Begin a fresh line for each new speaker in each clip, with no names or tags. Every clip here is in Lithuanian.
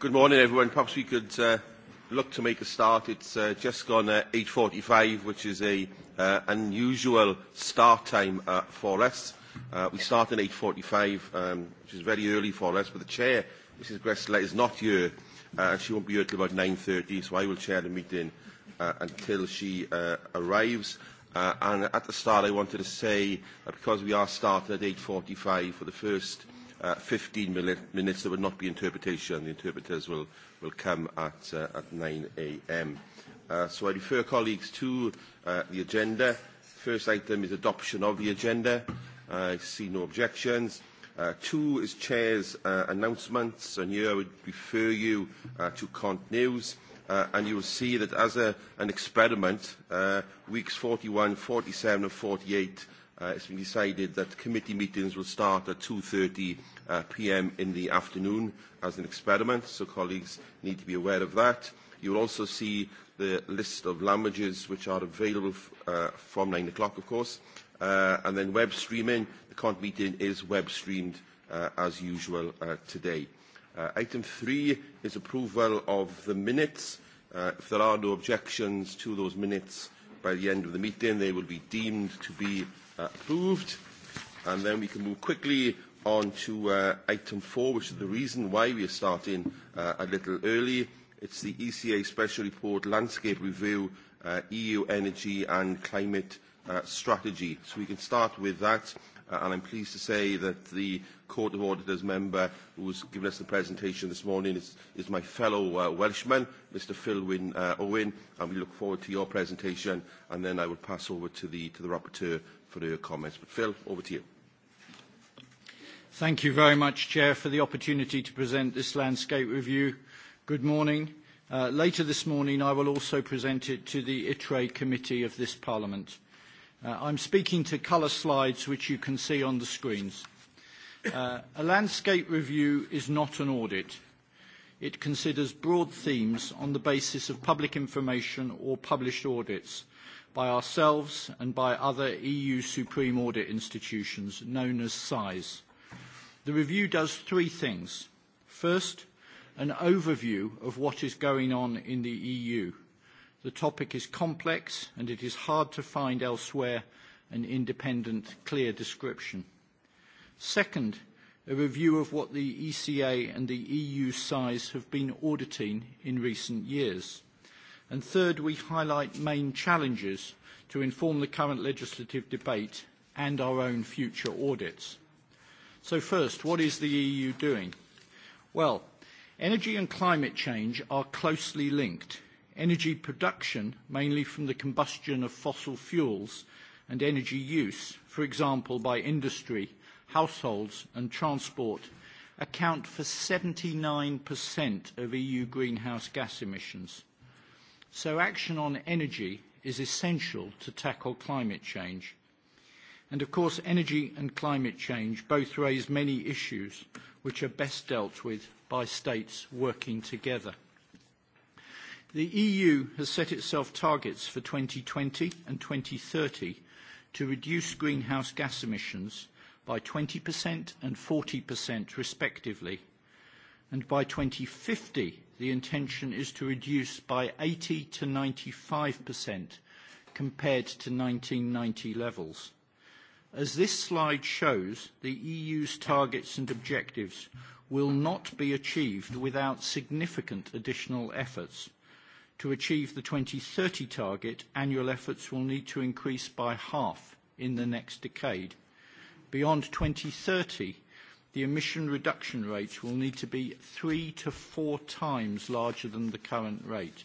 Good morning, everyone. Perhaps we could uh, look to make a start. It's uh, just gone uh, 8.45, which is an uh, unusual start time uh, for us. Uh, we start at 8.45, um, which is very early for us, but the Chair, Mrs Gressler, is not here, uh, and she won't be here until about 9.30, so I will chair the meeting uh, until she uh, arrives. Uh, and at the start, I wanted to say, uh, because we are starting at 8.45 for the first uh, 15 minutes. There will not be interpretation. The interpreters will, will come at, uh, at 9 a.m. Uh, so I refer colleagues to uh, the agenda. First item is adoption of the agenda. Uh, I see no objections. Uh, two is Chair's uh, announcements, and here I would refer you uh, to Cont News. Uh, and you will see that as a, an experiment, uh, weeks 41, 47 and 48 uh, it's been decided that committee meetings will start at 2.30 uh, p.m. in the afternoon as an experiment, so colleagues need to be aware of that. You'll also see the list of languages which are available f uh, from 9 o'clock, of course. Uh, and then web streaming, the CONT meeting is web streamed uh, as usual uh, today. Uh, item three is approval of the minutes. Uh, if there are no objections to those minutes by the end of the meeting, they will be deemed to be approved. And then we can move quickly on to uh, item four, which is the reason why we are starting uh, a little early. It's the ECA Special Report Landscape Review, uh, EU Energy and Climate uh, Strategy. So we can start with that. Uh, Uh, and I'm pleased to say that the Court of Auditors member who's given us the presentation this morning is, is my fellow uh, Welshman, Mr Philwyn uh, Owen, and we look forward to your presentation, and then I will pass over to the, to the rapporteur for her comments. But Phil, over to you.
Thank you very much, Chair, for the opportunity to present this landscape review. Good morning. Uh, later this morning, I will also present it to the ITRE committee of this Parliament. Uh, Uh, I'm speaking to colour slides which you can see on the screens. Uh, a landscape review is not an audit. It considers broad themes on the basis of public information or published audits by ourselves and by other EU Supreme Audit institutions known as SISE. The review does three things. First, an overview of what is going on in the EU. The topic is complex and it is hard to find elsewhere an independent, clear description. Second, a review of what the ECA and the EU size have been auditing in recent years. And third, we highlight main challenges to inform the current legislative debate and our own future audits. So first, what is the EU doing? Well, energy and climate change are closely linked energy production, mainly from the combustion of fossil fuels, and energy use, for example, by industry, households, and transport, account for 79% of EU greenhouse gas emissions. So action on energy is essential to tackle climate change. And of course, energy and climate change both raise many issues which are best dealt with by states working together. The EU has set itself targets for 2020 and 2030 to reduce greenhouse gas emissions by 20% and 40% respectively. And by 2050, the intention is to reduce by 80%-95% compared to 1990 levels. As this slide shows, the EU's targets and objectives will not be achieved without significant additional efforts To achieve the 2030 target, annual efforts will need to increase by half in the next decade. Beyond 2030, the emission reduction rates will need to be three to four times larger than the current rate.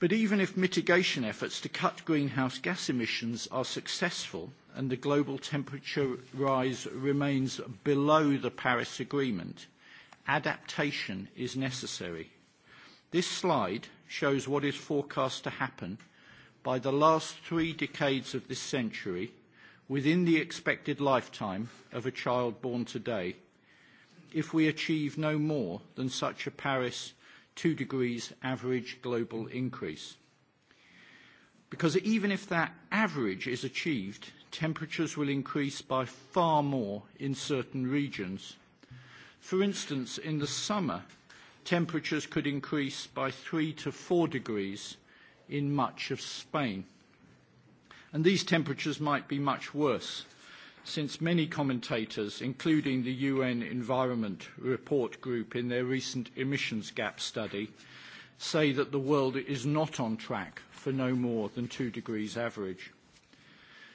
But even if mitigation efforts to cut greenhouse gas emissions are successful and the global temperature rise remains below the Paris Agreement, adaptation is necessary. This slide shows what is forecast to happen by the last three decades of this century within the expected lifetime of a child born today if we achieve no more than such a Paris 2 degrees average global increase. Because even if that average is achieved, temperatures will increase by far more in certain regions. For instance, in the summer, temperatures could increase by three to four degrees in much of Spain. And these temperatures might be much worse, since many commentators, including the UN Environment Report Group in their recent emissions gap study, say that the world is not on track for no more than two degrees average.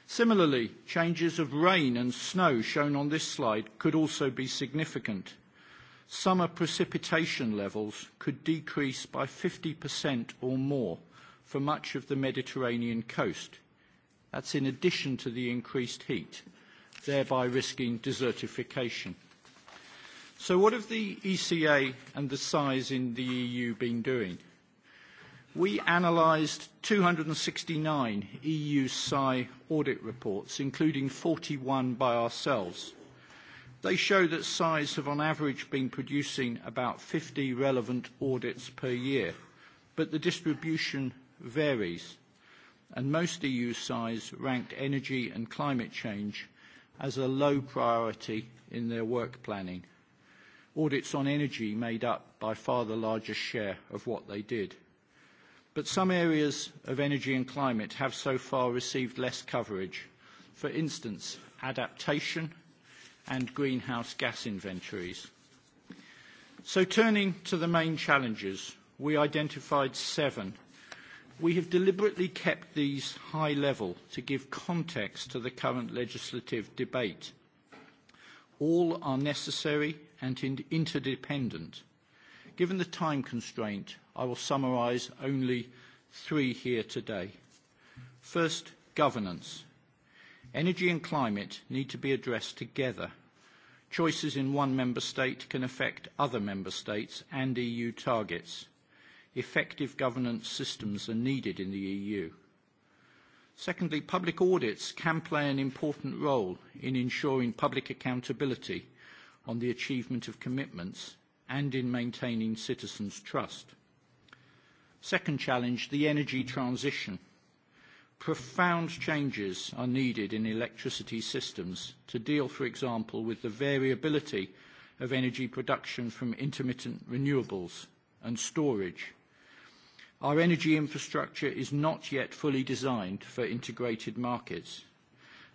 Similarly, changes of rain and snow shown on this slide could also be significant – summer precipitation levels could decrease by 50% or more for much of the Mediterranean coast. That's in addition to the increased heat, thereby risking desertification. So what have the ECA and the size in the EU been doing? We analysed 269 EU SAI audit reports, including 41 by ourselves. They show that SIs have on average been producing about 50 relevant audits per year, but the distribution varies, and most EU SIs ranked energy and climate change as a low priority in their work planning. Audits on energy made up by far the largest share of what they did. But some areas of energy and climate have so far received less coverage. For instance, adaptation – and greenhouse gas inventories. So turning to the main challenges, we identified seven. We have deliberately kept these high level to give context to the current legislative debate. All are necessary and interdependent. Given the time constraint, I will summarize only three here today. First, governance. Energy and climate need to be addressed together Choices in one member state can affect other member states and EU targets. Effective governance systems are needed in the EU. Secondly, public audits can play an important role in ensuring public accountability on the achievement of commitments and in maintaining citizens' trust. Second challenge, the energy transition profound changes are needed in electricity systems to deal, for example, with the variability of energy production from intermittent renewables and storage. Our energy infrastructure is not yet fully designed for integrated markets,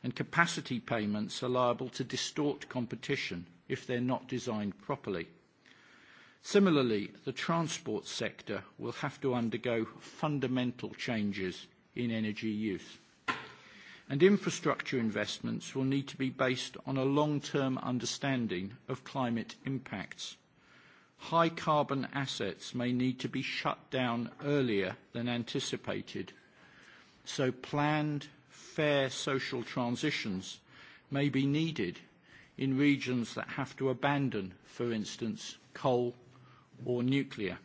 and capacity payments are liable to distort competition if they're not designed properly. Similarly, the transport sector will have to undergo fundamental changes in energy use. And infrastructure investments will need to be based on a long-term understanding of climate impacts. High carbon assets may need to be shut down earlier than anticipated, so planned, fair social transitions may be needed in regions that have to abandon, for instance, coal or nuclear.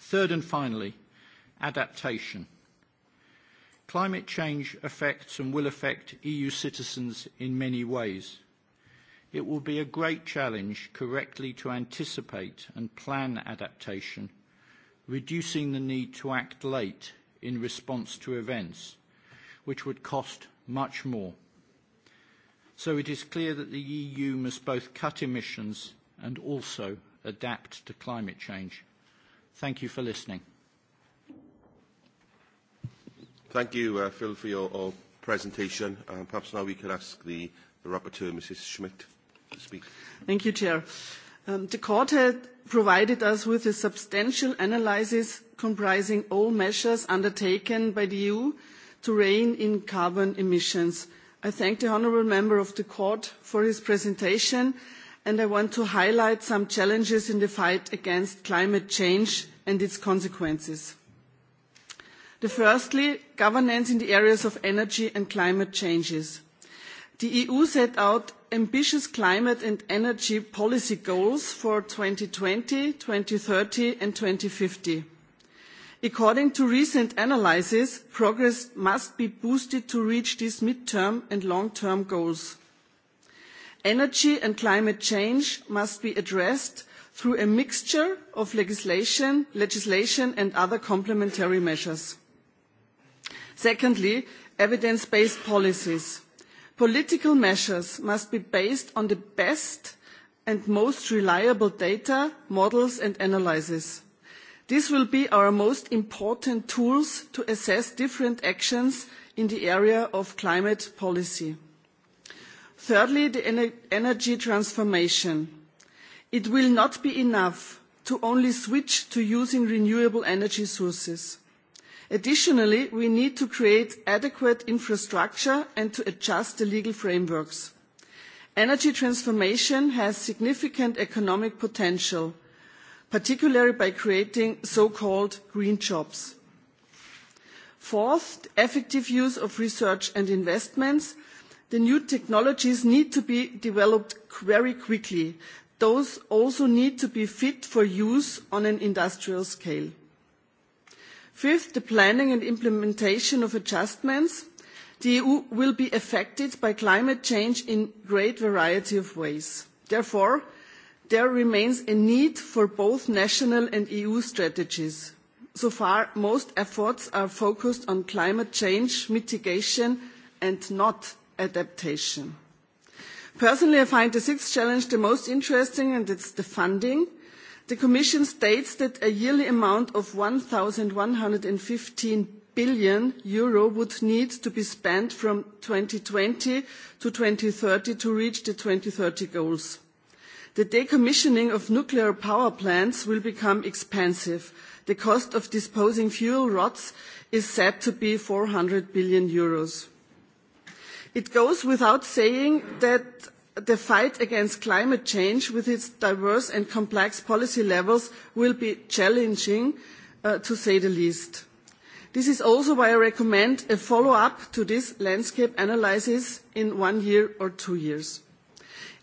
Third and finally, adaptation – Climate change affects and will affect EU citizens in many ways. It will be a great challenge correctly to anticipate and plan adaptation, reducing the need to act late in response to events, which would cost much more. So it is clear that the EU must both cut emissions and also adapt to climate change. Thank you for listening.
Thank you, uh, Phil, for your, your uh, presentation. Um, perhaps now we could ask the, the Rapporteur, Mrs Schmidt, to speak.
Thank you, Chair. Um, the Court had provided us with a substantial analysis comprising all measures undertaken by the EU to rein in carbon emissions. I thank the Honourable Member of the Court for his presentation and I want to highlight some challenges in the fight against climate change and its consequences The firstly, governance in the areas of energy and climate changes. The EU set out ambitious climate and energy policy goals for 2020, 2030 and 2050. According to recent analysis, progress must be boosted to reach these midterm and long-term goals. Energy and climate change must be addressed through a mixture of legislation, legislation and other complementary measures. Secondly, evidence-based policies. Political measures must be based on the best and most reliable data, models and analyses. These will be our most important tools to assess different actions in the area of climate policy. Thirdly, the ener energy transformation. It will not be enough to only switch to using renewable energy sources. Additionally, we need to create adequate infrastructure and to adjust the legal frameworks. Energy transformation has significant economic potential, particularly by creating so-called green jobs. Fourth, effective use of research and investments. The new technologies need to be developed very quickly. Those also need to be fit for use on an industrial scale. Fifth, the planning and implementation of adjustments. The EU will be affected by climate change in great variety of ways. Therefore, there remains a need for both national and EU strategies. So far, most efforts are focused on climate change mitigation and not adaptation. Personally, I find the sixth challenge the most interesting, and it's the funding – the commission states that a yearly amount of eur one one hundred and fifteen billion Euro would need to be spent from 2020 to 2030 to reach the 2030 goals. The decommissioning of nuclear power plants will become expensive. The cost of disposing fuel rods is said to be 400 billion euros. It goes without saying that the fight against climate change with its diverse and complex policy levels will be challenging, uh, to say the least. This is also why I recommend a follow-up to this landscape analysis in one year or two years.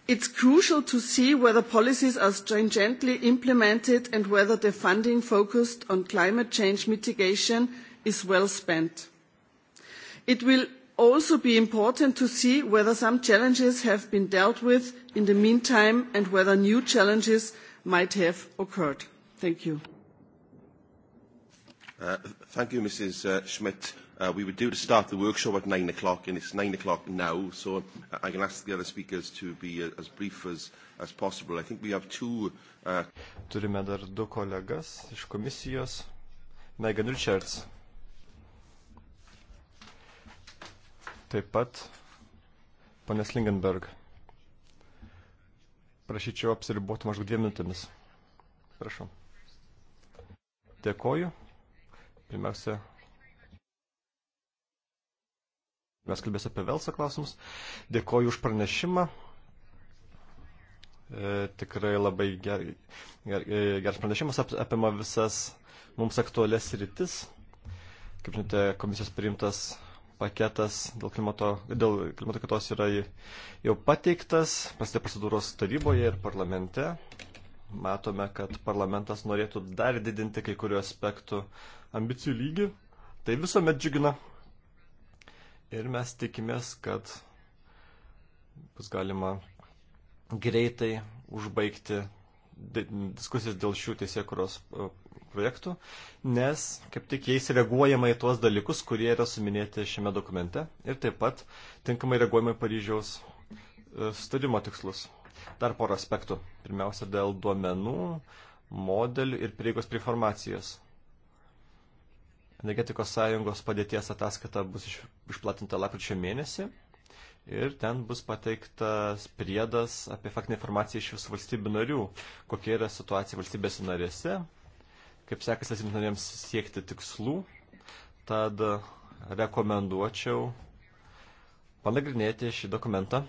It's crucial to see whether policies are stringently implemented and whether the funding focused on climate change mitigation is well spent. It will also be important to see whether some challenges have been dealt with in the meantime and whether new challenges might have occurred. Thank you.
Uh, thank you, Mrs. Uh, Schmidt. Uh, we were due to start the workshop at 9 o'clock, and it's 9 o'clock now, so I can ask the other speakers to be uh, as brief as, as possible. I think we have two... Uh... Turime dar du kolegas iš komisijos. Megan Richards.
Taip pat, ponės Lingenberg, prašyčiau apsiriboti maždaug dviem minutėmis. Prašau. Dėkoju. Pirmiausia, mes kalbės apie Velsą klausimus. Dėkoju už pranešimą. E, tikrai labai ger, ger, e, geras pranešimas ap, apima visas mums aktualias rytis. Kaip žinote, komisijos priimtas paketas dėl klimato, dėl klimato kitos yra jau pateiktas, prasidėjo procedūros taryboje ir parlamente. Matome, kad parlamentas norėtų dar didinti kai kurių aspektų ambicijų lygį. Tai visuomet džiugina. Ir mes tikimės, kad bus galima greitai užbaigti diskusijas dėl šių teisėkuros projektų, nes kaip tik jais reaguojama į tuos dalykus, kurie yra suminėti šiame dokumente ir taip pat tinkamai reaguojama į Paryžiaus e, studimo tikslus. Dar porą aspektų. Pirmiausia, dėl duomenų, modelių ir prieigos prie informacijos. Energetikos sąjungos padėties ataskaita bus išplatinta lapkričio mėnesį ir ten bus pateiktas priedas apie faktinę informaciją iš visų valstybių narių, kokia yra situacija valstybėse narėse, kaip sekasi asims narėms siekti tikslų, tad rekomenduočiau panagrinėti šį dokumentą.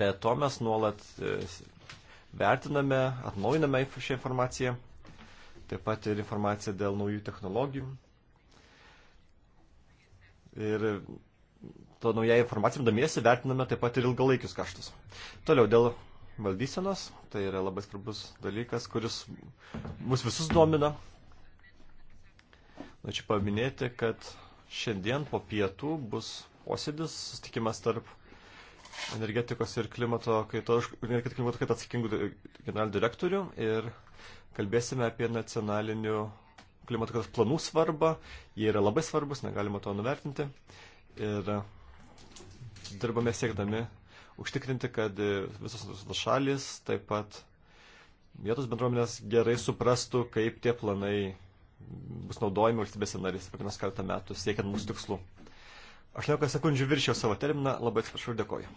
Be to mes nuolat e, vertiname, atnaujiname šią informaciją, taip pat ir informaciją dėl naujų technologijų. Ir to naujai informacijom damiesi vertiname taip pat ir ilgalaikius kaštus. Toliau dėl valdysenos. Tai yra labai svarbus dalykas, kuris mus visus domina. Norėčiau paminėti, kad šiandien po pietų bus posėdis, sustikimas tarp energetikos ir klimato kaitos, energetikos klimato kaitos atsakingų generalinių direktorių ir kalbėsime apie nacionalinių klimato kaitos planų svarbą. Jie yra labai svarbus, negalima to nuvertinti. Ir dirbame siekdami užtikrinti, kad visos šalis, taip pat vietos bendruomenės gerai suprastų, kaip tie planai bus naudojami valstybėse narys per vienas kartą metų siekiant mūsų tikslų. Aš neką sekundžių viršiau savo terminą, labai atsiprašau ir dėkoju.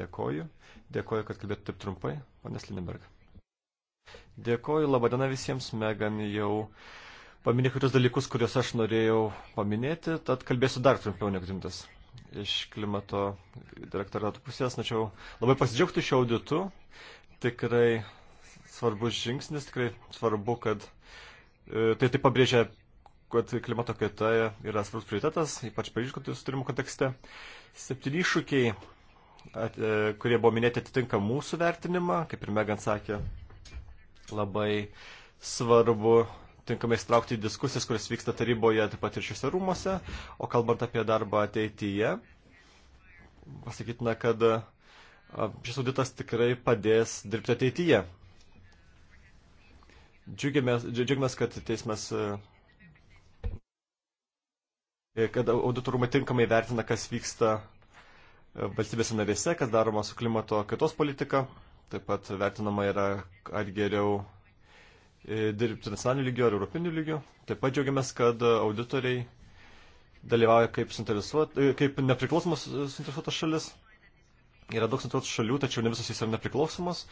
Dėkoju. Dėkoju, kad kalbėtų taip trumpai, ponės Lindenberg. Dėkoju, labadiena visiems, Megan jau paminėjo kitus dalykus, kuriuos aš norėjau paminėti, tad kalbėsiu dar trumpiau negu rimtas iš klimato direktorato pusės, tačiau labai pasidžiaugti šio auditu. Tikrai svarbus žingsnis, tikrai svarbu, kad e, tai taip pabrėžia, kad klimato kaita yra svarbus prioritetas, ypač Paryžiaus sutarimų kontekste. Septyni iššūkiai, at, e, kurie buvo minėti, atitinka mūsų vertinimą, kaip ir Megan sakė, labai svarbu tinkamai įstraukti į diskusijas, kuris vyksta taryboje, taip pat ir šiuose rūmose. O kalbant apie darbą ateityje, pasakytume, kad šis auditas tikrai padės dirbti ateityje. Džiugiamės, džiugiamės kad teismas e, kad auditorumai tinkamai vertina, kas vyksta e, valstybėse narėse, kas daroma su klimato kaitos politika. Taip pat vertinama yra, ar geriau E, dirbti nacionaliniu lygiu ar europiniu lygiu. Taip pat džiaugiamės, kad auditoriai dalyvauja kaip, e, kaip nepriklausomas suinteresuotas šalis. Yra daug suinteresuotų šalių, tačiau ne visos jis yra nepriklausomas.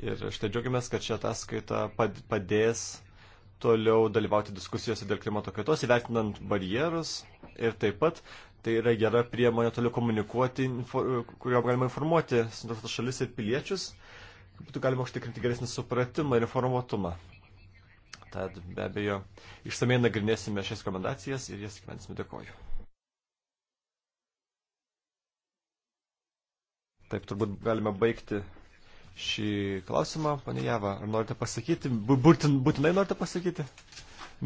Ir štai džiaugiamės, kad šią ataskaitą padės toliau dalyvauti diskusijose dėl klimato kaitos, įvertinant barjerus ir taip pat tai yra gera priemonė toliau komunikuoti, kurio galima informuoti suinteresuotas šalis ir piliečius, kad būtų galima užtikrinti geresnį supratimą ir informuotumą. Tad be abejo, išsamei nagrinėsime šias rekomendacijas ir jas gyvensime. Dėkoju. Taip, turbūt galime baigti šį klausimą. Pane Java, ar norite pasakyti? Būtin, būtinai norite pasakyti?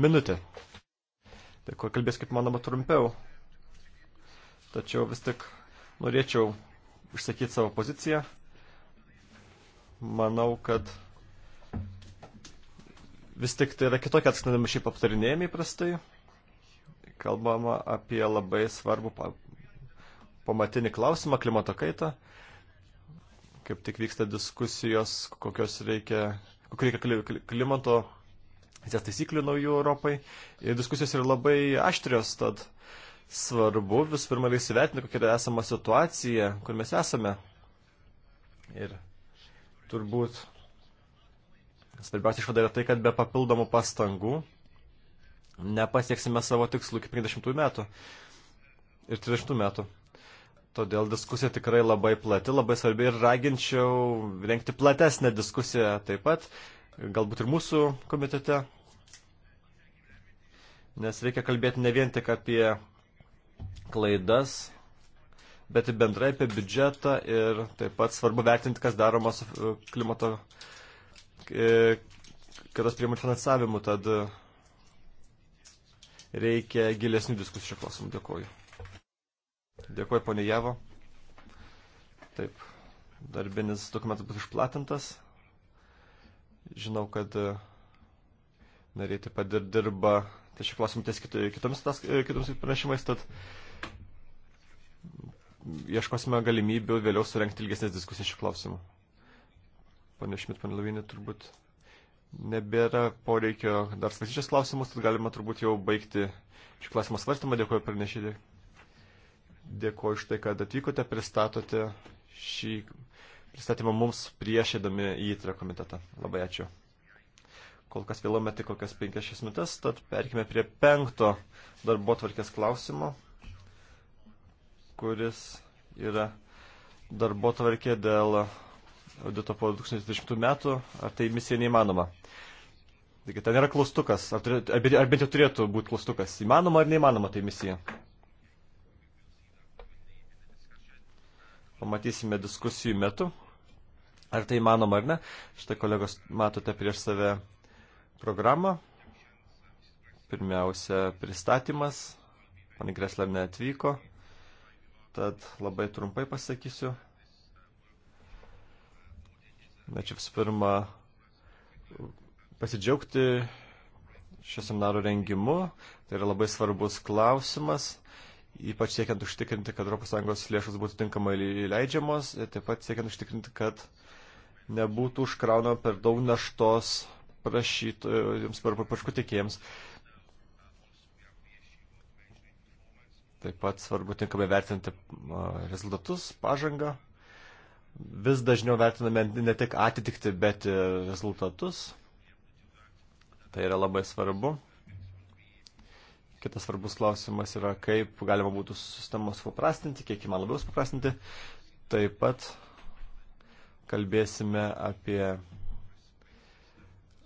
Minutė. Dėkuoju, kalbės kaip manoma trumpiau. Tačiau vis tik norėčiau išsakyti savo poziciją. Manau, kad vis tik tai yra kitokia atskrendama šiaip aptarinėjami įprastai. Kalbama apie labai svarbų pa, pamatinį klausimą - klimato kaitą. Kaip tik vyksta diskusijos, kokios reikia, kokios reikia klimato taisyklių naujų Europai. Ir diskusijos yra labai aštrios, tad svarbu vis pirma įsivertinti, kokia yra esama situacija, kur mes esame. Ir turbūt Svarbiausia išvada yra tai, kad be papildomų pastangų nepasieksime savo tikslų iki 50 metų ir 30 metų. Todėl diskusija tikrai labai plati, labai svarbi ir raginčiau rengti platesnę diskusiją taip pat, galbūt ir mūsų komitete. Nes reikia kalbėti ne vien tik apie klaidas, bet ir bendrai apie biudžetą ir taip pat svarbu vertinti, kas daroma su e, klimato E, kad tas priemonių finansavimu, tad e, reikia gilesnių diskusijų šio klausimu. Dėkuoju. Dėkuoju, ponė Javo. Taip, darbinis dokumentas bus išplatintas. Žinau, kad e, nariai taip pat dirba tai šį klausimą ties kitomis, kitomis pranešimais, tad ieškosime galimybių vėliau surenkti ilgesnės diskusijas šį klausimą. Pane Šmit, pane Lavinė, turbūt nebėra poreikio dar svarstyti šios klausimus, tad galima turbūt jau baigti šį klausimą svarstymą. Dėkuoju pranešėdė. Dėkuoju už tai, kad atvykote, pristatote šį pristatymą mums priešėdami į įtrą komitetą. Labai ačiū. Kol kas vėluome tik kokias 5-6 minutės, tad perkime prie penkto darbo tvarkės klausimo, kuris yra darbo tvarkė dėl audito po 2020 metų, ar tai misija neįmanoma. Taigi ten yra klaustukas, ar, turėtų, ar bent jau turėtų būti klaustukas, įmanoma ar neįmanoma tai misija. Pamatysime diskusijų metu, ar tai įmanoma ar ne. Štai kolegos matote prieš save programą. Pirmiausia, pristatymas. Pane Greslė neatvyko, tad labai trumpai pasakysiu Norėčiau visų pirma pasidžiaugti šio seminaro rengimu. Tai yra labai svarbus klausimas, ypač siekiant užtikrinti, kad ES lėšos būtų tinkamai leidžiamos ir taip pat siekiant užtikrinti, kad nebūtų užkraunama per daug naštos prašytojams, praškų tikėjams. Taip pat svarbu tinkamai vertinti rezultatus, pažangą vis dažniau vertiname ne tik atitikti, bet ir rezultatus. Tai yra labai svarbu. Kitas svarbus klausimas yra, kaip galima būtų sistemos suprastinti, kiek įmanoma labiau suprastinti. Taip pat kalbėsime apie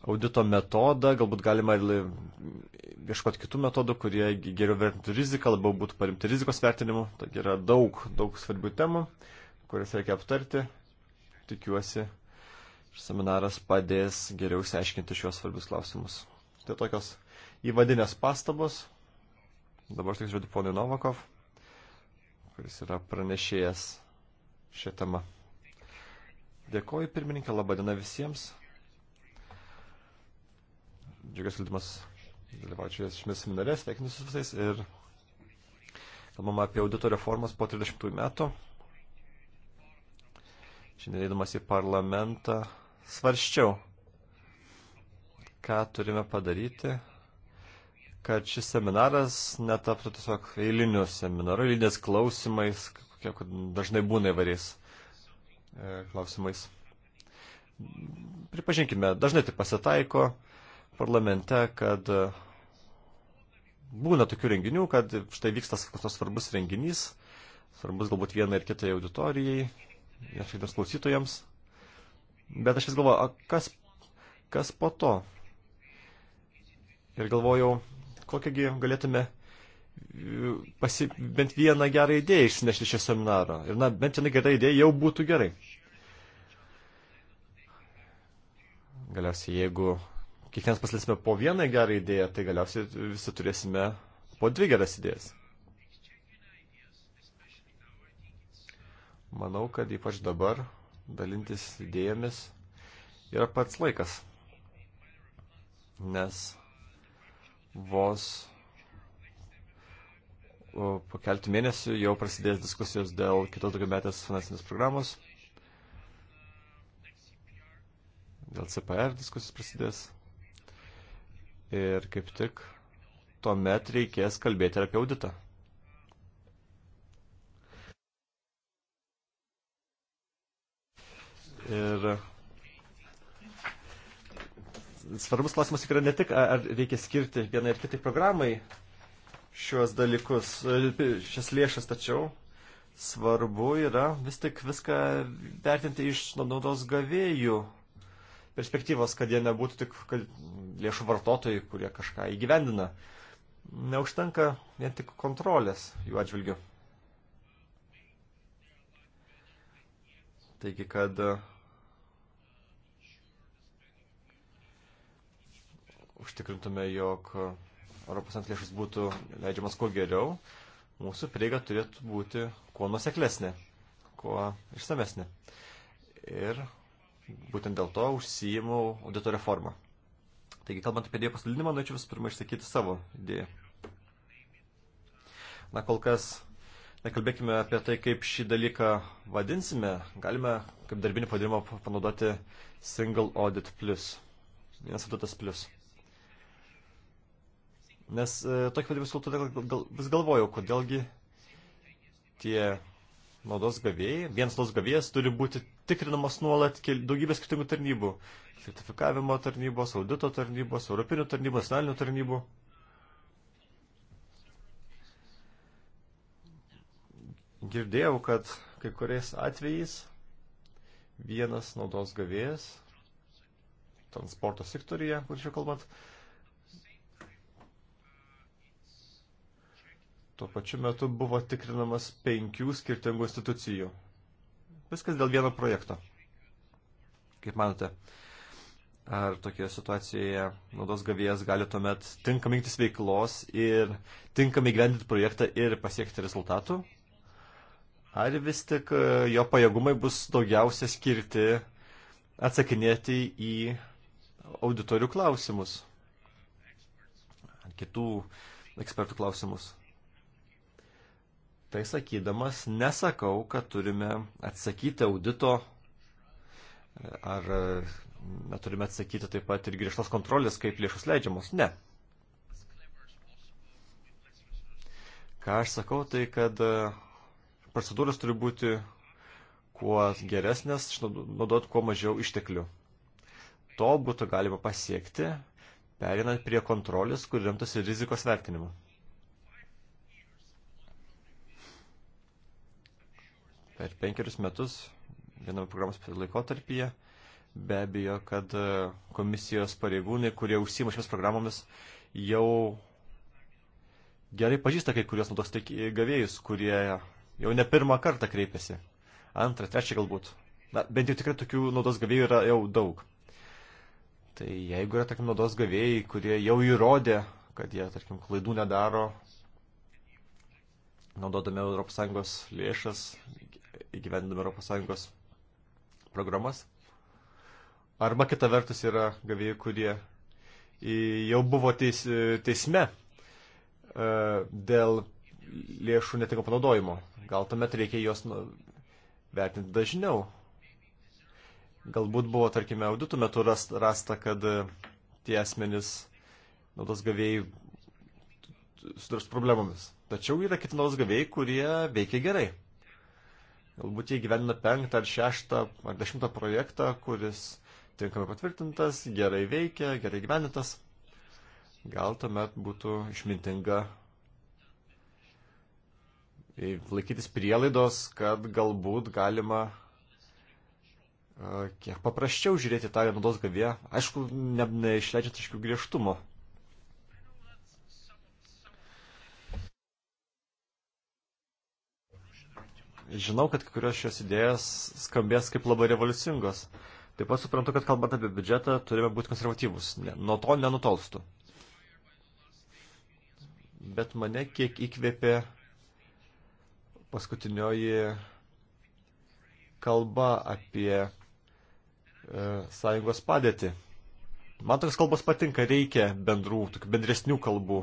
audito metodą, galbūt galima ir ieškoti kitų metodų, kurie geriau vertintų riziką, labiau būtų paremti rizikos vertinimu. Taigi yra daug, daug svarbių temų kurias reikia aptarti. Tikiuosi, seminaras padės geriau išsiaiškinti šios svarbius klausimus. Tai tokios įvadinės pastabos. Dabar tik žodžiu ponui Novakov, kuris yra pranešėjas šią temą. Dėkoju pirmininkė, laba diena visiems. Džiugas Lidimas dalyvaučiu šiame seminare, sveikinu su visais ir kalbama apie audito reformas po 30 metų. Šiandien eidamas į parlamentą svarščiau, ką turime padaryti, kad šis seminaras netaptų tiesiog eiliniu seminaru, eilinės klausimais, kiek dažnai būna įvairiais e, klausimais. Pripažinkime, dažnai tai pasitaiko parlamente, kad e, būna tokių renginių, kad štai vyksta koks nors svarbus renginys, svarbus galbūt vienai ir kitai auditorijai, žaidas klausytojams. Bet aš vis galvoju, a, kas, kas po to? Ir galvojau, kokiagi galėtume e, pasi, bent vieną gerą idėją išsinešti šio seminaro. Ir na, bent viena gera idėja jau būtų gerai. Galiausiai, jeigu kiekvienas pasilėsime po vieną gerą idėją, tai galiausiai visi turėsime po dvi geras idėjas. Manau, kad ypač dabar dalintis idėjomis yra pats laikas, nes vos po keltų mėnesių jau prasidės diskusijos dėl kitos daugiametės finansinės programos. Dėl CPR diskusijos prasidės. Ir kaip tik tuomet reikės kalbėti ir apie auditą. Ir svarbus klausimas yra ne tik, ar reikia skirti vienai ar kitai programai šios dalykus, e, šias lėšas, tačiau svarbu yra vis tik viską vertinti iš naudos gavėjų perspektyvos, kad jie nebūtų tik lėšų vartotojai, kurie kažką įgyvendina. Neužtenka vien tik kontrolės jų atžvilgių. Taigi, kad užtikrintume, jog ES lėšas būtų leidžiamas kuo geriau, mūsų prieiga turėtų būti kuo nuseklesnė, kuo išsamesnė. Ir būtent dėl to užsijimau audito reformą. Taigi, kalbant apie idėjų pasidalinimą, norėčiau visų pirma išsakyti savo idėją. Na, kol kas nekalbėkime apie tai, kaip šį dalyką vadinsime. Galime kaip darbinį padirimą panaudoti Single Audit Plus. Vienas auditas plus. Nes e, tokį pat rezultatą gal, gal, vis galvojau, kodėlgi tie naudos gavėjai, vienas naudos gavėjas turi būti tikrinamas nuolat daugybės skirtingų tarnybų. Sertifikavimo tarnybos, audito tarnybos, europinių tarnybų, nacionalinių tarnybų. Girdėjau, kad kai kuriais atvejais vienas naudos gavėjas transporto sektorija, kur čia kalbant, Tuo pačiu metu buvo tikrinamas penkių skirtingų institucijų. Viskas dėl vieno projekto. Kaip manote, ar tokioje situacijoje naudos gavėjas gali tuomet tinkamai imtis veiklos ir tinkamai gyvendinti projektą ir pasiekti rezultatų? Ar vis tik e, jo pajėgumai bus daugiausia skirti atsakinėti į auditorių klausimus, kitų ekspertų klausimus? Tai sakydamas, nesakau, kad turime atsakyti audito ar e, neturime atsakyti taip pat ir griežtos kontrolės, kaip lėšus leidžiamos. Ne. Ką aš sakau, tai kad e, procedūros turi būti kuo geresnės, naudot kuo mažiau išteklių. To būtų galima pasiekti, perinant prie kontrolės, kur remtasi rizikos vertinimu. per penkerius metus, viename programos laikotarpyje, be abejo, kad e, komisijos pareigūnai, kurie užsima šiomis programomis, jau gerai pažįsta kai kurios naudos gavėjus, kurie jau ne pirmą kartą kreipiasi. Antrą, trečią galbūt. Na, bent jau tikrai tokių naudos gavėjų yra jau daug. Tai jeigu yra, tarkim, naudos gavėjai, kurie jau įrodė, kad jie, tarkim, klaidų nedaro, naudodami ES lėšas, įgyvendiname ES programas. Arba kita vertus yra gavėjai, kurie jau buvo teis, teisme e, dėl lėšų netinko panaudojimo. Gal tuomet reikia juos nu, vertinti dažniau. Galbūt buvo, tarkime, auditų metu rasta, kad e, tie asmenys naudos gavėjai sudars problemomis. Tačiau yra kiti naudos gavėjai, kurie veikia gerai. Galbūt jie gyvena penktą ar šeštą ar dešimtą projektą, kuris tinkamai patvirtintas, gerai veikia, gerai gyvenintas. Gal tuomet būtų išmintinga laikytis prielaidos, kad galbūt galima e, kiek paprasčiau žiūrėti tą naudos gavėją, aišku, ne, neišleidžiant iškių griežtumo. Žinau, kad kai kurios šios idėjos skambės kaip labai revoliucingos. Taip pat suprantu, kad kalbant apie biudžetą turime būti konservatyvus. Ne, nuo to nenutolstu. Bet mane kiek įkvėpė paskutinioji kalba apie e, sąjungos padėtį. Man tokios kalbos patinka, reikia bendrų, bendresnių kalbų.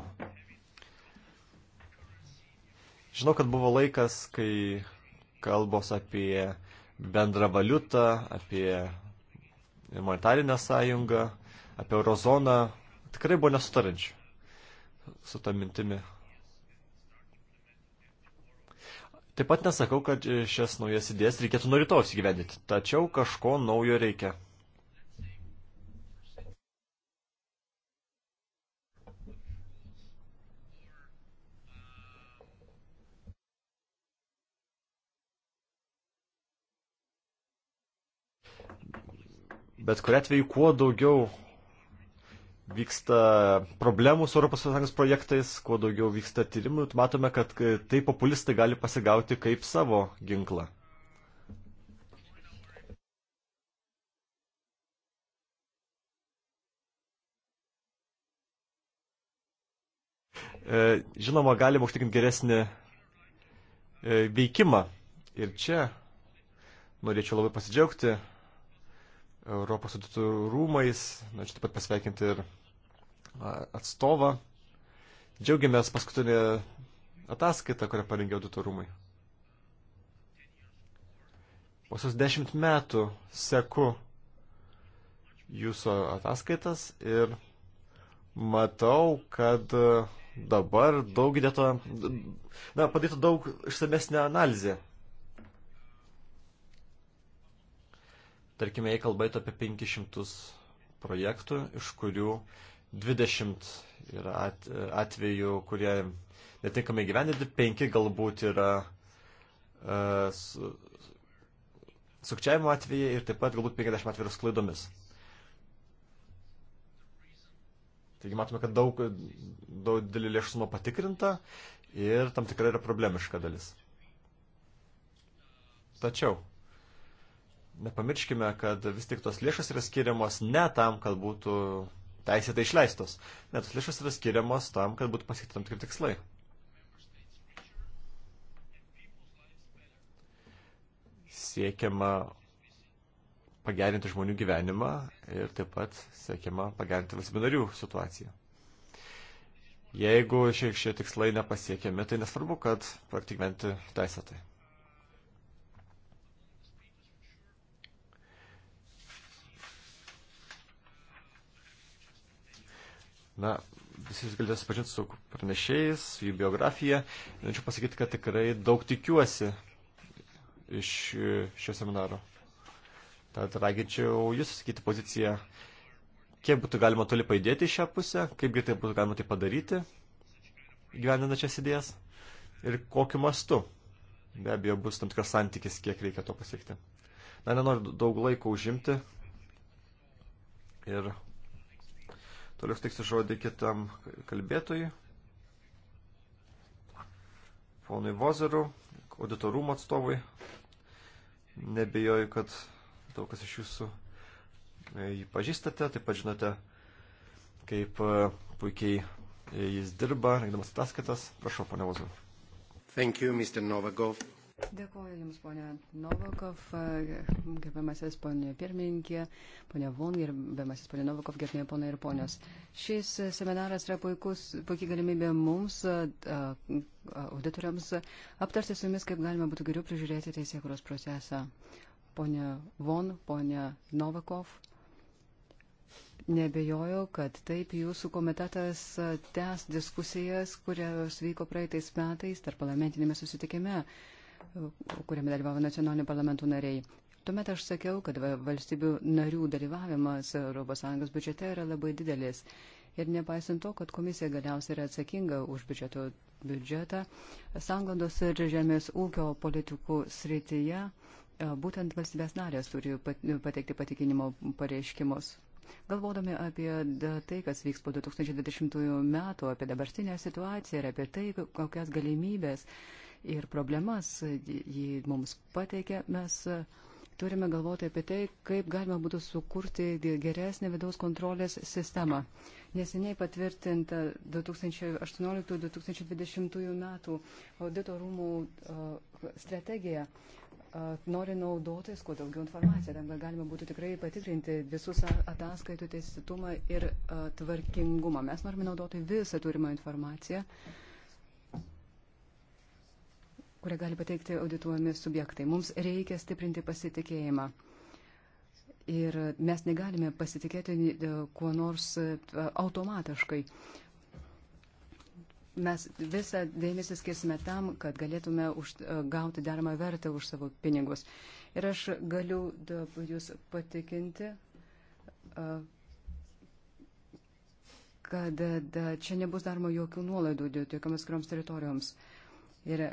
Žinau, kad buvo laikas, kai kalbos apie bendrą valiutą, apie monetarinę sąjungą, apie eurozoną, tikrai buvo nesutarančių su tą mintimi. Taip pat nesakau, kad šias naujas idėjas reikėtų nuo rytojus įgyvendinti, tačiau kažko naujo reikia. bet kuriu atveju kuo daugiau vyksta problemų su ES projektais, kuo daugiau vyksta tyrimų, tai matome, kad tai populistai gali pasigauti kaip savo ginklą. E, žinoma, galima užtikrinti geresnį e, veikimą. Ir čia norėčiau labai pasidžiaugti Europos auditų rūmais. Norėčiau taip pat pasveikinti ir atstovą. Džiaugiamės paskutinę ataskaitą, kurią parengė auditų rūmai. Pasios dešimt metų seku jūsų ataskaitas ir matau, kad dabar daug įdėto, na, padėtų daug išsamesnė analizė. Tarkime, jei kalbėtų apie 500 projektų, iš kurių 20 yra at, atvejų, kurie netinkamai gyvendinti, 5 galbūt yra uh, su, sukčiavimo atvejai ir taip pat galbūt 50 atvejų sklaidomis. Taigi matome, kad daug, daug didelį lėšų sumą patikrinta ir tam tikrai yra problemiška dalis. Tačiau nepamirškime, kad vis tik tos lėšos yra skiriamos ne tam, kad būtų teisėtai išleistos. Ne, tos lėšos yra skiriamos tam, kad būtų pasiekti tam tikri tikslai. Siekiama pagerinti žmonių gyvenimą ir taip pat siekiama pagerinti valstybių narių situaciją. Jeigu šie, šie tikslai nepasiekiami, tai nesvarbu, kad projektai gyventi teisėtai. Na, visi jūs galėsite pažinti su pranešėjais, jų biografija. Norėčiau pasakyti, kad tikrai daug tikiuosi iš šio seminaro. Tad raginčiau jūs sakyti poziciją, kiek būtų galima toli paėdėti į šią pusę, kaip greitai būtų galima tai padaryti, gyvendant šias idėjas ir kokiu mastu. Be abejo, bus tam tikras santykis, kiek reikia to pasiekti. Na, nenoriu daug laiko užimti ir Toliau steiksiu žodį kitam kalbėtojui, ponui Vozerų, auditorumo atstovui. Nebejoju, kad daug kas iš jūsų e, jį pažįstate, taip pat žinote, kaip e, puikiai e, jis dirba, rengdamas ataskaitas. Prašau, ponė Vozerų.
Thank you, Mr. Novakov.
Dėkuoju Jums, ponė Novakov, gerbiamasis ponė pirmininkė, ponė Von, gerbiamasis ponė Novakov, gerbėjai ponai ir ponios. Šis seminaras yra puikus, puikiai galimybė mums, auditoriams, aptarti su Jumis, kaip galima būtų geriau prižiūrėti teisėkuros procesą. Ponė Von, ponė Novakov. Nebejoju, kad taip jūsų komitetas tęs diskusijas, kurios vyko praeitais metais tarp parlamentinėme susitikime kuriame dalyvavo nacionalinių parlamentų nariai. Tuomet aš sakiau, kad valstybių narių dalyvavimas ES biudžete yra labai didelis. Ir nepaisant to, kad komisija galiausiai yra atsakinga už biudžeto biudžetą, sanglandos ir žemės ūkio politikų srityje e, būtent valstybės narės turi pateikti patikinimo pareiškimus. Galvodami apie tai, kas vyks po 2020 metų, apie dabartinę situaciją ir apie tai, kokias galimybės ir problemas jį mums pateikia, mes e, turime galvoti apie tai, kaip galima būtų sukurti geresnę vidaus kontrolės sistemą. Neseniai patvirtinta 2018-2020 metų audito rūmų e, strategija e, nori naudotis kuo daugiau informaciją, tam galima būtų tikrai patikrinti visus ataskaitų teisėtumą ir tvarkingumą. Mes norime naudoti visą turimą informaciją. Uh, kurią gali pateikti audituojami subjektai. Mums reikia stiprinti pasitikėjimą. Ir mes negalime pasitikėti e, kuo nors e, automatiškai. Mes visą dėmesį skirsime tam, kad galėtume už, e, gauti deramą vertę už savo pinigus. Ir aš galiu da, jūs patikinti, kad da, čia nebus daroma jokių nuolaidų jokiomis skroms teritorijoms. Ir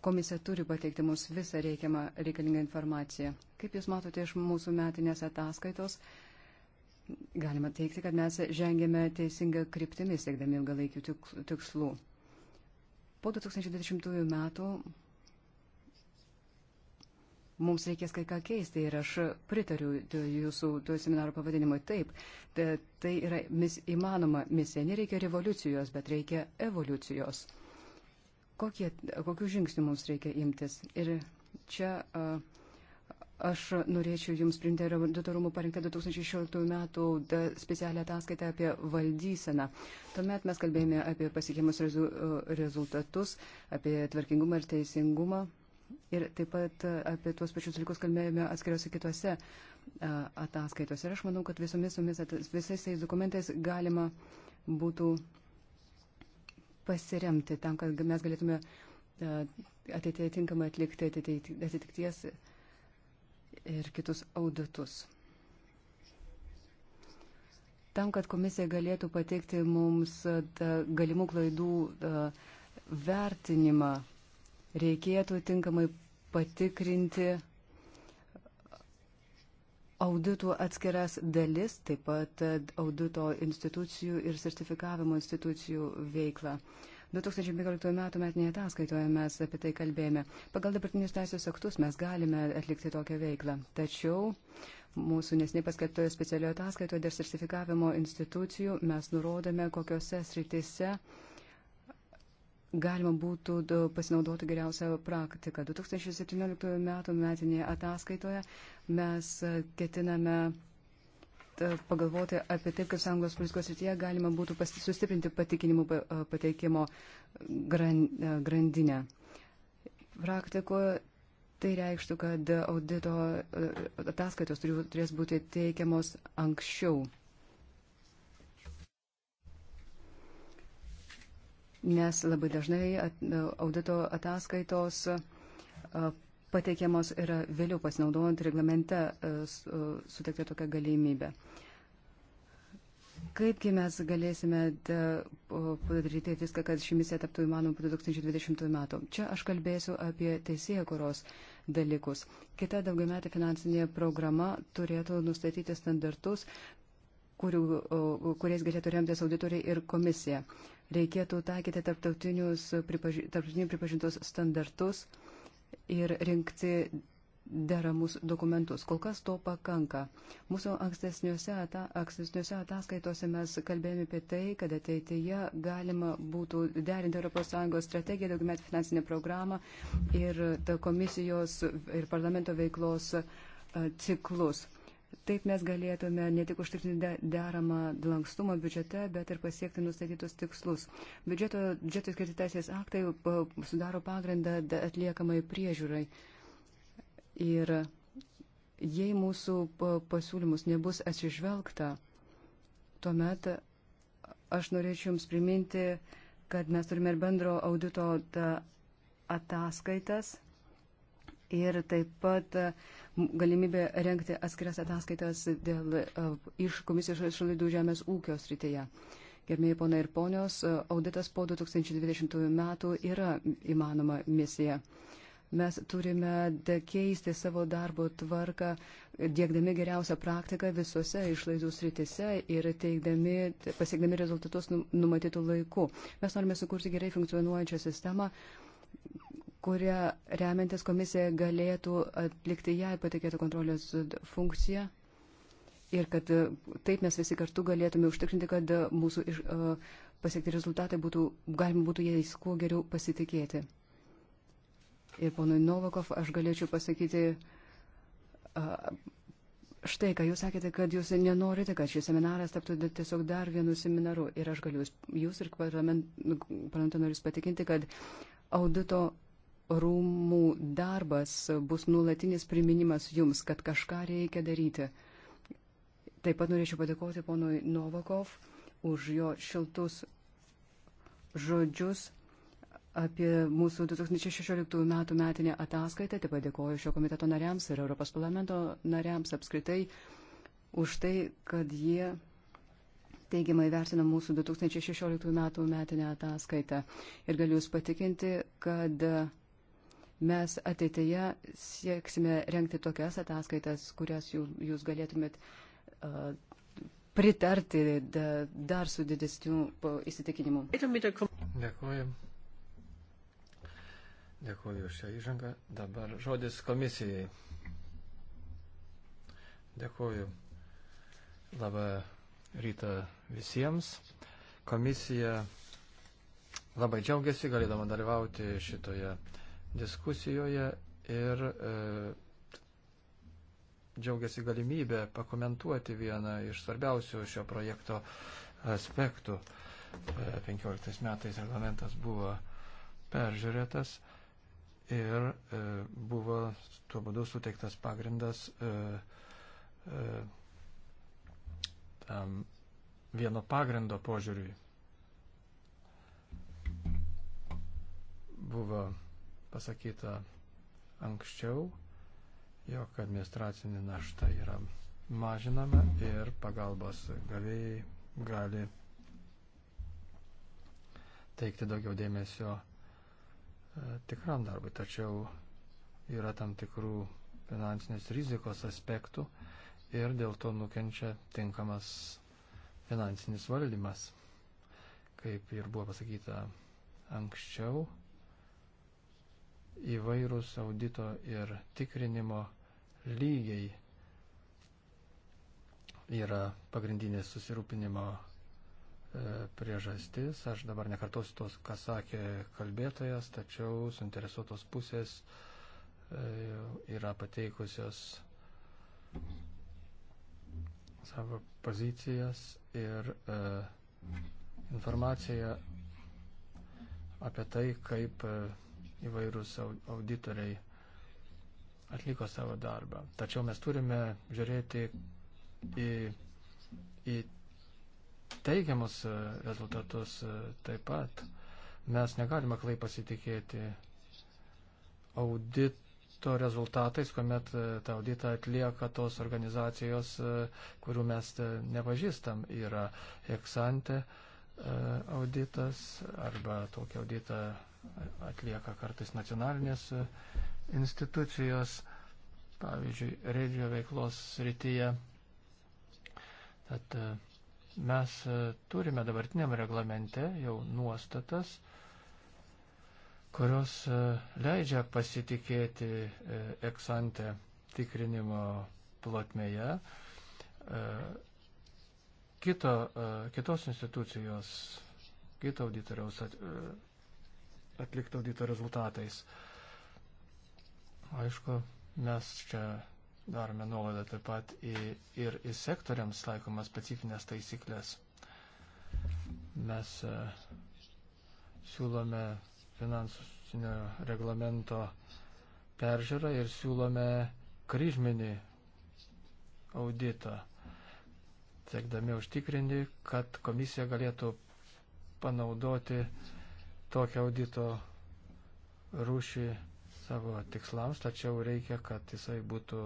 Komisija turi pateikti mums visą reikiamą reikalingą informaciją. Kaip Jūs matote iš mūsų metinės ataskaitos, galima teikti, kad mes žengėme teisingą kryptimį siekdami ilgalaikių tikslų. Po 2020 metų mums reikės kai ką keisti ir aš pritariu jūsų to seminaro pavadinimui taip. Tai, tai yra mis, įmanoma misija. Nereikia revoliucijos, bet reikia evoliucijos kokie, kokių žingsnių mums reikia imtis. Ir čia a, aš norėčiau Jums priminti auditorumų parengtą 2016 metų specialią ataskaitą apie valdyseną. Tuomet mes kalbėjome apie pasiekimus rezu, rezultatus, apie tvarkingumą ir teisingumą. Ir taip pat apie tuos pačius dalykus kalbėjome atskiriuose kitose ataskaitose. Ir aš manau, kad visomis, visomis visais tais dokumentais galima būtų pasiremti tam, kad mes galėtume e, atitinkamai atlikti atitikties ir kitus auditus. Tam, kad komisija galėtų pateikti mums e, galimų klaidų e, vertinimą, reikėtų tinkamai patikrinti auditų atskiras dalis, taip pat audito institucijų ir sertifikavimo institucijų veiklą. 2015 m. metinėje ataskaitoje mes apie tai kalbėjome. Pagal dabartinius teisės aktus mes galime atlikti tokią veiklą. Tačiau mūsų nesnei paskelbtoje specialioje ataskaitoje dėl sertifikavimo institucijų mes nurodome, kokiuose sritise uh, galima būtų pasinaudoti geriausią praktiką. 2017 m. metinėje ataskaitoje mes ketiname pagalvoti apie taip, kaip sąjungos politikos srityje galima būtų sustiprinti patikinimų pateikimo grandinę. Praktikoje tai reikštų, kad audito ataskaitos turės būti teikiamos anksčiau. nes labai dažnai audito ataskaitos pateikiamos yra vėliau pasinaudojant reglamente suteikta tokia galimybė. Kaipgi mes galėsime padaryti viską, kad ši misija taptų įmanoma po 2020 metų? Čia aš kalbėsiu apie teisėkuros dalykus. Kita daugiametė finansinė programa turėtų nustatyti standartus, kurių, kuriais galėtų remtis auditoriai ir komisija reikėtų taikyti tarptautinius pripaži, pripažintus standartus ir rinkti deramus dokumentus. Kol kas to pakanka. Mūsų ankstesniuose, ata, ankstesniuose ataskaitose mes kalbėjome apie tai, kad ateityje galima būtų derinti ES strategiją, daugiamet finansinę programą ir komisijos ir parlamento veiklos e, ciklus. Taip mes galėtume ne tik užtikrinti deramą lankstumą biudžete, bet ir pasiekti nustatytus tikslus. Biudžeto, biudžeto skirti teisės aktai sudaro pagrindą atliekamai priežiūrai. Ir jei mūsų pasiūlymus nebus atsižvelgta, tuomet aš norėčiau Jums priminti, kad mes turime ir bendro audito ataskaitas ir taip pat e, galimybė renkti atskiras ataskaitas dėl e, iš komisijos išlaidų žemės ūkio srityje. Gerbėjai ponai ir ponios, e, auditas po 2020 metų yra įmanoma misija. Mes turime keisti savo darbo tvarką, dėkdami geriausią praktiką visose išlaidų sritise ir teikdami, pasiekdami rezultatus numatytų laiku. Mes norime sukurti gerai funkcionuojančią sistemą, kurie remiantis komisija galėtų atlikti jai patikėtų kontrolės funkciją. Ir kad e, taip mes visi kartu galėtume užtikrinti, kad e, mūsų iš, uh, pasiekti rezultatai būtų, galima būtų jais kuo geriau pasitikėti. Ir ponui Novakov aš galėčiau pasakyti, uh, štai ką jūs sakėte, kad jūs nenorite, kad šis seminaras taptų tiesiog dar vienu seminaru. Ir aš galiu jūs ir parlamento norius patikinti, kad audito rūmų darbas bus nulatinis priminimas jums, kad kažką reikia daryti. Taip pat norėčiau padėkoti ponui Novakov už jo šiltus žodžius apie mūsų 2016 metų metinę ataskaitą. Taip pat dėkoju šio komiteto nariams ir Europos parlamento nariams apskritai už tai, kad jie teigiamai vertina mūsų 2016 metų metinę ataskaitą. Ir galiu Jūs patikinti, kad mes ateityje sieksime renkti tokias ataskaitas, kurias jūs, jūs galėtumėt uh, pritarti da, dar su didesniu įsitikinimu. Dėkuoju.
Dėkuoju už šią įžangą. Dabar žodis komisijai. Dėkuoju. Labą rytą visiems. Komisija labai džiaugiasi galėdama dalyvauti šitoje uh, diskusijoje ir e, džiaugiasi galimybę pakomentuoti vieną iš svarbiausių šio projekto aspektų. 15 e, metais reglamentas buvo peržiūrėtas ir e, buvo tuo būdu suteiktas pagrindas e, tam vieno pagrindo požiūriui. Buvo pasakyta anksčiau, jog administracinė našta yra mažinama ir pagalbos gavėjai gali teikti daugiau dėmesio e, tikram darbui. Tačiau yra tam tikrų finansinės rizikos aspektų ir dėl to nukenčia tinkamas finansinis valdymas. Kaip ir buvo pasakyta anksčiau, įvairūs audito ir tikrinimo lygiai yra pagrindinė susirūpinimo e, priežastis. Aš dabar nekartosiu tos, ką sakė kalbėtojas, tačiau suinteresuotos pusės e, yra pateikusios savo pozicijas ir e, informaciją apie tai, kaip įvairūs auditoriai atliko savo darbą. Tačiau mes turime žiūrėti į, į teigiamus e, rezultatus e, taip pat. Mes negalime klai pasitikėti audito rezultatais, kuomet e, tą auditą atlieka tos organizacijos, kurių mes nepažįstam. Yra Eksante auditas arba tokia audita atlieka kartais nacionalinės e, institucijos, pavyzdžiui, redžio veiklos srityje. Tad e, mes e, turime dabartiniam reglamente jau nuostatas, kurios leidžia pasitikėti eksante tikrinimo plotmėje. Kito, kitos institucijos, kito auditoriaus atlikto audito rezultatais. Aišku, mes čia darome nuolaidą taip pat į, ir į sektoriams taikomas specifines taisyklės. Mes e, siūlome finansinio reglamento peržiūrą ir siūlome kryžminį auditą, siekdami užtikrinti, kad komisija galėtų panaudoti tokią audito rūšį savo tikslams, tačiau reikia, kad jisai būtų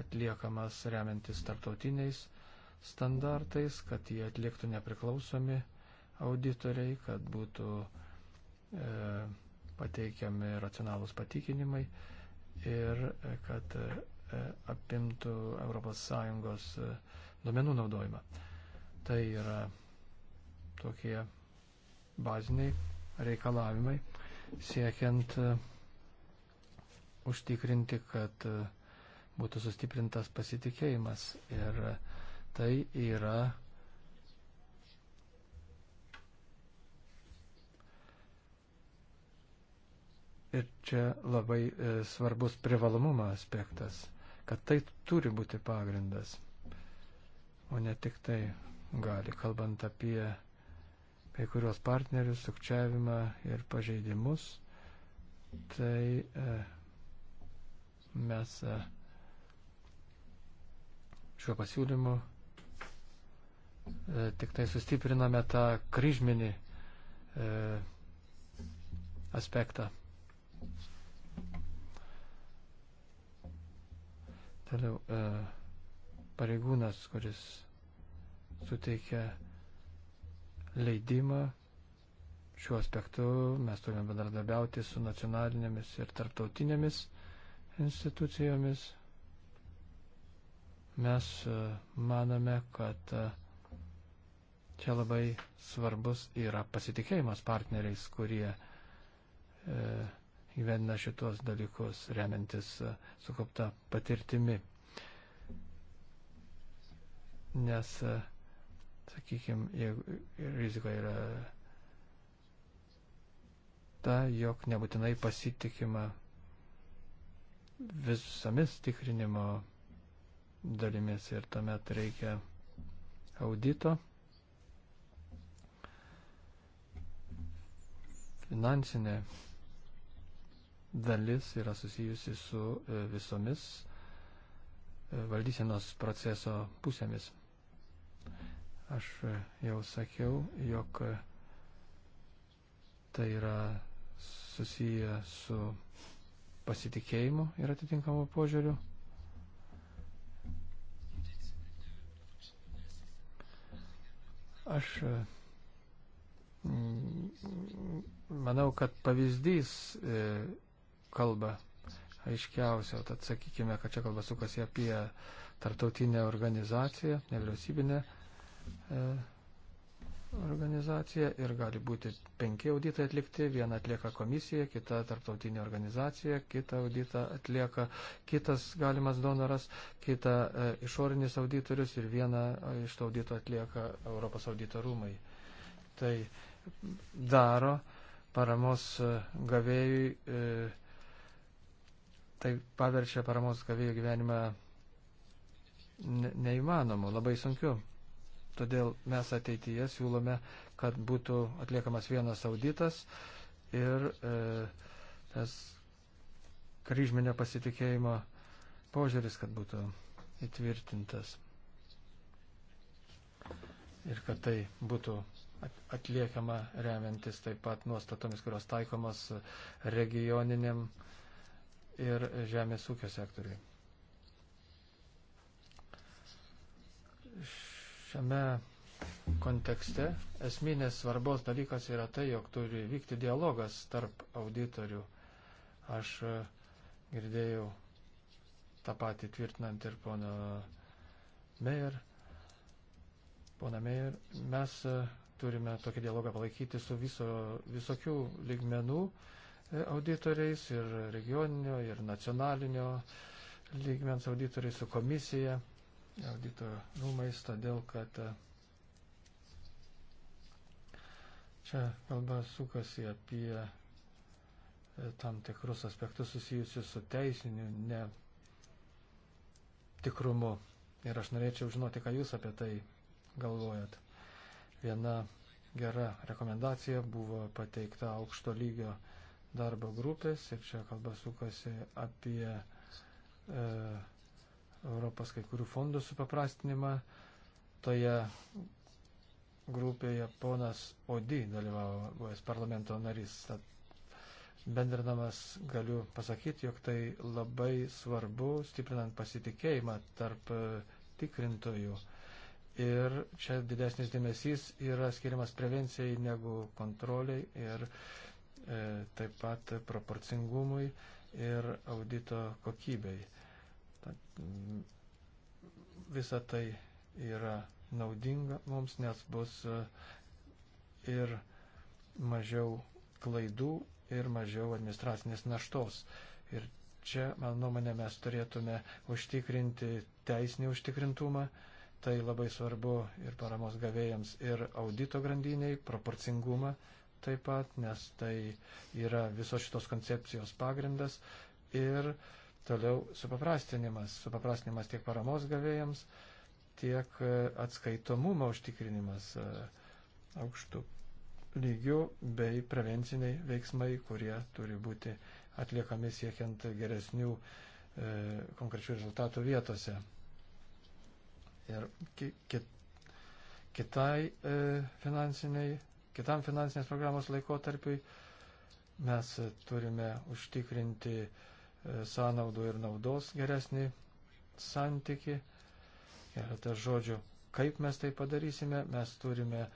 atliekamas remiantis tarptautiniais standartais, kad jie atliktų nepriklausomi auditoriai, kad būtų e, pateikiami racionalūs patikinimai ir e, kad e, apimtų ES e, duomenų naudojimą. Tai yra tokie baziniai reikalavimai, siekiant e, užtikrinti, kad e, būtų sustiprintas pasitikėjimas. Ir e, tai yra ir čia labai svarbus privalomumo aspektas, kad tai turi būti pagrindas, o ne tik tai gali, kalbant apie kai kurios partnerius, sukčiavimą ir pažeidimus, tai e, mes e, šiuo pasiūlymu e, tik tai sustipriname tą kryžminį e, aspektą. Toliau e, pareigūnas, kuris suteikia leidimą. Šiuo aspektu mes turime bendradarbiauti su nacionalinėmis ir tarptautinėmis institucijomis. Mes e, manome, kad e, čia labai svarbus yra pasitikėjimas partneriais, kurie e, įvedina šitos dalykus remiantis sukaupta patirtimi. Nes sakykime, jeigu rizika yra ta, jog nebūtinai pasitikima visomis tikrinimo dalimis ir tuomet reikia audito. Finansinė dalis yra susijusi su e, visomis e, valdysenos proceso pusėmis. Aš e, jau sakiau, jog e, tai yra susiję su pasitikėjimu ir atitinkamu požiūriu. Aš e, manau, kad pavyzdys kalba aiškiausiai, tad sakykime, kad čia kalba sukasi apie tartautinę organizaciją, nevyriausybinę organizaciją E, organizacija ir gali būti penki auditai atlikti, vieną atlieka komisija, kita tarptautinė organizacija, kitą auditą atlieka kitas galimas donoras, kitą e, išorinis auditorius ir vieną e, iš to audito atlieka Europos audito rūmai. Tai daro paramos e, gavėjui, e, tai paverčia paramos gavėjų gyvenimą ne, neįmanomu, labai sunkiu. Todėl mes ateityje siūlome, kad būtų atliekamas vienas auditas ir e, tas kryžminio pasitikėjimo požiūris, kad būtų įtvirtintas. Ir kad tai būtų atliekama remiantis taip pat nuostatomis, kurios taikomos regioniniam ir žemės ūkio sektoriui šiame kontekste esminės svarbos dalykas yra tai, jog turi vykti dialogas tarp auditorių. Aš e, girdėjau tą patį tvirtinant ir pono Meir. Pona Meir, mes e, turime tokį dialogą palaikyti su viso, visokių lygmenų e, auditoriais ir regioninio, ir nacionalinio lygmens auditoriais, su komisija, audito rūmais, todėl kad e, čia kalba sukasi apie e, tam tikrus aspektus susijusius su teisiniu netikrumu. Ir aš norėčiau žinoti, ką jūs apie tai galvojat. Viena gera rekomendacija buvo pateikta aukšto lygio darbo grupės ir čia kalba sukasi apie e, Europos kai kurių fondų supaprastinimą. Toje grupėje ponas Odi dalyvavo, buvęs parlamento narys. Tad bendradamas galiu pasakyti, jog tai labai svarbu, stiprinant pasitikėjimą tarp e, tikrintojų. Ir čia didesnis dėmesys yra skiriamas prevencijai negu kontroliai ir e, taip pat proporcingumui ir audito kokybei. Mm, visa tai yra naudinga mums, nes bus e, ir mažiau klaidų, ir mažiau administracinės naštos. Ir čia, mano nuomonė, mes turėtume užtikrinti teisinį užtikrintumą. Tai labai svarbu ir paramos gavėjams, ir audito grandiniai, proporcingumą taip pat, nes tai yra visos šitos koncepcijos pagrindas. Ir uh, Toliau supaprastinimas. Supaprastinimas tiek paramos gavėjams, tiek e, atskaitomumo užtikrinimas e, aukštų lygių bei prevenciniai veiksmai, kurie turi būti atliekami siekiant geresnių e, konkrečių rezultatų vietose. Ir ki, ki, kitai, e, finansiniai, kitam finansinės programos laikotarpiui mes turime užtikrinti e, sąnaudų ir naudos geresnį santyki. Keletas žodžių, kaip mes tai padarysime, mes turime e,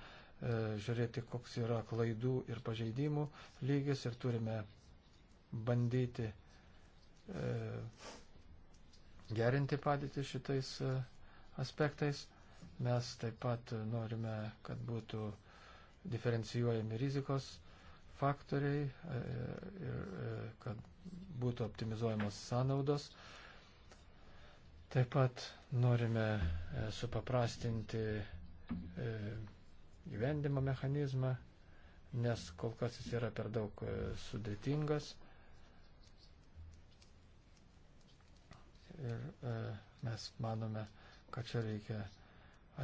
žiūrėti, koks yra klaidų ir pažeidimų lygis ir turime bandyti e, gerinti padėtį šitais e, aspektais. Mes taip pat norime, kad būtų diferencijuojami rizikos faktoriai e, ir e, kad būtų optimizuojamos sąnaudos. Taip pat norime e, supaprastinti e, įvendimo mechanizmą, nes kol kas jis yra per daug e, sudėtingas. Ir mes manome, kad čia reikia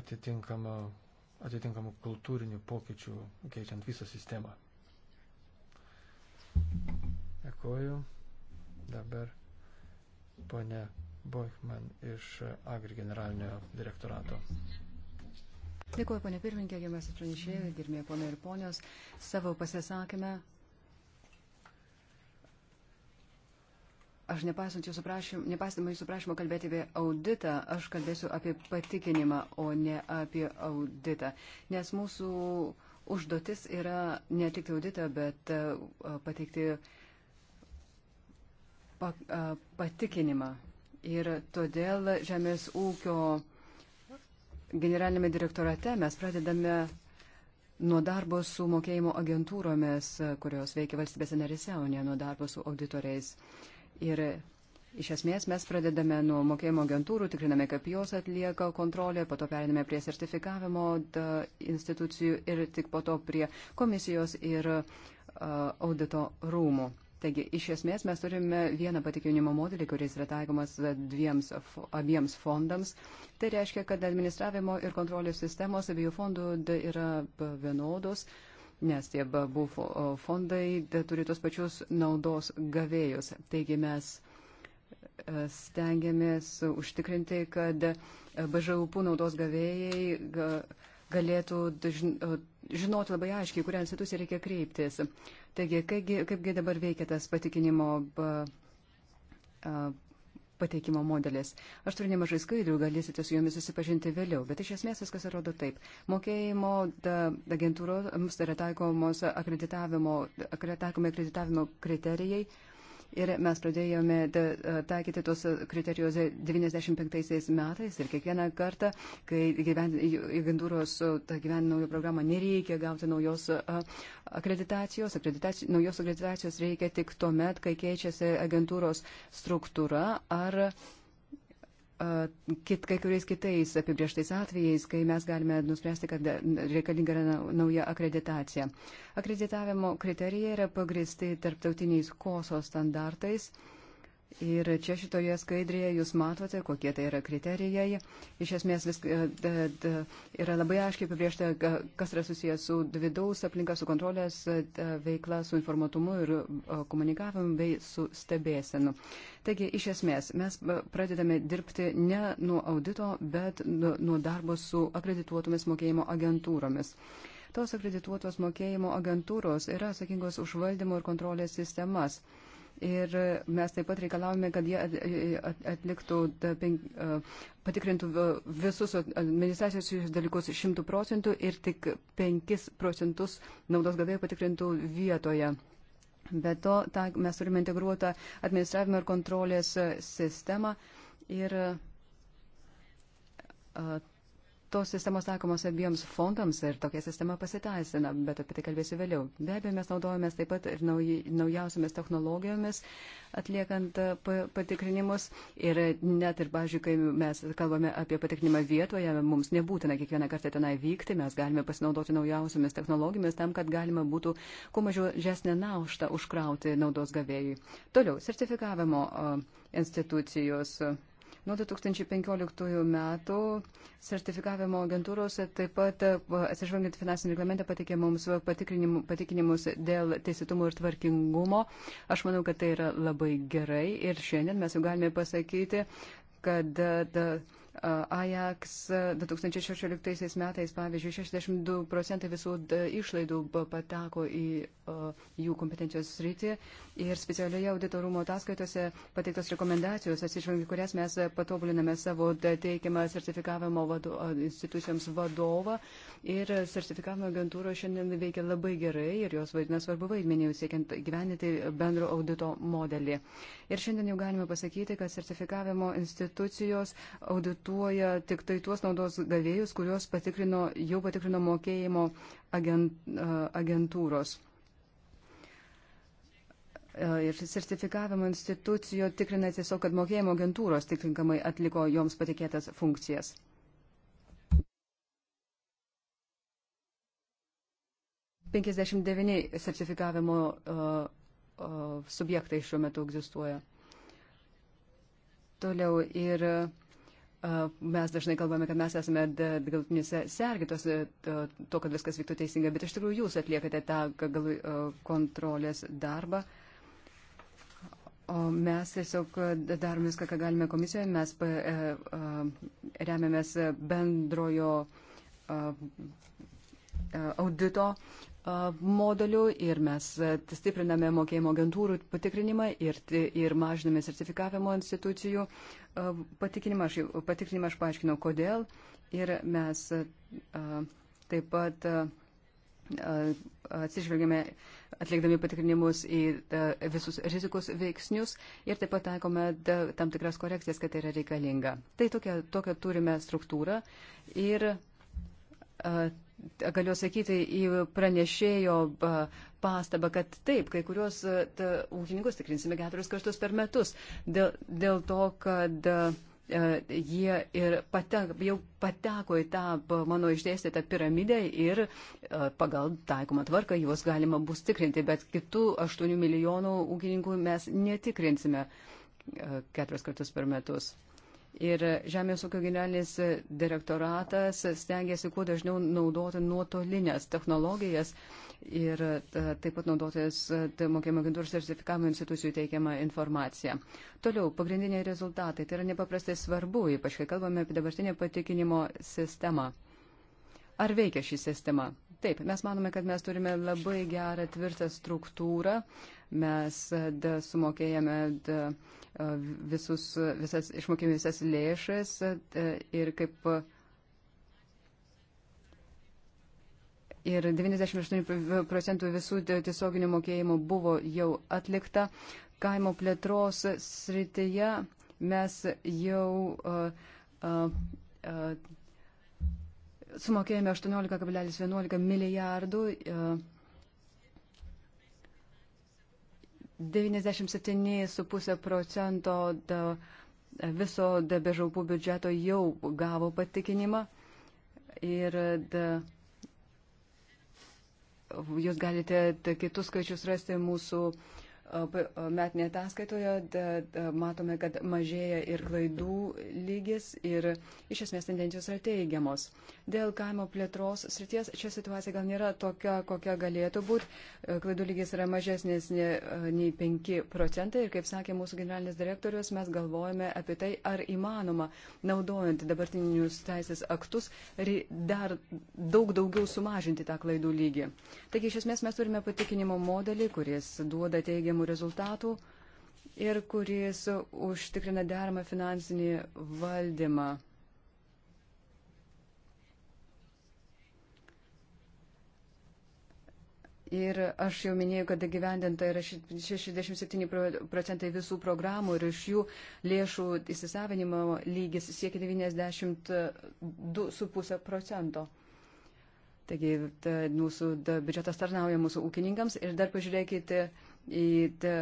atitinkamą atitinkamų kultūrinių pokyčių, keičiant visą sistemą. Dėkuoju. Dabar ponia Bochman iš Agri generalinio direktorato.
Dėkuoju, ponė pirmininkė, gėmės atpranešėjai, girmė ponai ir ponios. Savo pasisakymę Aš nepasant jūsų prašymą, nepasant jūsų prašymą kalbėti apie auditą, aš kalbėsiu apie patikinimą, o ne apie auditą. Nes mūsų užduotis yra ne tik auditą, bet e, pateikti patikinimą. Ir todėl Žemės ūkio generalinėme direktorate mes pradedame nuo darbo su mokėjimo agentūromis, kurios veikia valstybėse narise, o ne nuo darbo su auditoriais. Ir iš esmės mes pradedame nuo mokėjimo agentūrų, tikriname, kaip jos atlieka kontrolę, po to periname prie sertifikavimo institucijų ir tik po to prie komisijos ir uh, audito rūmų. Taigi, iš esmės mes turime vieną patikinimo modelį, kuris yra taikomas dviems, abiems fondams. Tai reiškia, kad administravimo ir kontrolės sistemos abiejų fondų yra vienodos, nes tie abu fondai turi tos pačius naudos gavėjus. Taigi mes e, stengiamės užtikrinti, kad e, BŽUP naudos gavėjai galėtų žinoti labai aiškiai, kurią instituciją reikia kreiptis. Taigi, kaipgi, kaipgi dabar veikia tas patikinimo pateikimo modelis. Aš turiu nemažai skaidrių, galėsite su jomis susipažinti vėliau, bet iš esmės viskas atrodo taip. Mokėjimo agentūroms yra taikomos akreditavimo, taikomi akreditavimo kriterijai Ir mes pradėjome taikyti tos kriterijus 95 metais ir kiekvieną kartą, kai agentūros gyvenimo naujo programą nereikia gauti naujos akreditacijos, akreditacijos, naujos akreditacijos reikia tik tuomet, kai keičiasi agentūros struktūra ar kit, kai kuriais kitais apibrieštais atvejais, kai mes galime nuspręsti, kad reikalinga yra nauja akreditacija. Akreditavimo kriterija yra pagristi tarptautiniais koso standartais. Uh, Ir čia šitoje skaidrėje jūs matote, kokie tai yra kriterijai. Iš esmės vis, e, da, da, yra labai aiškiai apibriešta, kas yra susijęs su vidaus aplinka, su kontrolės e, da, veikla, su informatumu ir e, komunikavimu bei su stebėsenu. Taigi, iš esmės, mes pradedame dirbti ne nuo audito, bet nuo, nuo darbo su akredituotomis mokėjimo agentūromis. Tos akredituotos mokėjimo agentūros yra atsakingos už valdymo ir kontrolės sistemas. Ir mes taip pat reikalavome, kad jie e, atliktų, patikrintų visus administracijos dalykus 100 procentų ir tik 5 procentus naudos gavėjų patikrintų vietoje. Be to, ta, mes turime integruotą administravimo ir kontrolės e, sistemą ir tos sistemos taikomos abiems fondams ir tokia sistema pasiteisina, bet apie tai kalbėsiu vėliau. Be abejo, mes naudojame taip pat ir nauji, naujausiamis technologijomis atliekant e, patikrinimus ir net ir, pažiūrėjau, kai mes kalbame apie patikrinimą vietoje, mums nebūtina kiekvieną kartą tenai vykti, mes galime pasinaudoti naujausiamis technologijomis tam, kad galima būtų kuo mažiau žesnę naštą užkrauti naudos gavėjui. Toliau, sertifikavimo e, institucijos. Uh, Nuo 2015 metų sertifikavimo agentūros taip pat atsižvelgiant finansinį reglamentą patikė mums patikinimus dėl teisėtumo ir tvarkingumo. Aš manau, kad tai yra labai gerai ir šiandien mes jau galime pasakyti, kad da, Ajax 2016 metais, pavyzdžiui, 62 procentai visų išlaidų pateko į e, jų kompetencijos sritį ir specialioje auditorumo ataskaitose pateiktos rekomendacijos, atsižvelgiant kurias mes patobuliname savo teikiamą sertifikavimo vado, institucijoms vadovą ir sertifikavimo agentūros šiandien veikia labai gerai ir jos vaidina svarbu vaidmenį, siekiant gyveninti bendro audito modelį. Ir šiandien jau galime pasakyti, kad sertifikavimo institucijos auditų traktuoja tik tai tuos naudos gavėjus, kuriuos patikrino, jau patikrino mokėjimo agent, agentūros. Ir sertifikavimo institucijo tikrina tiesiog, kad mokėjimo agentūros tikrinkamai atliko joms patikėtas funkcijas. Penkiasdešimt devyni sertifikavimo uh, uh, subjektai šiuo metu egzistuoja toliau ir Mes dažnai kalbame, kad mes esame galutinis sergitos to, kad viskas vyktų teisingai, bet iš tikrųjų jūs atliekate tą galų kontrolės darbą. O mes tiesiog darome viską, ką galime komisijoje, mes e, remiamės bendrojo audito modeliu ir mes stipriname mokėjimo agentūrų patikrinimą ir, ir mažiname sertifikavimo institucijų patikrinimą. Aš, patikrinimą aš paaiškinau, kodėl. Ir mes taip pat atsižvelgiame atlikdami patikrinimus į visus rizikos veiksnius ir taip pat taikome tam tikras korekcijas, kad tai yra reikalinga. Tai tokia, tokia turime struktūrą ir galiu sakyti į pranešėjo pastabą, kad taip, kai kuriuos ta, ūkininkus tikrinsime keturis kartus per metus dėl, dėl to, kad jie ir patek, jau pateko į tą mano išdėstytą piramidę ir pagal taikomą tvarką juos galima bus tikrinti, bet kitų 8 milijonų ūkininkų mes netikrinsime keturis kartus per metus. Ir Žemės ūkio generalinis direktoratas stengiasi kuo dažniau naudoti nuotolinės technologijas ir e, taip pat naudotis e, mokėjimo agentūros sertifikavimo institucijų teikiamą informaciją. Toliau, pagrindiniai rezultatai. Tai yra nepaprastai svarbu, ypač kai kalbame apie dabartinę patikinimo sistemą. Ar veikia ši sistema? Taip, mes manome, kad mes turime labai gerą tvirtą struktūrą. Mes e, da, sumokėjame da, visus, visas, išmokėme visas lėšas ir kaip ir 98 procentų visų tiesioginių mokėjimų buvo jau atlikta. Kaimo plėtros srityje mes jau uh, uh, uh, sumokėjome 18,11 milijardų. Uh, 97,5 procento viso bežaupų biudžeto jau gavo patikinimą ir da, jūs galite da, kitus skaičius rasti mūsų uh, metinėje ataskaitoje matome, kad mažėja ir klaidų lygis ir iš esmės tendencijos yra teigiamos. Dėl kaimo plėtros srities čia situacija gal nėra tokia, kokia galėtų būti. Klaidų lygis yra mažesnis nei 5 procentai ir, kaip sakė mūsų generalinis direktorius, mes galvojame apie tai, ar įmanoma, naudojant dabartinius teisės aktus, dar daug daugiau sumažinti tą klaidų lygį. Taigi, iš esmės mes turime patikinimo modelį, kuris duoda teigiamą matuojamų rezultatų ir kuris užtikrina deramą finansinį valdymą. Ir aš jau minėjau, kad gyvendinta yra 67 procentai visų programų ir iš jų lėšų įsisavinimo lygis siekia 92,5 procento. Taigi ta, mūsų ta, biudžetas tarnauja mūsų ūkininkams. Ir dar pažiūrėkite į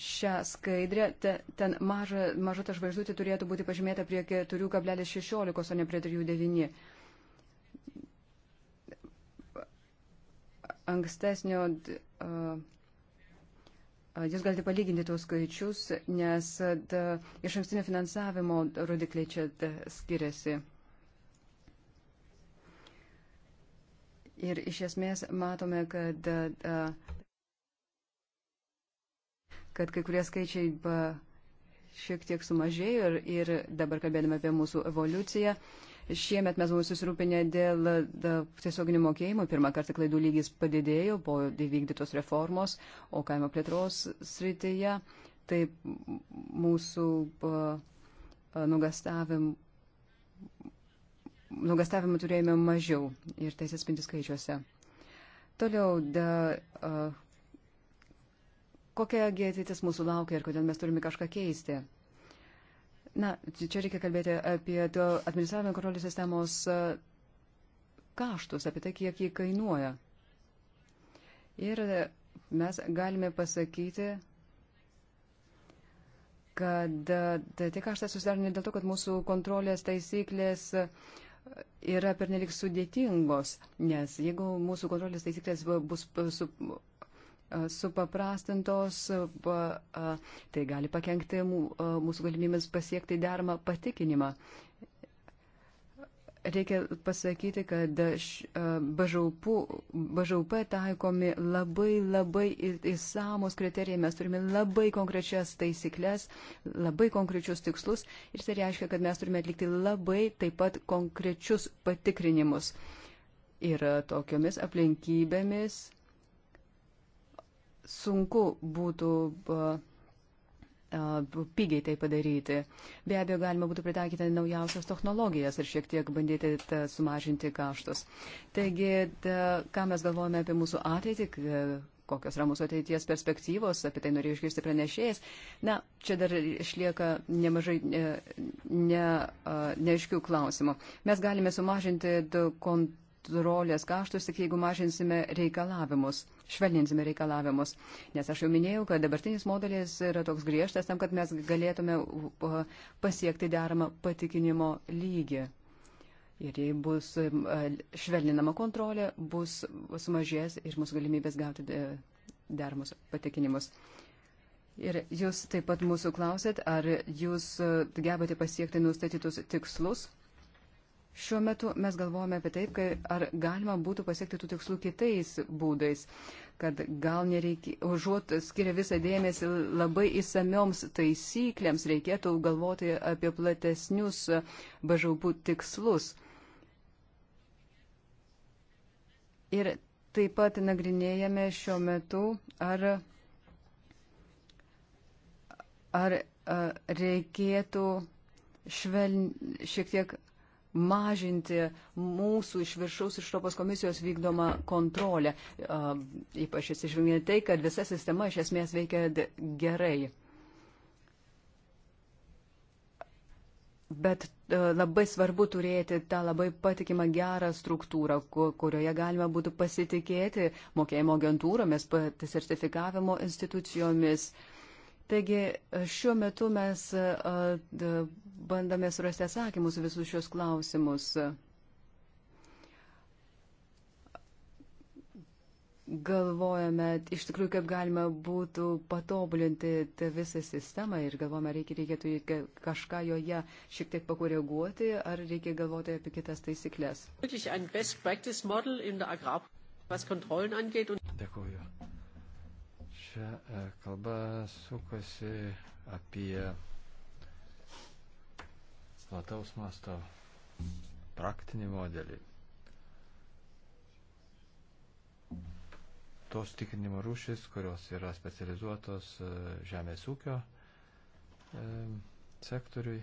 šią skaidrę, ten maža, maža ta žvaigždutė turėtų būti pažymėta prie 4,16, o ne prie 3,9. Ankstesnio, jūs galite palyginti tuos skaičius, nes da, iš ankstinio finansavimo rodikliai čia da, skiriasi. Ir iš esmės matome, kad da, kad kai kurie skaičiai šiek tiek sumažėjo ir, ir dabar kalbėdami apie mūsų evoliuciją. Šiemet mes buvome susirūpinę dėl tiesioginių mokėjimų. Pirmą kartą klaidų lygis padidėjo po įvykdytos reformos, o kaimo plėtros srityje. Tai mūsų nugastavimų turėjome mažiau ir tai atsispindi skaičiuose. Toliau da, uh, kokia ateitis mūsų laukia ir kodėl mes turime kažką keisti. Na, čia reikia kalbėti apie administravimo kontrolės sistemos e, kaštus, apie tai, kiek jį kainuoja. Ir e, mes galime pasakyti, kad e, tai, tai kaštas susidaro ne dėl to, kad mūsų kontrolės taisyklės yra pernelik sudėtingos, nes jeigu mūsų kontrolės taisyklės bus su, supaprastintos, tai gali pakengti mūsų galimybėms pasiekti deramą patikinimą. Reikia pasakyti, kad BŽUP taikomi labai labai įsamos kriterijai, mes turime labai konkrečias taisyklės, labai konkrečius tikslus ir tai reiškia, kad mes turime atlikti labai taip pat konkrečius patikrinimus. Ir tokiomis aplinkybėmis sunku būtų pigiai tai padaryti. Be abejo, galima būtų pritaikyti naujausias technologijas ir šiek tiek bandyti sumažinti kaštus. Taigi, ta, ką mes galvojame apie mūsų ateitį, kokios yra mūsų ateities perspektyvos, apie tai norėjau išgirsti pranešėjais. Na, čia dar išlieka nemažai e, ne, ne, neaiškių klausimų. Mes galime sumažinti kontrolės kaštus, tik jeigu mažinsime reikalavimus švelninsime reikalavimus. Nes aš jau minėjau, kad dabartinis modelis yra toks griežtas tam, kad mes galėtume uh, pasiekti deramą patikinimo lygį. Ir jei bus um, uh, švelninama kontrolė, bus sumažės ir mūsų galimybės gauti uh, deramus patikinimus. Ir jūs taip pat mūsų klausėt, ar jūs gebate pasiekti nustatytus tikslus? Šiuo metu mes galvojame apie taip, kad ar galima būtų pasiekti tų tikslų kitais būdais, kad gal nereikia, užuot skiria visą dėmesį labai įsamioms taisyklėms, reikėtų galvoti apie platesnius bažaupų tikslus. Ir taip pat nagrinėjame šiuo metu, ar, ar reikėtų šveln, šiek tiek mažinti mūsų iš viršaus iš Europos komisijos vykdomą kontrolę. Ypač atsižvelgiant tai, kad visa sistema iš esmės veikia gerai. Bet labai svarbu turėti tą labai patikimą gerą struktūrą, kurioje galima būtų pasitikėti mokėjimo agentūromis, sertifikavimo institucijomis. Taigi šiuo metu mes bandome surasti atsakymus visus šios klausimus. Galvojame iš tikrųjų, kaip galima būtų patobulinti visą sistemą ir galvojame, reikia, reikėtų kažką joje šiek tiek pakoreguoti ar reikia galvoti apie kitas taisyklės.
Dėkuoju. Čia e, kalba sukasi apie plataus masto praktinį modelį. Tos tikrinimo rūšis, kurios yra specializuotos e, žemės ūkio e, sektoriui,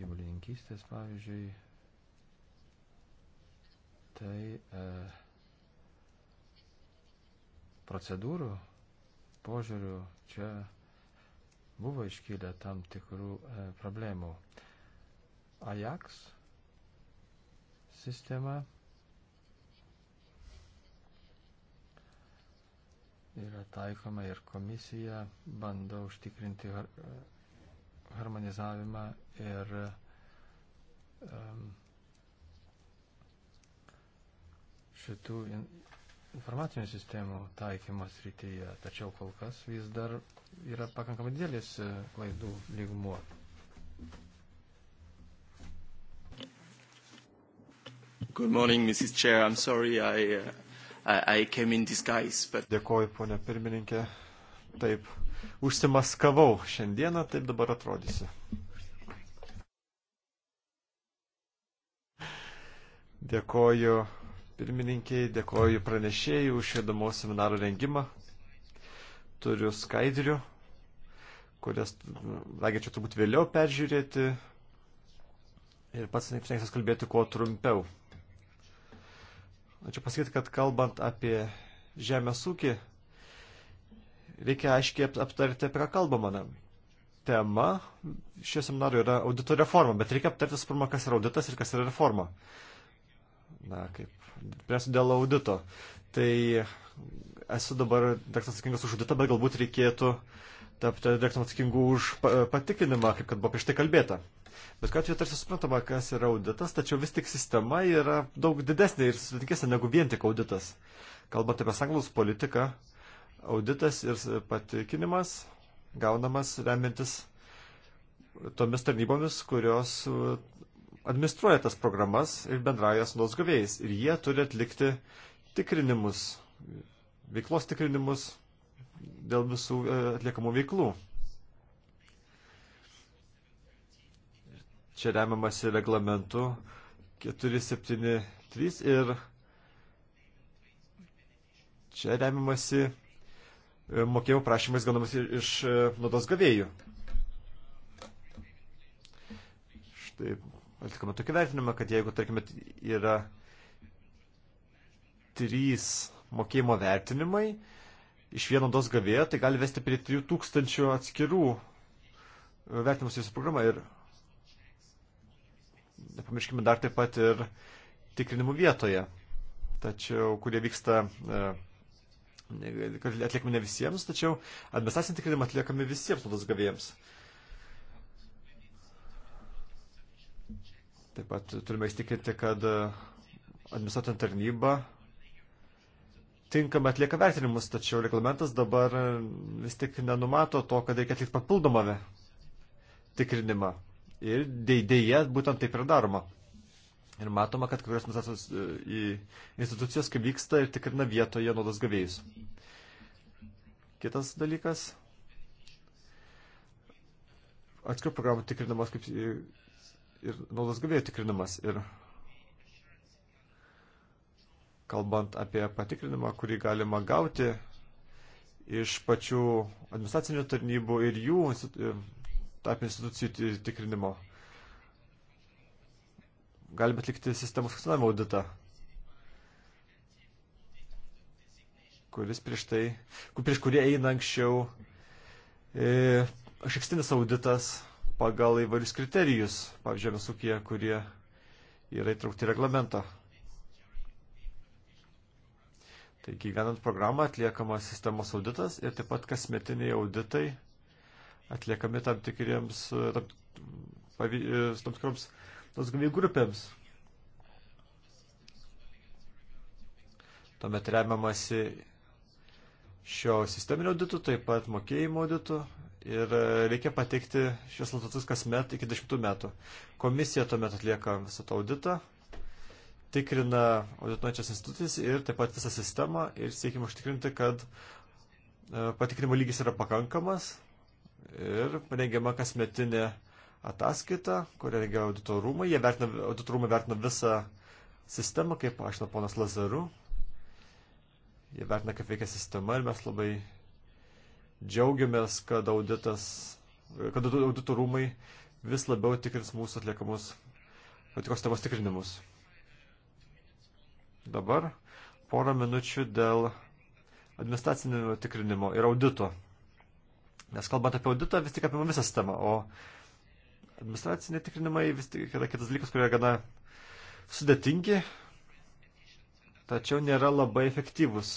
gyvulininkystės pavyzdžiui, tai e, procedūrų požiūrių čia buvo iškilę tam tikrų e, problemų. Ajax sistema yra taikoma ir komisija bando užtikrinti har e, harmonizavimą ir um, šitų in informacinių sistemų taikymas rytyje, tačiau kol kas vis dar yra pakankamai didelis e, klaidų lygmuo.
Good morning, Mrs. Chair. I'm sorry I, uh, I, I came in disguise, but... Dėkoju, ponia pirmininkė. Taip, užsimaskavau šiandieną, taip dabar atrodysiu. Dėkoju pirmininkiai, dėkoju pranešėjai už šėdamo seminaro rengimą. Turiu skaidrių, kurias raginčiau turbūt vėliau peržiūrėti ir pats stengsiuosi kalbėti kuo trumpiau. Norėčiau pasakyti, kad kalbant apie žemės ūkį, reikia aiškiai aptarti, apie ką kalbama. Na, tema šio seminaro yra audito reforma, bet reikia aptarti suprama, kas yra auditas ir kas yra reforma. Na, kaip spręsiu dėl audito. Tai esu dabar direktas atsakingas už auditą, bet galbūt reikėtų tapti direktam atsakingu už patikrinimą, kaip kad buvo prieš tai kalbėta. Bet kad jau tarsi suprantama, kas yra auditas, tačiau vis tik sistema yra daug didesnė ir sudėtingesnė negu vien tik auditas. Kalbant apie sanglus politiką, auditas ir patikinimas gaunamas remiantis tomis tarnybomis, kurios administruoja tas programas ir bendrauja su naudos gavėjais. Ir jie turi atlikti tikrinimus, veiklos tikrinimus dėl visų e, atliekamų veiklų. Čia remiamasi reglamentu 473 ir čia remiamasi e, mokėjimo prašymais gaunamas iš e, naudos gavėjų. Štai atlikome tokį vertinimą, kad jeigu, tarkime, yra trys mokėjimo vertinimai iš vieno dos gavėjo, tai gali vesti prie 3000 atskirų e, vertinimų su jūsų programa ir nepamirškime dar taip pat ir tikrinimų vietoje, tačiau kurie vyksta e, atliekami ne visiems, tačiau administracinį tikrinimą atliekami visiems naudos gavėjams. Taip pat turime įstikinti, kad e, administruotojų tarnyba tinkamai atlieka vertinimus, tačiau reglamentas dabar e, vis tik nenumato to, kad reikia atlikti papildomą tikrinimą. Ir dėje būtent taip ir daroma. Ir matoma, kad kurios e, institucijos, kaip vyksta, ir tikrina vietoje naudos gavėjus. Kitas dalykas. Atskirų programų tikrinamos kaip ir naudos gavėjo tikrinimas. Ir kalbant apie patikrinimą, kurį galima gauti iš pačių administracinių tarnybų ir jų tarp institucijų tikrinimo. Galime atlikti sistemos funkcionavimo auditą, kuris prieš tai, kur prieš kurį eina anksčiau e, šikstinis auditas pagal įvairius kriterijus, pavyzdžiui, mes ūkija, kurie yra įtraukti reglamentą. Taigi, gyvenant programą atliekama sistemos auditas ir taip pat kasmetiniai auditai atliekami tam tikriems, tam, pavy, tam tikroms, tos gamybų grupėms. Tuomet remiamasi šio sisteminio auditu, taip pat mokėjimo auditu, ir e, reikia pateikti šios rezultatus kasmet iki 10 metų. Komisija tuomet atlieka visą tą auditą, tikrina audituojančias institucijas ir taip pat visą sistemą ir siekime užtikrinti, kad e, patikrinimo lygis yra pakankamas ir rengiama kasmetinė ataskaita, kurią rengia auditorumai. Jie vertina, auditorumai vertina visą sistemą, kaip aiškino ponas Lazaru. Jie vertina, kaip veikia sistema ir mes labai Džiaugiamės, kad auditas, kad auditų rūmai vis labiau tikrins mūsų atliekamus patikos temos tikrinimus. Dabar porą minučių dėl administracinio tikrinimo ir audito. Nes kalbant apie auditą, vis tik apima visą sistemą, o administraciniai tikrinimai vis tik yra kitas dalykas, kurie gana sudėtingi, tačiau nėra labai efektyvus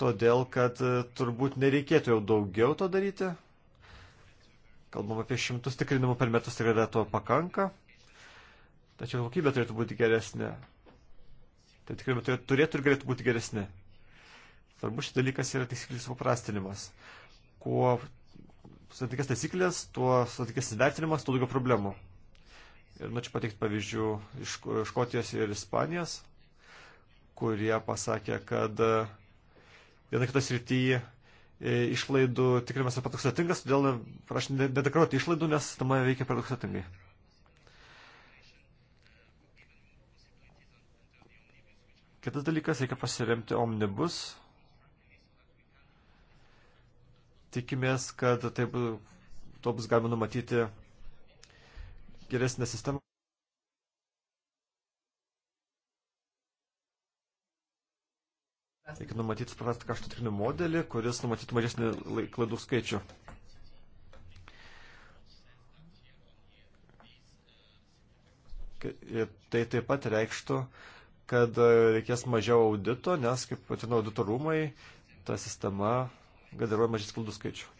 todėl kad e, turbūt nereikėtų jau daugiau to daryti. Kalbam apie šimtus tikrinimų per metus, tikrai to pakanka. Tačiau kokybė turėtų būti geresnė. Tai tikrai turėtų ir galėtų būti geresnė. Svarbus šis dalykas yra taisyklių supaprastinimas. Kuo santykias taisyklės, tuo santykias įvertinimas, tuo daugiau problemų. Ir nu čia pateikti pavyzdžių iš Škotijos ir Ispanijos, kurie pasakė, kad uh, viena kitos rytyje išlaidų tikrinimas yra per sudėtingas, todėl aš nedeklaruoti išlaidų, nes sistema veikia per daug sudėtingai. Kitas dalykas, reikia pasiremti omnibus. Tikimės, kad taip to bus galima numatyti geresnę sistemą. Reikia numatyti suprastą kaštų tikrinų modelį, kuris numatytų mažesnį klaidų skaičių. Ir tai taip pat reikštų, kad reikės mažiau audito, nes, kaip patino audito rūmai, ta sistema generuoja mažesnį klaidų skaičių.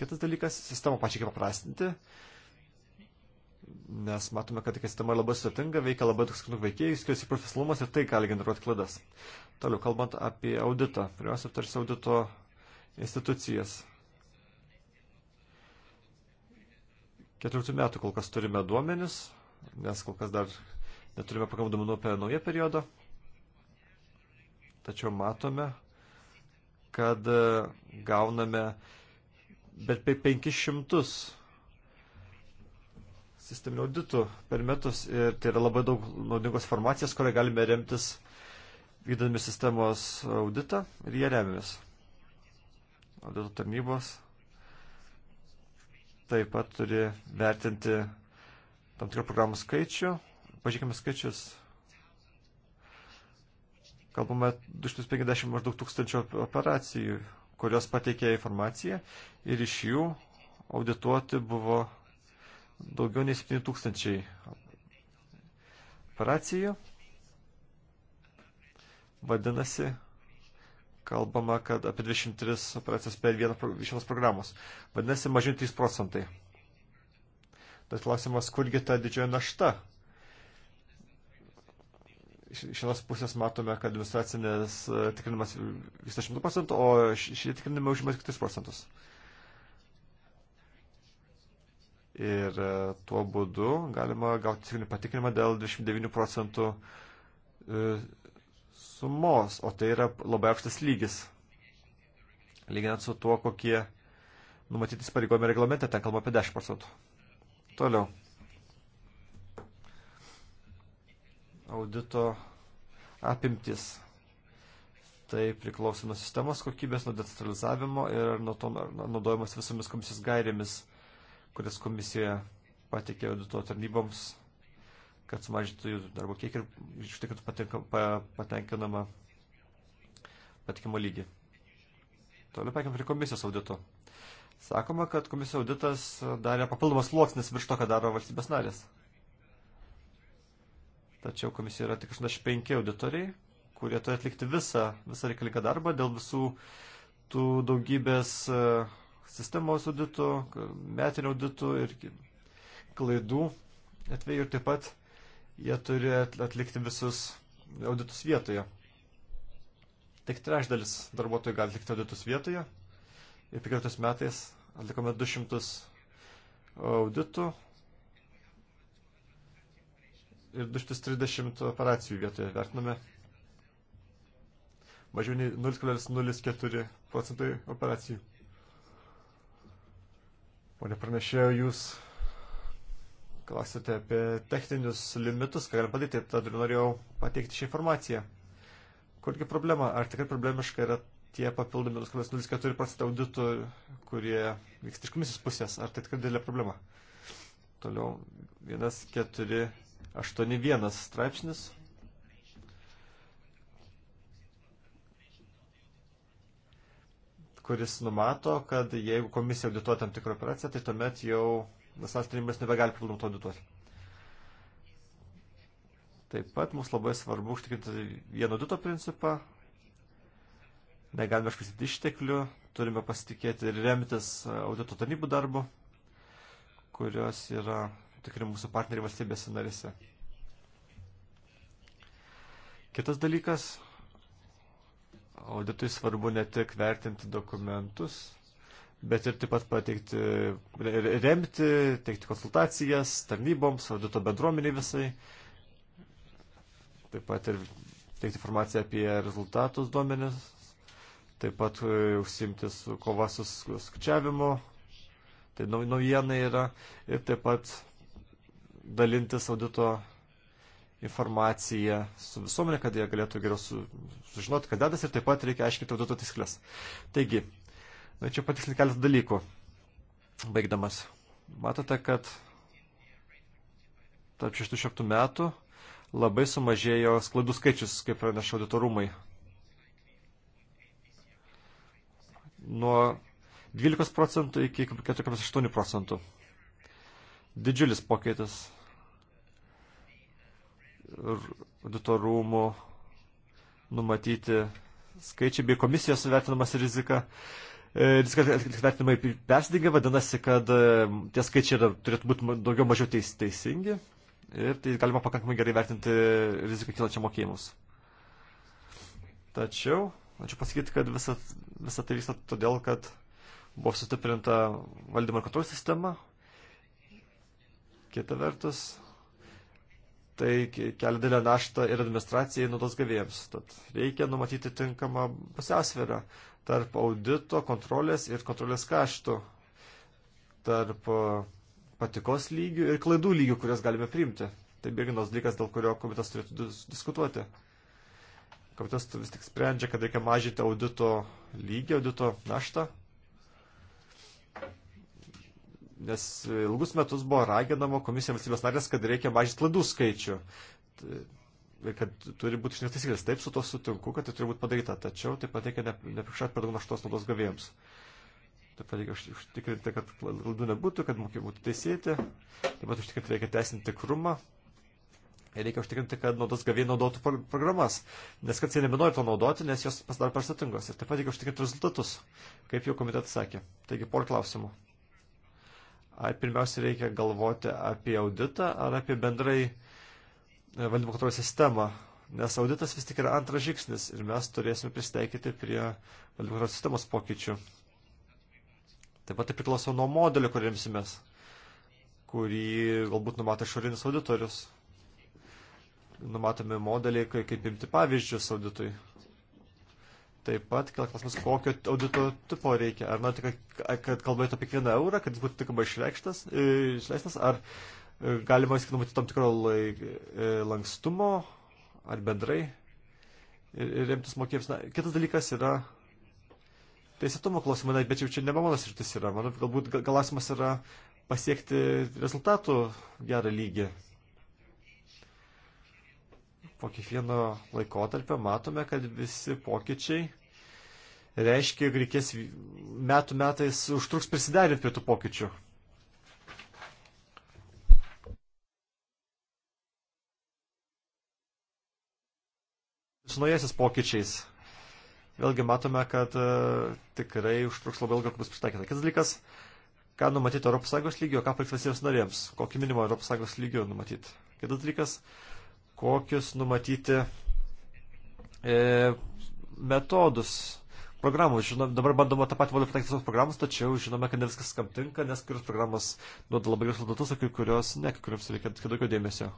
Kitas dalykas - sistemą pačią paprastinti. paprastinti nes matome, kad tokia sistema labai sudėtinga, veikia labai daug skirtingų veikėjų, skiriasi profesionalumas ir tai gali generuoti klaidas. Toliau, kalbant apie auditą, pirmiausia, aptarsi audito institucijas. Ketvirtų metų kol kas turime duomenis, nes kol kas dar neturime pakankamų duomenų apie naują periodą. Tačiau matome, kad e, gauname bet apie 500 sisteminių auditų per metus ir tai yra labai daug naudingos informacijos, kurią galime remtis vykdami sistemos auditą ir jie remiamės. Audito tarnybos taip pat turi vertinti tam tikrą programų skaičių. Pažiūrėkime skaičius. Kalbame 250 maždaug tūkstančių operacijų, kurios pateikė informaciją ir iš jų audituoti buvo daugiau nei 7 tūkstančiai operacijų. Vadinasi, kalbama, kad apie 23 operacijas per vieną iš vienos programos. Vadinasi, mažiau 3 procentai. Bet klausimas, kurgi ta didžioji našta? Iš vienos pusės matome, kad administracinės eh, tikrinimas vyksta 100 procentų, o šie tikrinimai užima tik 3 procentus. Ir e, tuo būdu galima gauti civilinį patikrinimą dėl 29 procentų e, sumos, o tai yra labai aukštas lygis. Lyginant su tuo, kokie numatyti įsipareigojimai reglamente, ten kalba apie 10 procentų. Toliau. Audito apimtis. Tai priklauso nuo sistemos kokybės, nuo decentralizavimo ir nuo to naudojimas visomis komisijos gairėmis kurias komisija patikė audito tarnyboms, kad sumažintų jų darbo kiekį ir ištikrintų patenkinamą patikimo lygį. Toliau paėkime prie komisijos audito. Sakoma, kad komisijos auditas darė papildomas sluoksnis virš to, ką daro valstybės narės. Tačiau komisija yra tik 85 auditoriai, kurie turi atlikti visą, visą reikalingą darbą dėl visų tų daugybės uh, sistemos auditų, metinio auditų ir klaidų atveju ir taip pat jie turi atlikti visus auditus vietoje. Tik trečdalis darbuotojų gali atlikti auditus vietoje ir 15 metais atlikome 200 auditų ir 230 operacijų vietoje vertiname mažiau nei 0,04 procentai operacijų. Pone pranešėjo, jūs klausėte apie techninius limitus, ką galima padaryti, tad ir norėjau pateikti šią informaciją. Kurgi problema? Ar tikrai problemiška yra tie papildomi 0,04 procentai auditų, kurie vyksta iš komisijos pusės? Ar tai tikrai didelė problema? Toliau 1,481 straipsnis. kuris numato, kad jeigu komisija audituoja tam tikrą operaciją, tai tuomet jau nacionalinis tarnybas nebegali papildomai to audituoti. Taip pat mums labai svarbu užtikrinti vieno audito principą. Negalime iškaisyti išteklių, turime pasitikėti ir remtis audito tarnybų darbu, kurios yra tikrai mūsų partneriai valstybėse narėse. Kitas dalykas auditui svarbu ne tik vertinti dokumentus, bet ir taip pat pateikti, remti, teikti konsultacijas tarnyboms, audito bendruomeniai visai, taip pat ir teikti informaciją apie rezultatus duomenis, taip pat e, užsimti su kova su skčiavimu, tai naujiena yra, ir taip pat dalintis audito informaciją su visuomenė, kad jie galėtų geriau su, sužinoti, kad dedas ir taip pat reikia aiškinti audito taisyklės. Taigi, norėčiau nu, patikslinti keletą dalykų, baigdamas. Matote, kad tarp 6-7 metų labai sumažėjo sklaidų skaičius, kaip praneša auditorumai. Nuo 12 procentų iki 4,8 procentų. Didžiulis pokytis auditorumų numatyti skaičiai bei komisijos vertinamas rizika. E, rizika vertinimai persidengia, vadinasi, kad e, tie skaičiai yra, turėtų būti daugiau mažiau teis, teisingi ir tai galima pakankamai gerai vertinti riziką kylančią mokėjimus. Tačiau, ačiū pasakyti, kad visa, visa tai vyksta todėl, kad buvo sustiprinta valdymo ir kontrolės sistema. Kita vertus, tai kelia didelę naštą ir administracijai, ir naudos gavėjams. Tad reikia numatyti tinkamą pusiausvyrą tarp audito, kontrolės ir kontrolės kaštų, tarp e, patikos lygių ir klaidų lygių, kurias galime priimti. Tai bėginos dalykas, dėl kurio komitetas turėtų diskutuoti. Komitetas vis tik sprendžia, kad reikia mažinti audito lygį, audito naštą, nes ilgus metus buvo raginama komisija valstybės narės, kad reikia mažinti ladų skaičių. Ir kad turi būti išneštas taisyklės. Taip, su to sutinku, kad tai turi būti padaryta, tačiau taip pat reikia neprikščiauti per daug naštos naudos gavėjams. Taip pat reikia užtikrinti, kad ladų nebūtų, kad mokymai būtų teisėti. Taip pat užtikrinti reikia teisinį tikrumą. Ir reikia užtikrinti, kad naudos gavėjai naudotų programas, nes kad jie nebenori to naudoti, nes jos pasidaro per statingos. Ir taip pat reikia užtikrinti rezultatus, kaip jau komitetas sakė. Taigi, por klausimų. Ar pirmiausia reikia galvoti apie auditą ar apie bendrai e, valdymo kontrolės sistemą? Nes auditas vis tik yra antras žingsnis ir mes turėsime pristeikyti prie valdymo kontrolės sistemos pokyčių. Taip pat tai priklauso nuo modelio, kurį imsimės, kurį galbūt numato išorinis auditorius numatomi modeliai, kaip imti pavyzdžius auditui. Taip pat kila klausimas, kokio audito tipo reikia. Ar norite, kad, kad kalbėtų apie kiekvieną eurą, kad jis būtų tikamai e, išleistas, ar e, galima viską numatyti tam tikro laik, e, lankstumo, ar bendrai ir, ir remtis mokėjams. Na, kitas dalykas yra teisėtumo klausimai, bet jau čia nebe mano sritis yra. Manau, galbūt klausimas yra pasiekti rezultatų gerą lygį po kiekvieno laikotarpio matome, kad visi pokyčiai reiškia, jog reikės metų metais užtruks prisiderinti prie tų pokyčių. Su naujasis pokyčiais. Vėlgi matome, kad uh, tikrai užtruks labai ilgai, kad bus pritaikyta. Kitas dalykas, ką numatyti ES lygio, ką paliks valstybės narėms, kokį minimą ES lygio numatyti. Kitas dalykas, uh, kokius numatyti e, metodus programų. Žinom, dabar bandoma tą patį modelį pritaikyti visos programos, tačiau žinome, kad ne viskas kam tinka, nes kurios programos duoda labai gerus rezultatus, o kai kurios ne, kai kuriams reikia daugiau dėmesio.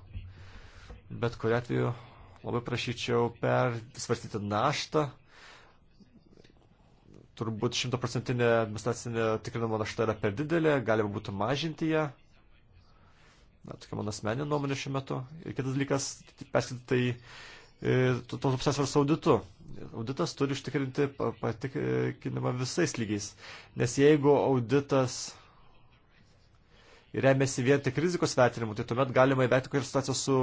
Bet kuriu atveju labai prašyčiau persvarstyti naštą. Turbūt šimtaprocentinė administracinė tikrinimo našta yra per didelė, galima būtų mažinti ją. Na, tokia mano asmeninė nuomonė šiuo metu. Ir kitas dalykas, perskaityti tai e, tos obsesijos auditu. Auditas turi užtikrinti patikinimą visais lygiais. Nes jeigu auditas remiasi vien tik rizikos vertinimu, tai tuomet galima įvertinti, kokia situacija su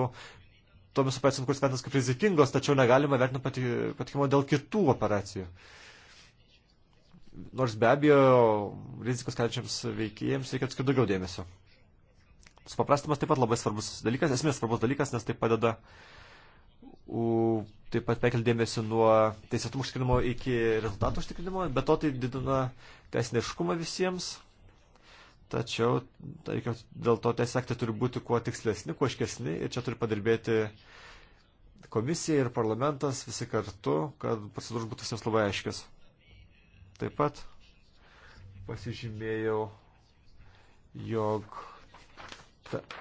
tomis operacijomis, kuris vertinas kaip rizikingos, tačiau negalima vertinti pati, patikimo dėl kitų operacijų. Nors be abejo, rizikos keliančiams veikėjams reikia skirti daugiau dėmesio. Supaprastimas taip pat labai svarbus dalykas, esmės svarbus dalykas, nes tai padeda u, taip pat perkeldėmėsi nuo teisėtumų užtikrinimo iki rezultatų užtikrinimo, bet to tai didina teisinėškumą visiems. Tačiau tarkim, dėl to teisės aktai turi būti kuo tikslesni, kuo aiškesni ir čia turi padirbėti komisija ir parlamentas visi kartu, kad procedūros būtų visiems labai aiškios. Taip pat pasižymėjau, jog Pritarta.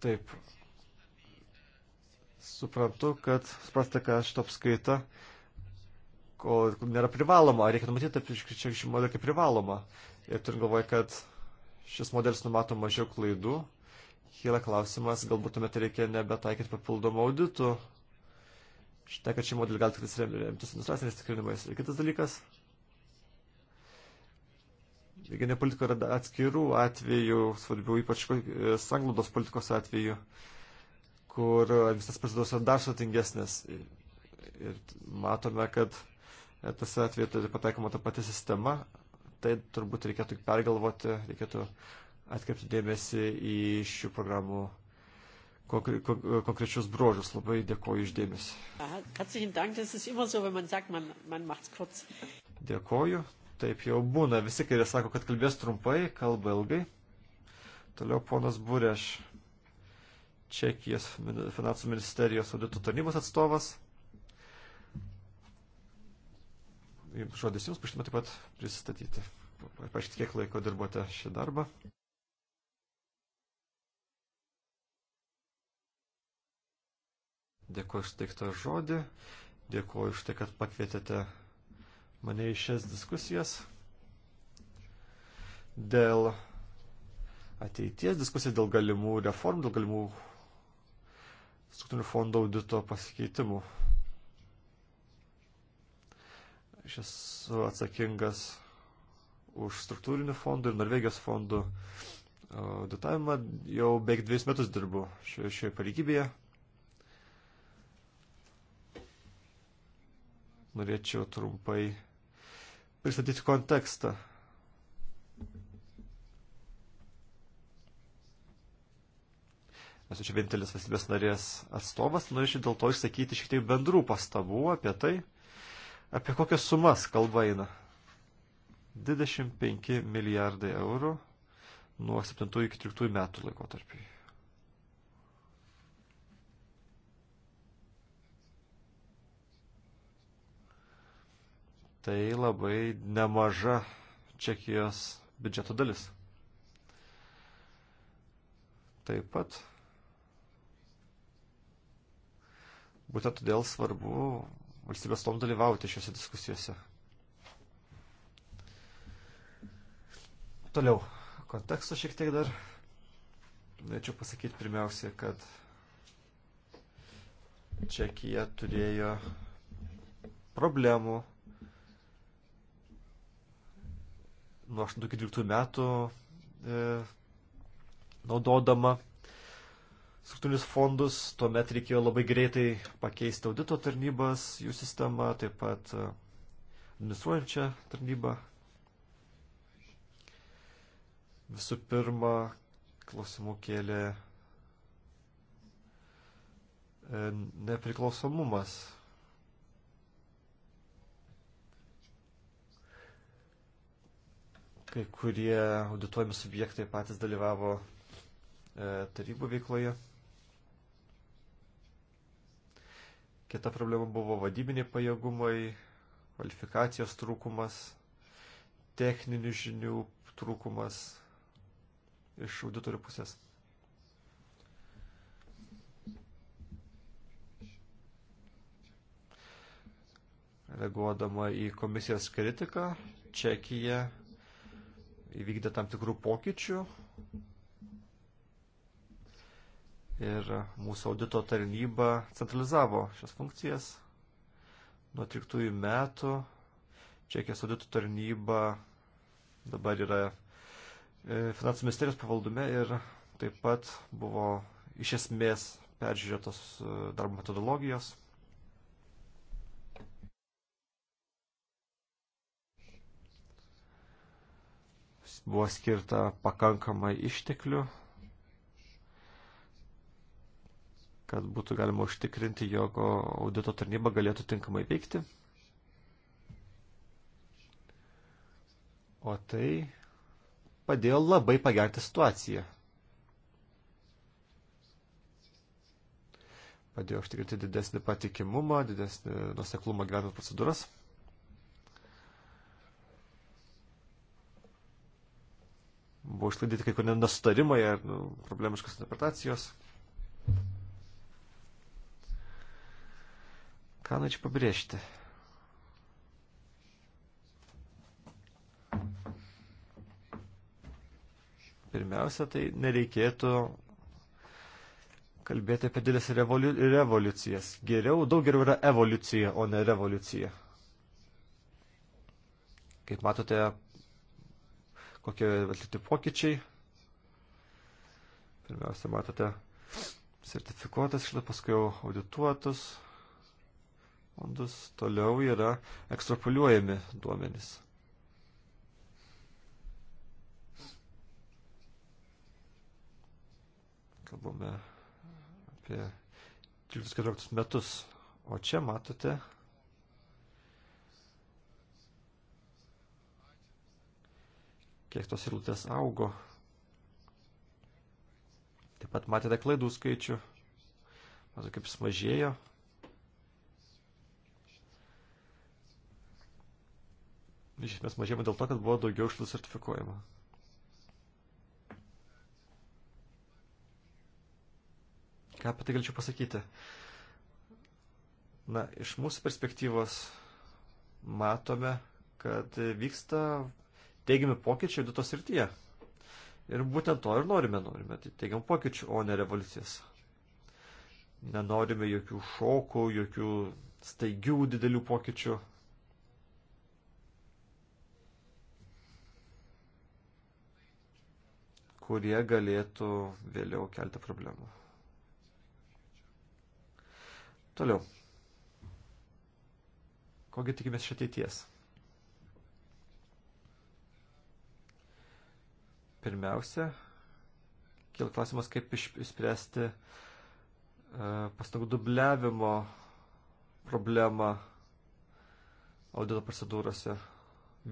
Taip. Suprantu, kad suprasta, kad šitą apskaitą, kol nėra privaloma, reikia numatyti tai šį modelį kaip privaloma. Ir turint galvoje, kad šis modelis numato mažiau klaidų, kyla klausimas, galbūt tuomet reikia nebetaikyti papildomų auditų. Štai, kad šį modelį gali tik remtis administraciniais tikrinimais. Ir kitas dalykas, regioninė politika yra atskirų atvejų, svarbių ypač e, sanglaudos politikos atveju, kur visas procedūros yra dar sutingesnės. Ir matome, kad e, tas atveju tai pataikoma ta pati sistema, tai turbūt reikėtų pergalvoti, reikėtų atkreipti dėmesį į šių programų konkre konkrečius bruožus. Labai dėkoju išdėmesį. Dėkoju. Taip jau būna. Visi kairė sako, kad kalbės trumpai, kalba ilgai. Toliau ponas Bureš, Čekijos finansų ministerijos audito tarnybos atstovas. Žodis jums, prašymą taip pat pristatyti. Paaiškit, kiek laiko dirbote šį darbą. Dėkuoju už teiktą žodį, dėkuoju už tai, kad pakvietėte mane į šias diskusijas dėl ateities diskusijų, dėl galimų reformų, dėl galimų struktūrinių fondų audito pasikeitimų. Aš esu atsakingas už struktūrinių fondų ir Norvegijos fondų auditavimą. Jau beveik dviejus metus dirbu šioje, šioje pareigybėje. Norėčiau trumpai pristatyti kontekstą. Esu čia vienintelis valstybės narės atstovas, norėčiau dėl to išsakyti šiek tiek bendrų pastabų apie tai, apie kokias sumas kalba eina. 25 milijardai eurų nuo 7 iki 13 metų laikotarpiai. tai labai nemaža Čekijos biudžeto dalis. Taip pat būtent todėl svarbu valstybės tom dalyvauti šiuose diskusijose. Toliau, konteksto šiek tiek dar norėčiau pasakyti pirmiausia, kad Čekija turėjo problemų nuo 8-12 metų e, naudodama struktūrinius fondus, tuomet reikėjo labai greitai pakeisti audito tarnybas, jų sistemą, taip pat e, administruojančią tarnybą. Visų pirma, klausimų kėlė e, nepriklausomumas Kai kurie audituojami subjektai patys dalyvavo e, tarybų veikloje. Kita problema buvo vadybiniai pajėgumai, kvalifikacijos trūkumas, techninių žinių trūkumas iš auditorių pusės. Reaguodama į komisijos kritiką, Čekija įvykdė tam tikrų pokyčių ir mūsų audito tarnyba centralizavo šias funkcijas. Nuo 13 metų Čekijos audito tarnyba dabar yra e, finansų ministerijos pavaldume ir taip pat buvo iš esmės peržiūrėtos e, darbo metodologijos. buvo skirta pakankamai išteklių, kad būtų galima užtikrinti, jog audito tarnyba galėtų tinkamai veikti. O tai padėjo labai pagerti situaciją. Padėjo užtikrinti didesnį patikimumą, didesnį nuseklumą gyvenant procedūras. Buvo išlaidyti kai kurie nesutarimai ar nu, problemiškas interpretacijos. Ką norėčiau pabrėžti? Pirmiausia, tai nereikėtų kalbėti apie didelės revoliu revoliucijas. Geriau, daug geriau yra evoliucija, o ne revoliucija. Kaip matote, kokie atlikti pokyčiai. Pirmiausia, matote sertifikuotas išlaidas, paskui jau audituotus fondus, toliau yra ekstrapoliuojami duomenys. Kalbame apie 14 metus. O čia matote kiek tos eilutės augo. Taip pat matėte klaidų skaičių. Matau, kaip jis mažėjo. Iš esmės mažėjimo dėl to, kad buvo daugiau išlaidų sertifikuojama. Ką apie tai galėčiau pasakyti? Na, iš mūsų perspektyvos matome, kad vyksta teigiami pokyčiai auditos srityje. Ir būtent to ir norime, norime tai teigiamų pokyčių, o ne revoliucijas. Nenorime jokių šokų, jokių staigių didelių pokyčių. kurie galėtų vėliau kelti problemų. Toliau. Kogi tikimės iš ateities? Pirmiausia, kil klausimas, kaip išspręsti e, pastangų dubliavimo problemą audito procedūrose.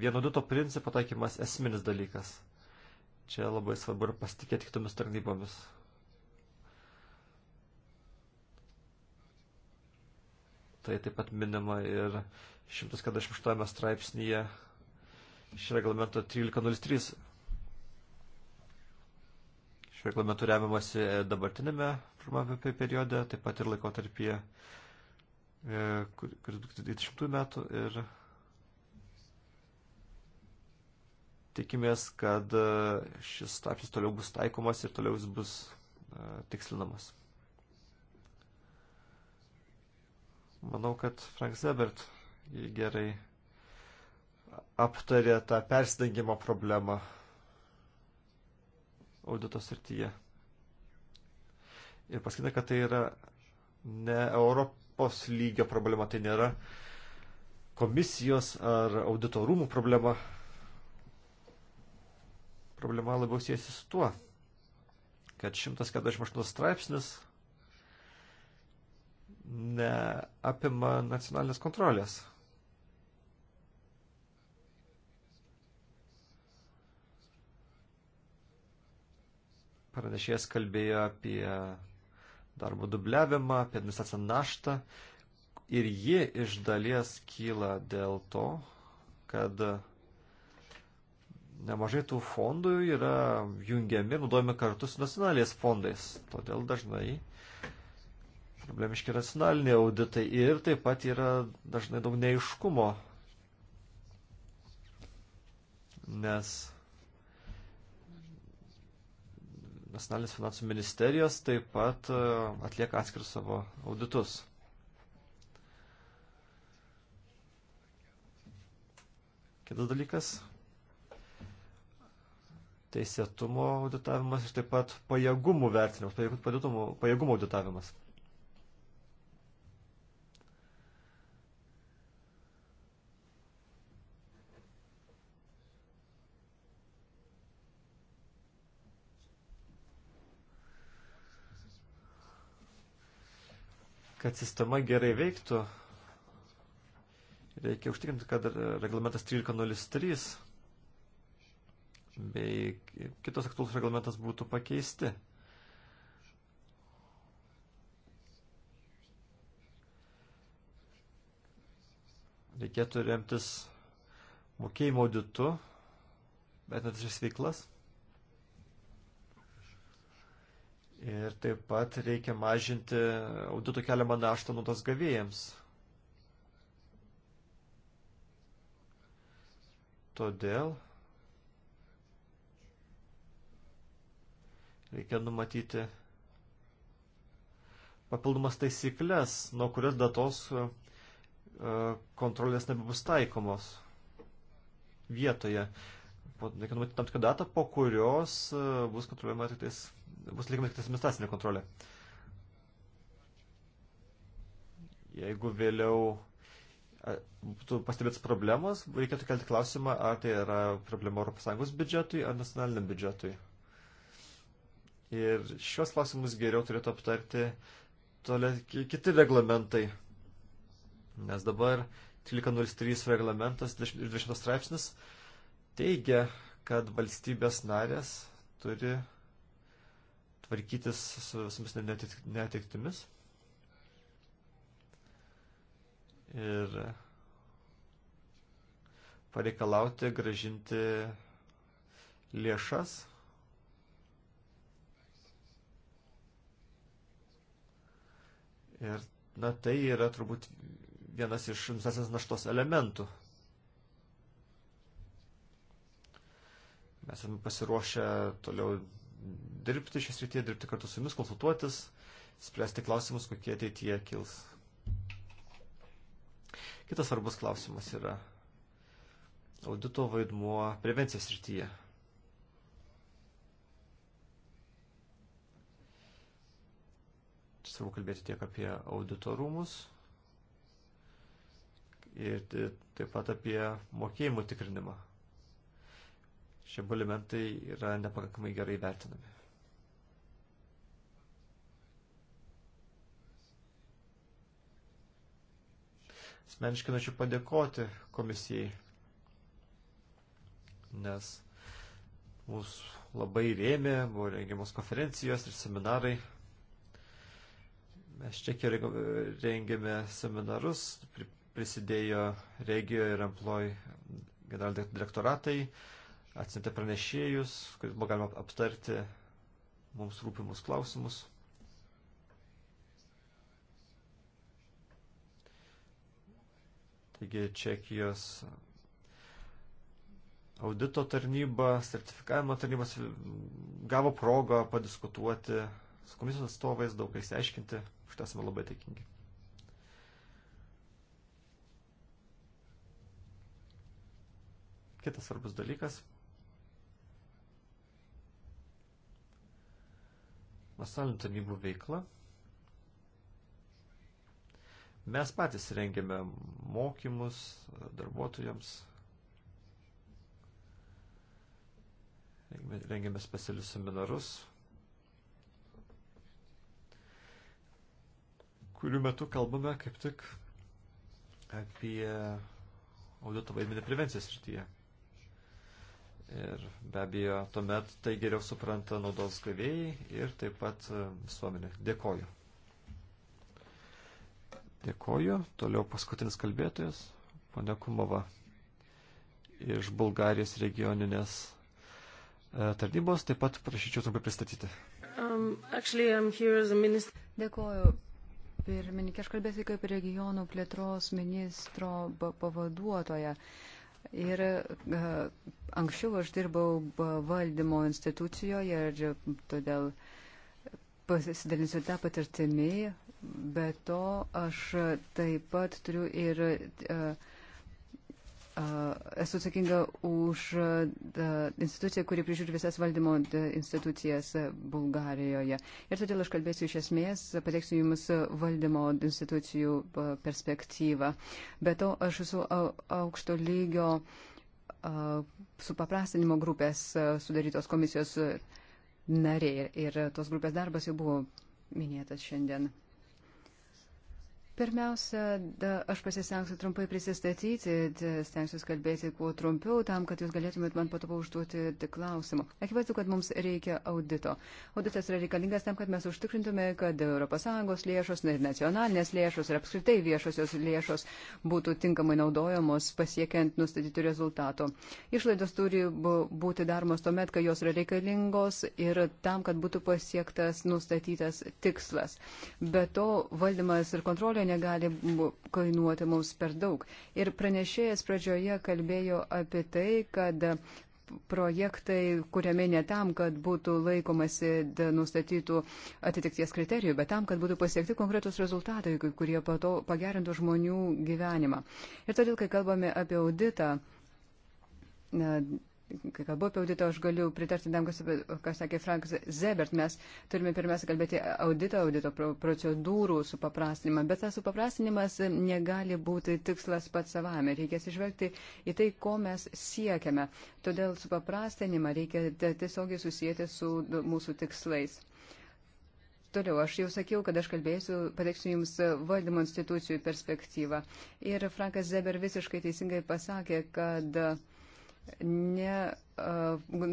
Vieno audito principo taikymas esminis dalykas. Čia labai svarbu ir pasitikėti kitomis tarnybomis. Tai taip pat minima ir 148 straipsnyje iš reglamento 1303 Šiuo reglamentu remiamasi dabartinėme pirmame periode, taip pat ir laikotarpyje, e, kuris 2020 metų ir tikimės, kad e, šis straipsnis toliau bus taikomas ir toliau jis bus e, tikslinamas. Manau, kad Frank Zebert gerai aptarė tą persidengimo problemą audito srityje. Ir pasakyta, kad tai yra ne Europos lygio problema, tai nėra komisijos ar audito rūmų problema. Problema labiau siejasi su tuo, kad 148 straipsnis neapima nacionalinės kontrolės. Pranešėjas kalbėjo apie darbo dubliavimą, apie administracinę naštą ir ji iš dalies kyla dėl to, kad nemažai tų fondų yra jungiami ir naudojami kartu su nacionaliais fondais. Todėl dažnai problemiški nacionaliniai auditai ir taip pat yra dažnai daug neiškumo, nes nacionalinės finansų ministerijos taip pat e, atlieka atskirus savo auditus. Kitas dalykas - teisėtumo auditavimas ir taip pat pajėgumų vertinimas, pajėgumų auditavimas. Kad sistema gerai veiktų, reikia užtikrinti, kad reglamentas 1303 bei kitos aktualus reglamentas būtų pakeisti. Reikėtų remtis mokėjimo auditu, bet net šis veiklas. Ir taip pat reikia mažinti audito keliamą naštą naudos gavėjams. Todėl reikia numatyti papildomas taisyklės, nuo kurios datos e, kontrolės nebebus taikomos vietoje. Reikia numatyti tam tikrą datą, po kurios e, bus kontroliuojama tik tais bus liekama tik administracinė kontrolė. Jeigu vėliau būtų pastebėtas problemos, reikėtų kelti klausimą, ar tai yra problema ES biudžetui ar nacionaliniam biudžetui. Ir šios klausimus geriau turėtų aptarti toliau kiti reglamentai. Nes dabar 1303 reglamentas 20 straipsnis teigia, kad valstybės narės turi tvarkytis su visomis netiktimis. Ir pareikalauti gražinti lėšas. Ir na, tai yra turbūt vienas iš administracinės naštos elementų. Mes esame pasiruošę toliau dirbti šią srityje, dirbti kartu su jumis, konsultuotis, spręsti klausimus, kokie ateityje kils. Kitas svarbus klausimas yra audito vaidmuo prevencijos srityje. Čia svarbu kalbėti tiek apie auditorumus ir taip pat apie mokėjimų tikrinimą šie elementai yra nepakankamai gerai vertinami. Asmeniškai norėčiau padėkoti komisijai, nes mūsų labai rėmė, buvo rengiamos konferencijos ir seminarai. Mes čekijoje rengėme seminarus, prisidėjo regio ir emploj generaldirektoratai, direktoratai atsintė pranešėjus, kad buvo galima aptarti mums rūpimus klausimus. Taigi Čekijos audito tarnyba, sertifikavimo tarnybas gavo progą padiskutuoti su komisijos atstovais, daug ką išsiaiškinti, už tai esame labai teikingi. Kitas svarbus dalykas nacionalinių tarnybų veiklą. Mes patys rengiame mokymus darbuotojams, rengiame specialius seminarus, kurių metu kalbame kaip tik apie audito vaidmenį prevencijos rytyje. Ir be abejo, tuomet tai geriau supranta naudos gavėjai ir taip pat e, visuomenė. Dėkoju. Dėkoju. Toliau paskutinis kalbėtojas, ponia Kumova, iš Bulgarijos regioninės e, tarnybos. Taip pat prašyčiau trumpai pristatyti.
Um, actually, Dėkoju. Pirmininkė, aš kalbėsiu kaip regionų plėtros ministro pavaduotoja. Uh, Ir e, anksčiau aš dirbau valdymo institucijoje ir todėl pasidalinsiu tą patirtimį, bet to aš taip pat turiu ir. Uh, esu atsakinga už instituciją, kuri prižiūri visas valdymo institucijas Bulgarijoje. Ir todėl aš kalbėsiu iš esmės, pateiksiu Jums valdymo institucijų perspektyvą. Be to, aš esu aukšto lygio supaprastinimo grupės sudarytos komisijos nariai ir tos grupės darbas jau buvo minėtas šiandien. Pirmiausia, da, aš pasistengsiu trumpai prisistatyti, stengsiu kalbėti kuo trumpiau, tam, kad jūs galėtumėt man patobą užduoti klausimų. Akivaizdu, kad mums reikia audito. Auditas yra reikalingas tam, kad mes užtikrintume, kad ES lėšos, nacionalinės lėšos ir apskritai viešosios lėšos būtų tinkamai naudojamos pasiekiant nustatyti rezultato. Išlaidos turi būti daromos tuomet, kai jos yra reikalingos ir tam, kad būtų pasiektas nustatytas tikslas. Be to, valdymas ir kontrolė negali kainuoti mums per daug. Ir pranešėjas pradžioje kalbėjo apie tai, kad projektai kuriami ne tam, kad būtų laikomasi nustatytų atitikties kriterijų, bet tam, kad būtų pasiekti konkretus rezultatai, kurie pato pagerintų žmonių gyvenimą. Ir todėl, kai kalbame apie auditą, Kai kalbu apie auditą, aš galiu pritarti tam, kas, kas sakė Frankas Zebert. Mes turime pirmiausia kalbėti audito, audito procedūrų supaprastinimą, bet tas supaprastinimas negali būti tikslas pats savame. Reikės išvelgti į tai, ko mes siekiame. Todėl supaprastinimą reikia tiesiogiai susijęti su mūsų tikslais. Toliau, aš jau sakiau, kad aš kalbėsiu, pateiksiu Jums valdymo institucijų perspektyvą. Ir Frankas Zeber visiškai teisingai pasakė, kad uh, ne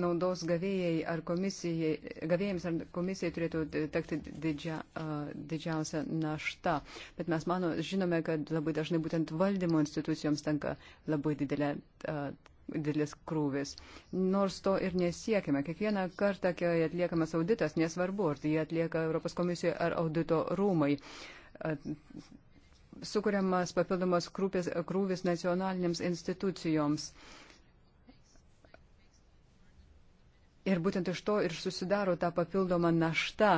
naudos gavėjai ar komisijai, gavėjams ar komisijai turėtų tekti didžia, didžiausia našta. Bet mes mano, žinome, kad labai dažnai būtent valdymo institucijoms tenka labai didelė, didelis krūvis. Nors to ir nesiekime. Kiekvieną kartą, kai atliekamas auditas, nesvarbu, ar tai atlieka Europos komisija ar audito rūmai sukūriamas papildomas krūvis, krūvis nacionalinėms institucijoms. Uh, Ir būtent iš to ir susidaro ta papildoma našta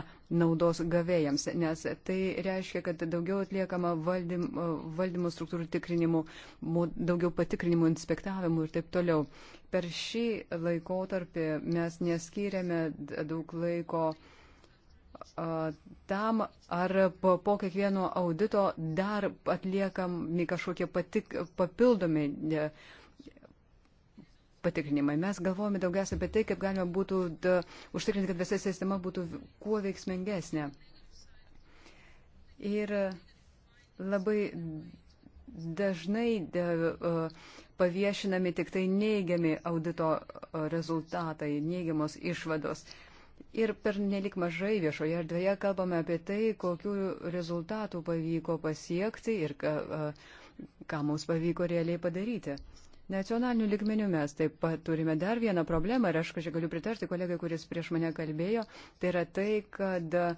naudos gavėjams, nes tai reiškia, kad daugiau atliekama valdym, valdymo struktūrų tikrinimų, daugiau patikrinimų, inspektavimų ir taip toliau. Per šį laikotarpį mes neskyrėme daug laiko tam, ar po, po kiekvieno audito dar atliekami kažkokie patik, papildomi patikrinimai. Mes galvojame daugiausia apie tai, kaip galima būtų da, užtikrinti, kad visa sistema būtų kuo veiksmingesnė. Ir labai dažnai da, paviešinami tik tai neigiami audito rezultatai, neigiamos išvados. Ir per nelik mažai viešoje erdvėje kalbame apie tai, kokiu rezultatu pavyko pasiekti ir ką, ką mums pavyko realiai padaryti. Nacionaliniu ligmeniu mes taip pat turime dar vieną problemą ir aš kažkaip galiu pritarti kolegai, kuris prieš mane kalbėjo. Tai yra tai, kad uh,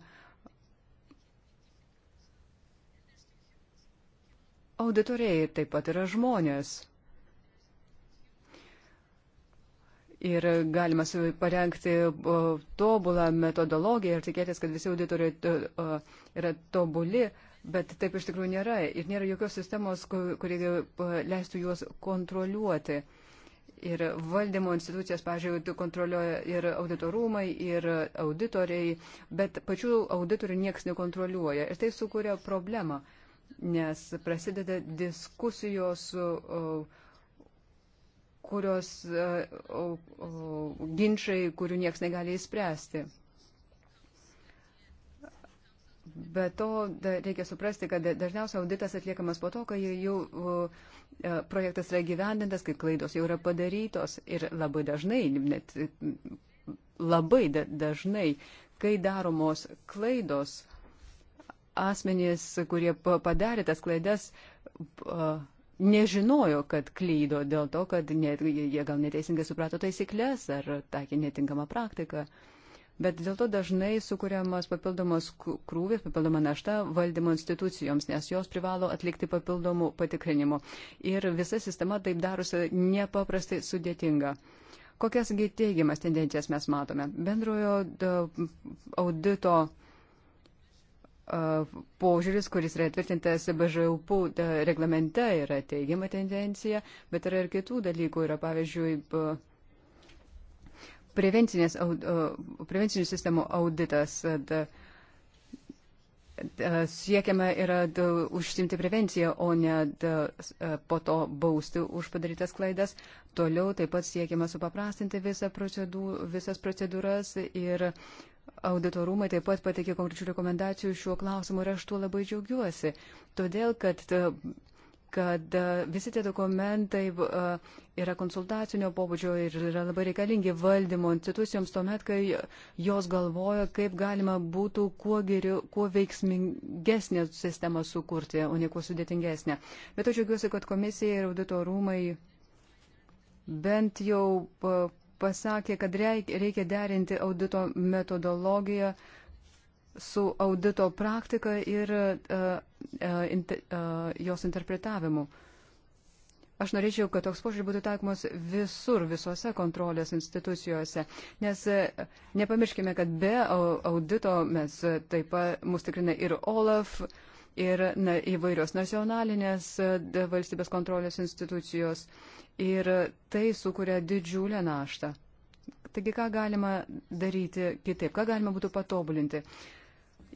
auditoriai taip pat yra žmonės. ir galima parengti uh, tobulą metodologiją ir tikėtis, kad visi auditoriai uh, yra tobuli, Bet taip iš tikrųjų nėra ir nėra jokios sistemos, kurie leistų juos kontroliuoti. Ir valdymo institucijas, pažiūrėjau, kontroliuoja ir auditorumai, ir auditoriai, bet pačių auditorių niekas nekontroliuoja. Ir tai sukuria problemą, nes prasideda diskusijos, kurios ginčiai, kurių niekas negali įspręsti. Be to, da, reikia suprasti, kad dažniausiai auditas atliekamas po to, kai jau uh, projektas yra gyvendintas, kai klaidos jau yra padarytos ir labai dažnai, net labai da, dažnai, kai daromos klaidos, asmenys, kurie padarė tas klaidas, uh, nežinojo, kad klydo dėl to, kad net, jie gal neteisingai suprato taisyklės ar takė netinkamą praktiką. Uh, bet dėl to dažnai sukūriamas papildomas krūvis, papildoma našta valdymo institucijoms, nes jos privalo atlikti papildomų patikrinimų. Ir visa sistema taip darosi nepaprastai sudėtinga. Kokiasgi teigiamas tendencijas mes matome? Bendrojo audito požiūris, kuris yra atvirtintas BŽUP reglamente, yra teigiama tendencija, bet yra ir kitų dalykų. Yra, pavyzdžiui, prevencinės, prevencinių sistemų auditas. Siekiama yra užsimti prevenciją, o ne po to bausti už padarytas klaidas. Toliau taip pat siekiama supaprastinti visą procedūr, visas procedūras ir auditorumai taip pat pateikė konkrečių rekomendacijų šiuo klausimu ir aš tuo labai džiaugiuosi. Todėl, kad kad e, visi tie dokumentai e, yra konsultacinio pobūdžio ir yra labai reikalingi valdymo institucijoms tuomet, kai jos galvoja, kaip galima būtų kuo, geriau, kuo veiksmingesnę sistemą sukurti, o ne kuo sudėtingesnę. Bet aš džiaugiuosi, kad komisija ir audito rūmai bent jau e, pasakė, kad reikia derinti audito metodologiją uh, su audito praktika ir uh, e, e, int, uh, e, jos interpretavimu. Aš norėčiau, kad toks požiūris būtų taikomas visur, visose kontrolės institucijose, nes nepamirškime, kad be audito mes taip pat mus tikrina ir OLAF, ir na, įvairios nacionalinės valstybės kontrolės institucijos, ir tai sukuria didžiulę naštą. Taigi, ką galima daryti kitaip, ką galima būtų patobulinti. Uh,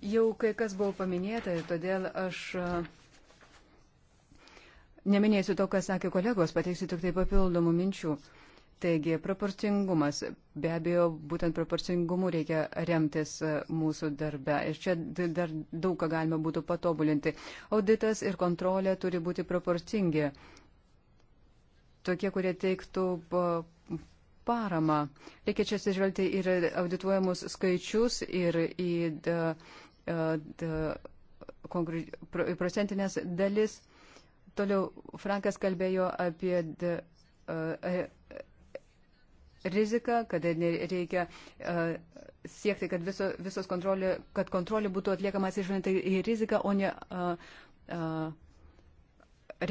Jau kai kas buvo paminėta, todėl aš e, neminėsiu to, ką sakė kolegos, pateiksiu tik tai papildomų minčių. Taigi, proporcingumas. Be abejo, būtent proporcingumu reikia remtis e, mūsų darbe. Ir čia dar daug ką galima būtų patobulinti. Auditas ir kontrolė turi būti proporcingi. Tokie, kurie teiktų paramą. Reikia čia atsižvelgti ir audituojamus skaičius, ir į E, procentinės dalis. Toliau Frankas kalbėjo apie e, e, riziką, kad reikia siekti, kad, viso, visos kontrolė, kad kontrolė būtų atliekama atsižvelgiant į riziką, o ne a, a,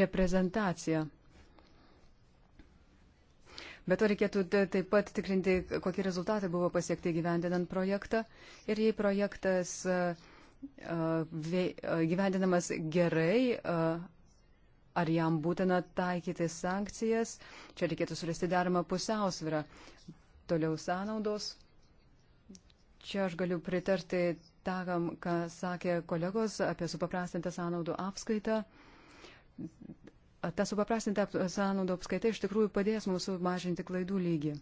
reprezentaciją. Bet to reikėtų taip pat tikrinti, kokie rezultatai buvo pasiekti gyvendinant projektą. Ir jei projektas gyvendinamas gerai, ar jam būtina taikyti sankcijas, čia reikėtų surasti deramą pusiausvyrą. Toliau sąnaudos. Čia aš galiu pritarti tam, ką sakė kolegos apie supaprastintą sąnaudų apskaitą ta supaprastinta sąnaudų apskaita iš tikrųjų padės mūsų mažinti klaidų lygį.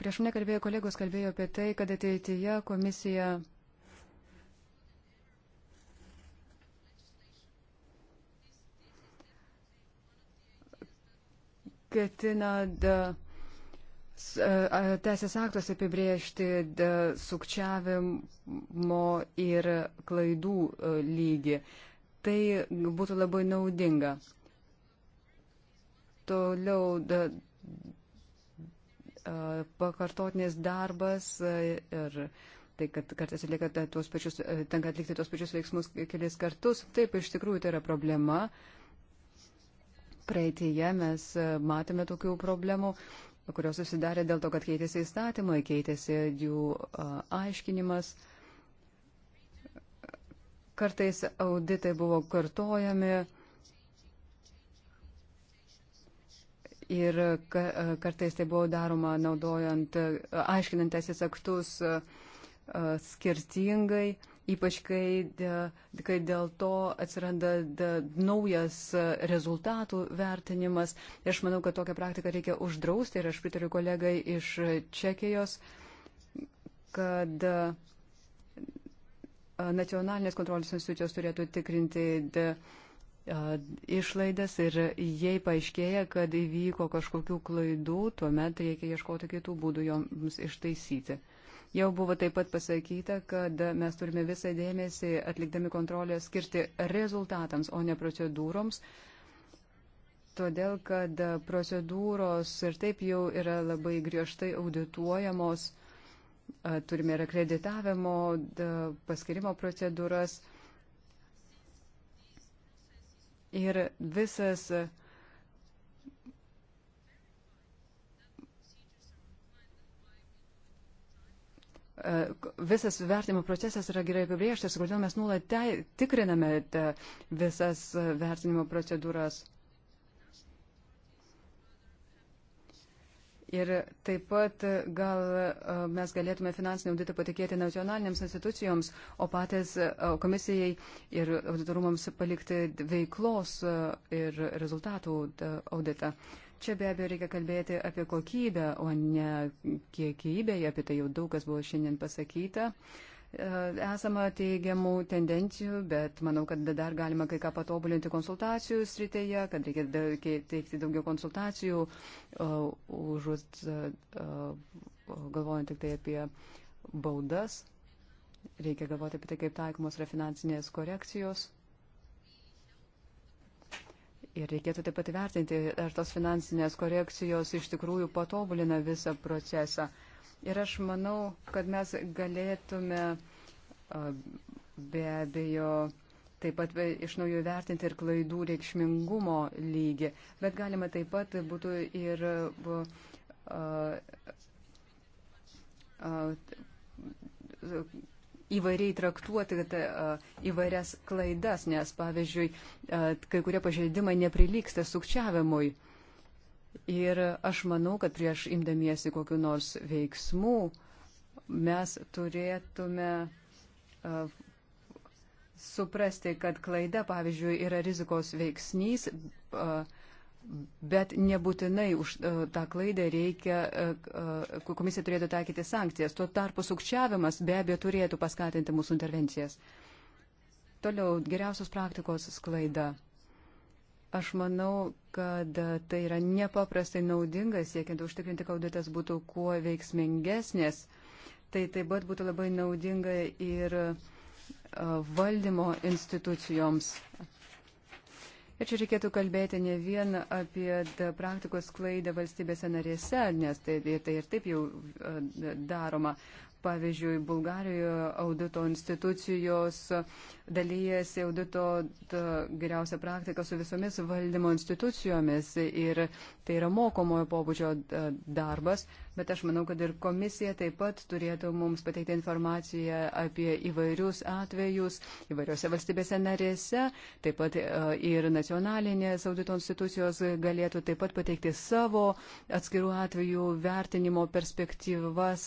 Prieš mane kalbėjo kolegos, kalbėjo apie tai, kad ateityje komisija ketina teisės aktos apibriežti sukčiavimo ir klaidų lygį. Tai būtų labai naudinga. Toliau da, pakartotinis darbas ir tai, kad kartais lieka tuos pačius, tenka atlikti tos pačius veiksmus kelis kartus. Taip, iš tikrųjų, tai yra problema. Praeitėje mes matėme tokių problemų, kurios susidarė dėl to, kad keitėsi įstatymai, keitėsi jų aiškinimas. Uh, Kartais auditai buvo kartojami ir kartais tai buvo daroma naudojant, aiškinant teisės aktus skirtingai ypač kai, kai dėl to atsiranda naujas rezultatų vertinimas. Ir aš manau, kad tokią praktiką reikia uždrausti ir aš pritariu kolegai iš Čekijos, kad uh, nacionalinės kontrolės institucijos turėtų tikrinti de, išlaidas ir jei paaiškėja, kad įvyko kažkokių klaidų, tuomet reikia ieškoti kitų būdų joms ištaisyti. Jau buvo taip pat pasakyta, kad mes turime visą dėmesį atlikdami kontrolę skirti rezultatams, o ne procedūroms, todėl kad procedūros ir taip jau yra labai griežtai audituojamos turime ir akreditavimo paskirimo procedūras. Ir visas visas vertimo procesas yra gerai apibriežtas, kodėl mes nuolat tikriname visas vertinimo procedūras. Ir taip pat e, gal e, mes galėtume finansinį auditą patikėti nacionalinėms institucijoms, o patys e, komisijai ir auditorumams palikti veiklos ir rezultatų auditą. Čia be abejo reikia kalbėti apie kokybę, o ne kiekybę, apie tai jau daug kas buvo šiandien pasakyta. Uh, E, esama teigiamų tendencijų, bet manau, kad dar galima kai ką patobulinti konsultacijų srityje, kad reikia teikti daugiau konsultacijų, e, užuot e, galvojant tik tai apie baudas. Reikia galvoti apie tai, kaip taikomos yra finansinės korekcijos. Ir reikėtų taip pat įvertinti, ar tos finansinės korekcijos iš tikrųjų patobulina visą procesą. Uh, Ir aš manau, kad mes galėtume be abejo taip pat iš naujo vertinti ir klaidų reikšmingumo lygį, bet galima taip pat būtų ir uh, uh, įvairiai traktuoti uh, įvairias klaidas, nes pavyzdžiui, kai kurie pažeidimai neprilyksta sukčiavimui. Uh, Ir aš manau, kad prieš imdamiesi kokiu nors veiksmu mes turėtume uh, suprasti, kad klaida, pavyzdžiui, yra rizikos veiksnys, uh, bet nebūtinai už uh, tą klaidą reikia, komisija turėtų taikyti sankcijas. Tuo tarpu sukčiavimas be abejo turėtų paskatinti mūsų intervencijas. Toliau, geriausios praktikos sklaida. Aš manau, kad tai yra nepaprastai naudinga siekiant užtikrinti, kad auditas būtų kuo veiksmingesnis. Tai taip pat būtų labai naudinga ir valdymo institucijoms. Ir čia reikėtų kalbėti ne vien apie praktikos klaidą valstybėse narėse, nes tai, tai ir taip jau daroma, Pavyzdžiui, Bulgarijoje audito institucijos dalyjasi audito geriausią praktiką su visomis valdymo institucijomis ir tai yra mokomojo pobūdžio e, darbas, bet aš manau, kad ir komisija taip pat turėtų mums pateikti informaciją apie įvairius atvejus įvairiose valstybėse narėse, taip pat e, ir nacionalinės audito institucijos galėtų taip pat pateikti savo atskirų atvejų vertinimo perspektyvas.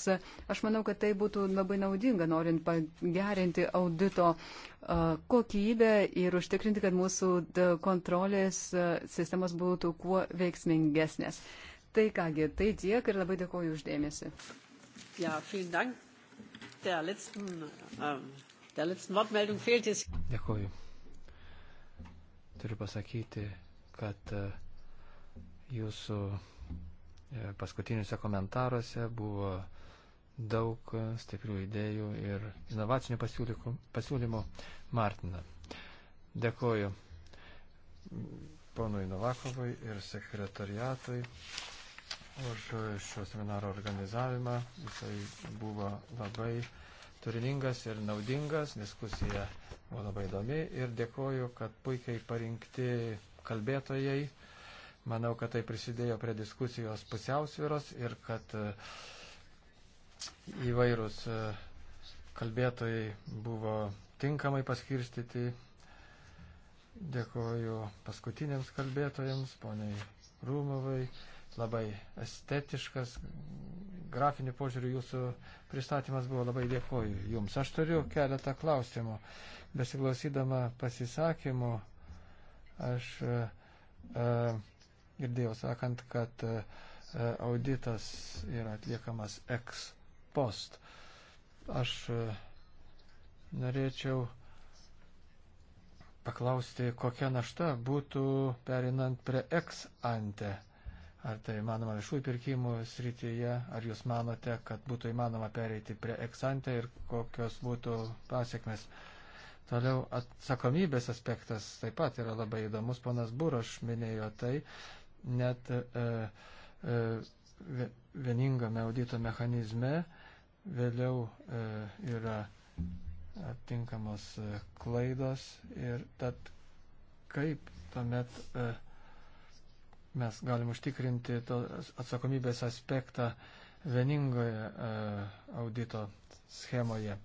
Aš manau, kad tai būtų labai naudinga, norint pagerinti audito e, kokybę ir užtikrinti, kad mūsų kontrolės e, sistemas būtų kuo veiksmingesnės. Tai kągi, tai tiek ir labai dėkoju uždėmesi.
Ja, letzten, um,
dėkoju. Turiu pasakyti, kad äh, jūsų äh, paskutiniuose komentaruose buvo daug äh, stiprių idėjų ir inovacinių pasiūlymų Martina. Dėkoju ponui Novakovui ir sekretariatui už šio seminaro organizavimą. Jisai buvo labai turiningas ir naudingas, diskusija buvo labai įdomi ir dėkoju, kad puikiai parinkti kalbėtojai. Manau, kad tai prisidėjo prie diskusijos pusiausvyros ir kad e, įvairūs e, kalbėtojai buvo tinkamai paskirstyti. Dėkoju paskutiniams kalbėtojams, poniai Rūmovai labai estetiškas, grafiniu požiūriu jūsų pristatymas buvo labai dėkoju jums. Aš turiu keletą klausimų. Besiklausydama pasisakymų, aš e, e, girdėjau sakant, kad e, auditas yra atliekamas ex post. Aš e, norėčiau paklausti, kokia našta būtų perinant prie ex ante. E, Ar tai įmanoma viešųjų pirkimų srityje? Ar jūs manote, kad būtų įmanoma pereiti prie eksantę ir kokios būtų pasiekmes? Toliau atsakomybės aspektas taip pat yra labai įdomus. Ponas Buroš minėjo tai, net e, e, vieningame audito mechanizme vėliau e, yra aptinkamos e, klaidos ir tad kaip tuomet. E, mes galim užtikrinti atsakomybės aspektą vieningoje e, audito schemoje.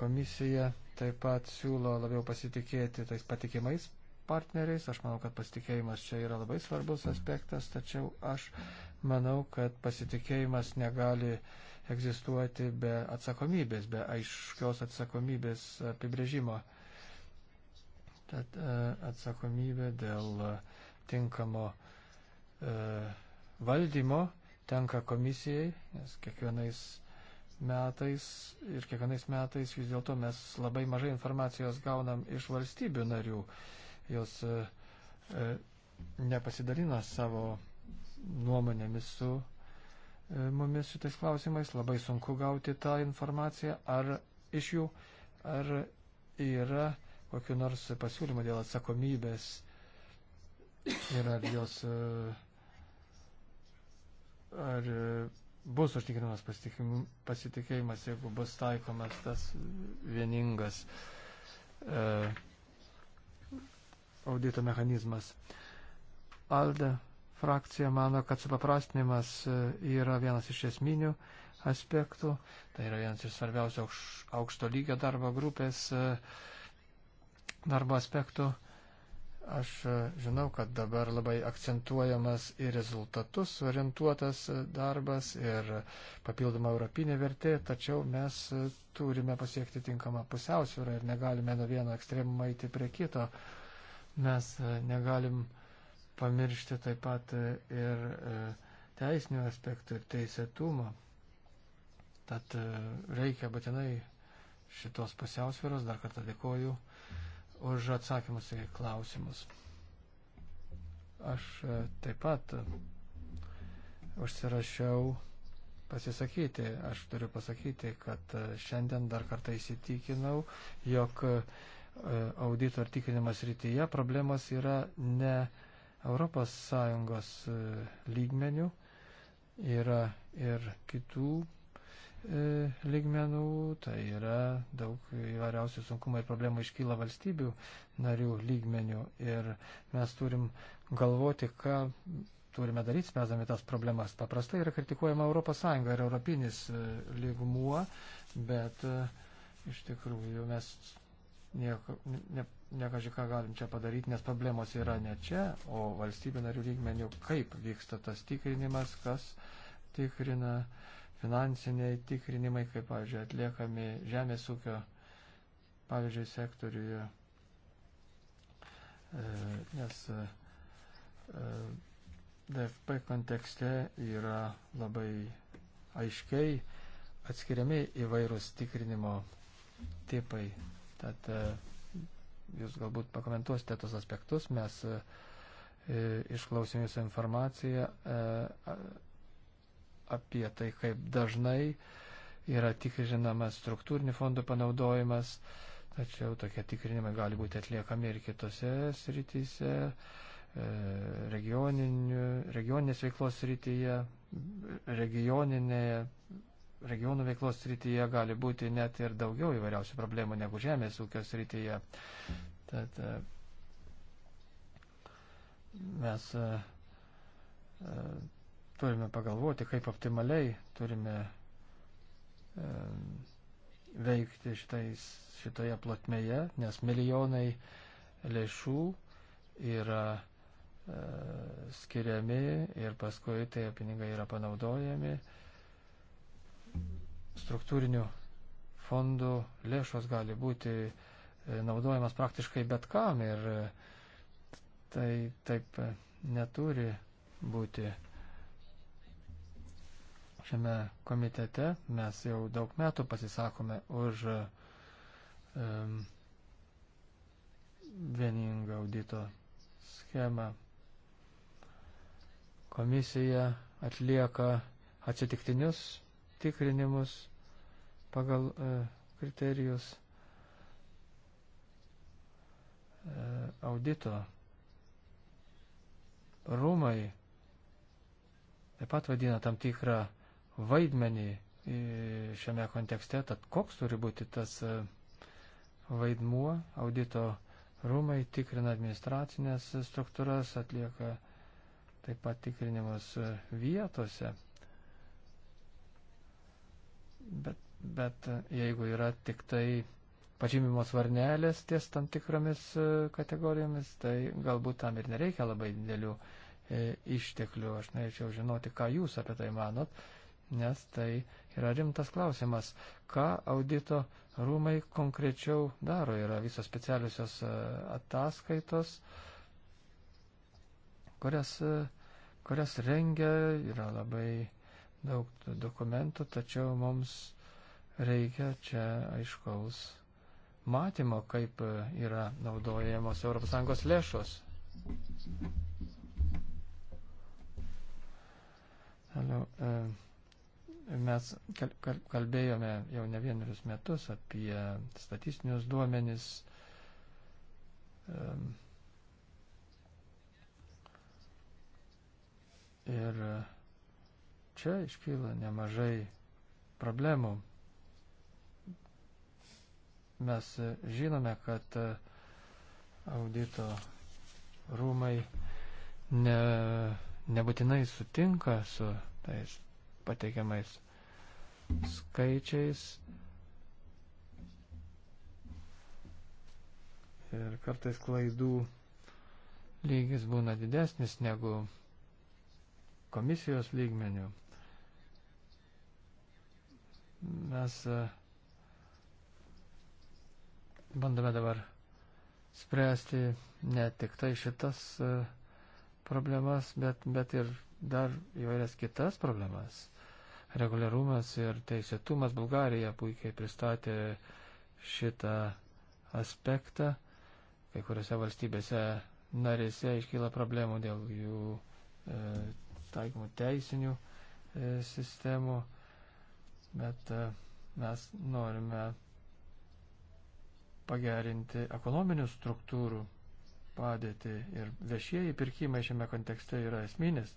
Komisija taip pat siūlo labiau pasitikėti tais patikimais partneriais. Aš manau, kad pasitikėjimas čia yra labai svarbus aspektas, tačiau aš manau, kad pasitikėjimas negali egzistuoti be atsakomybės, be aiškios atsakomybės apibrėžimo. Tad e, atsakomybė dėl uh, tinkamo e, valdymo tenka komisijai, nes kiekvienais metais ir kiekvienais metais vis dėlto mes labai mažai informacijos gaunam iš valstybių narių. Jos e, e, nepasidalina savo nuomonėmis su e, mumis šitais klausimais. Labai sunku gauti tą informaciją ar iš jų, ar yra kokiu nors pasiūlymu dėl atsakomybės ir ar jos e, ar e, bus užtikrinamas pasitikėjimas, jeigu bus taikomas tas vieningas e, audito mechanizmas. Alda frakcija mano, kad supaprastinimas e, yra vienas iš esminių aspektų, tai yra vienas iš svarbiausių aukšto lygio darbo grupės darbo aspektų. E, Aš e, žinau, kad dabar labai akcentuojamas ir rezultatus orientuotas e, darbas ir papildoma europinė vertė, tačiau mes e, turime pasiekti tinkamą pusiausvyrą ir negalime nuo vieno ekstremumo eiti prie kito. Mes negalim pamiršti taip pat ir teisinių aspektų ir teisėtumo. Tad reikia būtinai šitos pusiausvėros. Dar kartą dėkoju už atsakymus į klausimus. Aš e, taip pat e, užsirašiau pasisakyti. Aš turiu pasakyti, kad e, šiandien dar kartą įsitikinau, jog audito ir tikinimas rytyje problemos yra ne ES lygmenių, yra ir kitų E, lygmenų, tai yra daug įvairiausių sunkumų ir problemų iškyla valstybių narių lygmenių ir mes turim galvoti, ką turime daryti, spręsdami tas problemas. Paprastai yra kritikuojama ES ir europinis e, lygmuo, bet e, iš tikrųjų mes nieko, ne, nekažiai ką galim čia padaryti, nes problemos yra ne čia, o valstybių narių lygmenių, kaip vyksta tas tikrinimas, kas tikrina. Uh, finansiniai tikrinimai, kaip, pavyzdžiui, atliekami žemės ūkio, pavyzdžiui, sektoriuje. E, nes e, e DFP kontekste yra labai aiškiai atskiriami įvairūs tikrinimo tipai. Tad e, jūs galbūt pakomentuosite tos aspektus. Mes e, e išklausėm jūsų informaciją. E, apie tai, kaip dažnai yra tikrinamas struktūrinių fondų panaudojimas, tačiau tokie tikrinimai gali būti atliekami ir kitose srityse, e, regioninės veiklos srityje, regioninėje, regionų veiklos srityje gali būti net ir daugiau įvairiausių problemų negu žemės ūkio srityje. Tad e, mes e, turime pagalvoti, kaip optimaliai turime e, veikti šitais, šitoje plotmėje, nes milijonai lėšų yra e, skiriami ir paskui tie pinigai yra panaudojami. Struktūrinių fondų lėšos gali būti e, naudojamas praktiškai bet kam ir e, tai taip e, neturi būti. Šiame komitete mes jau daug metų pasisakome už um, vieningą audito schemą. Komisija atlieka atsitiktinius tikrinimus pagal uh, kriterijus e, audito rūmai taip pat vadina tam tikrą vaidmenį e, šiame kontekste, tad koks turi būti tas e, vaidmuo, audito rūmai tikrina administracinės struktūras, atlieka taip pat tikrinimus e, vietose. Bet, bet jeigu yra tik tai pažymimos varnelės ties tam tikromis kategorijomis, tai galbūt tam ir nereikia labai didelių išteklių. Aš norėčiau žinoti, ką jūs apie tai manot nes tai yra rimtas klausimas, ką audito rūmai konkrečiau daro. Yra visos specialiusios e, ataskaitos, kurias, e, kurias rengia, yra labai daug dokumentų, tačiau mums reikia čia aiškaus matymo, kaip e, yra naudojamos ES lėšos. Hello, uh... Mes kalbėjome jau ne vienerius metus apie statistinius duomenis. Ir čia iškyla nemažai problemų. Mes žinome, kad audito rūmai ne, nebūtinai sutinka su tais pateikiamais skaičiais. Ir kartais klaidų lygis būna didesnis negu komisijos lygmenių. Mes e, bandome dabar spręsti ne tik tai šitas e, problemas, bet, bet ir dar įvairias kitas problemas reguliarumas ir teisėtumas. Bulgarija puikiai pristatė šitą aspektą. Kai kuriuose valstybėse narėse iškyla problemų dėl jų e, taikymų teisinių e, sistemų, bet e, mes norime pagerinti ekonominių struktūrų padėtį ir viešieji pirkimai šiame kontekste yra esminis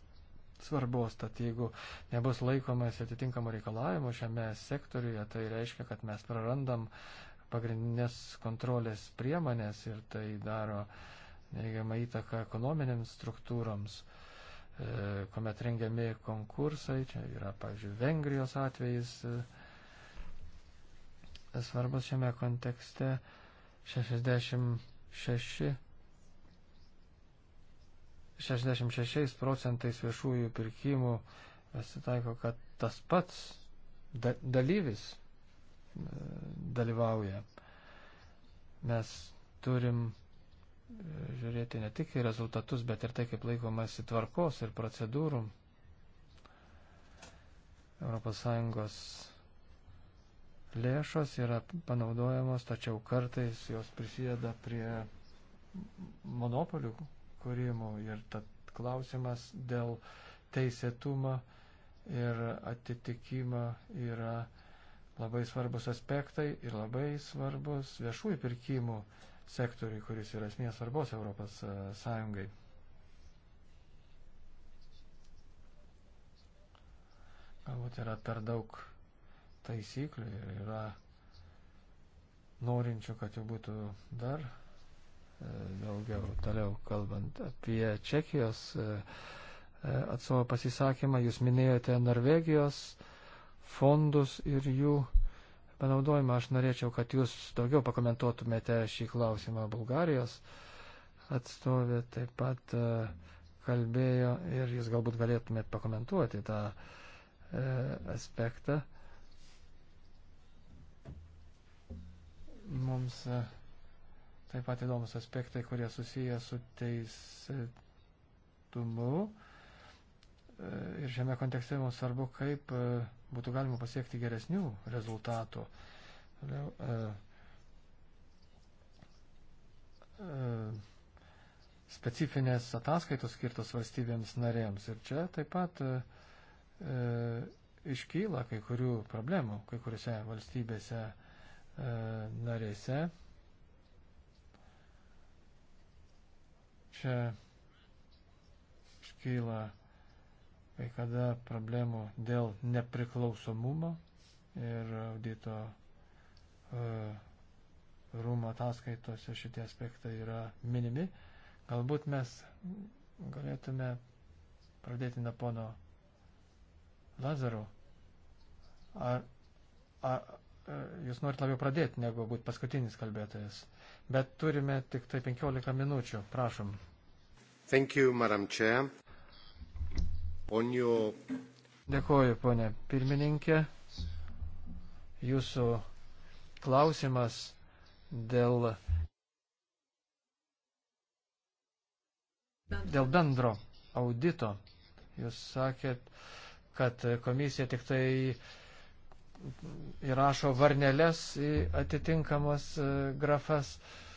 svarbos, tad jeigu nebus laikomas atitinkamų reikalavimų šiame sektoriuje, tai reiškia, kad mes prarandam pagrindinės kontrolės priemonės ir tai daro neigiamą įtaką ekonominėms struktūroms, e, kuomet rengiami konkursai, čia yra, pavyzdžiui, Vengrijos atvejis e, svarbus šiame kontekste 66 66 procentais viešųjų pirkimų pasitaiko, kad tas pats da, dalyvis e, dalyvauja. Mes turim e, žiūrėti ne tik į rezultatus, bet ir tai, kaip laikomasi tvarkos ir procedūrų. ES lėšos yra panaudojamos, tačiau kartais jos prisideda prie monopolių kūrimų. Ir tad klausimas dėl teisėtumo ir atitikimo yra labai svarbus aspektai ir labai svarbus viešųjų pirkimų sektoriui, kuris yra esmės svarbos Europos e, Sąjungai. Galbūt yra per daug taisyklių ir yra norinčių, kad jų būtų dar daugiau toliau kalbant apie Čekijos e, e, atsovo pasisakymą. Jūs minėjote Norvegijos fondus ir jų panaudojimą. Aš norėčiau, kad jūs daugiau pakomentuotumėte šį klausimą. Bulgarijos atstovė taip pat e, kalbėjo ir jūs galbūt galėtumėt pakomentuoti tą e, aspektą. Mums. E, Taip pat įdomus aspektai, kurie susiję su teisėtumu. E, ir šiame kontekste mums svarbu, kaip e, būtų galima pasiekti geresnių rezultatų. E, specifinės ataskaitos skirtos valstybėms narėms. Ir čia taip pat e, iškyla kai kurių problemų, kai kuriuose valstybėse e, narėse. Čia iškyla kai kada problemų dėl nepriklausomumo ir audito e, rūmo ataskaitose šitie aspektai yra minimi. Galbūt mes galėtume pradėti nuo pono Lazaro. Ar, ar, e, jūs norite labiau pradėti negu būti paskutinis kalbėtojas, bet turime tik tai 15 minučių, prašom.
Thank you, Madam Chair. On your...
Dėkuoju, ponė pirmininkė. Jūsų klausimas dėl, dėl bendro audito. Jūs sakėt, kad komisija tik tai įrašo varnelės į atitinkamas e, grafas. Uh,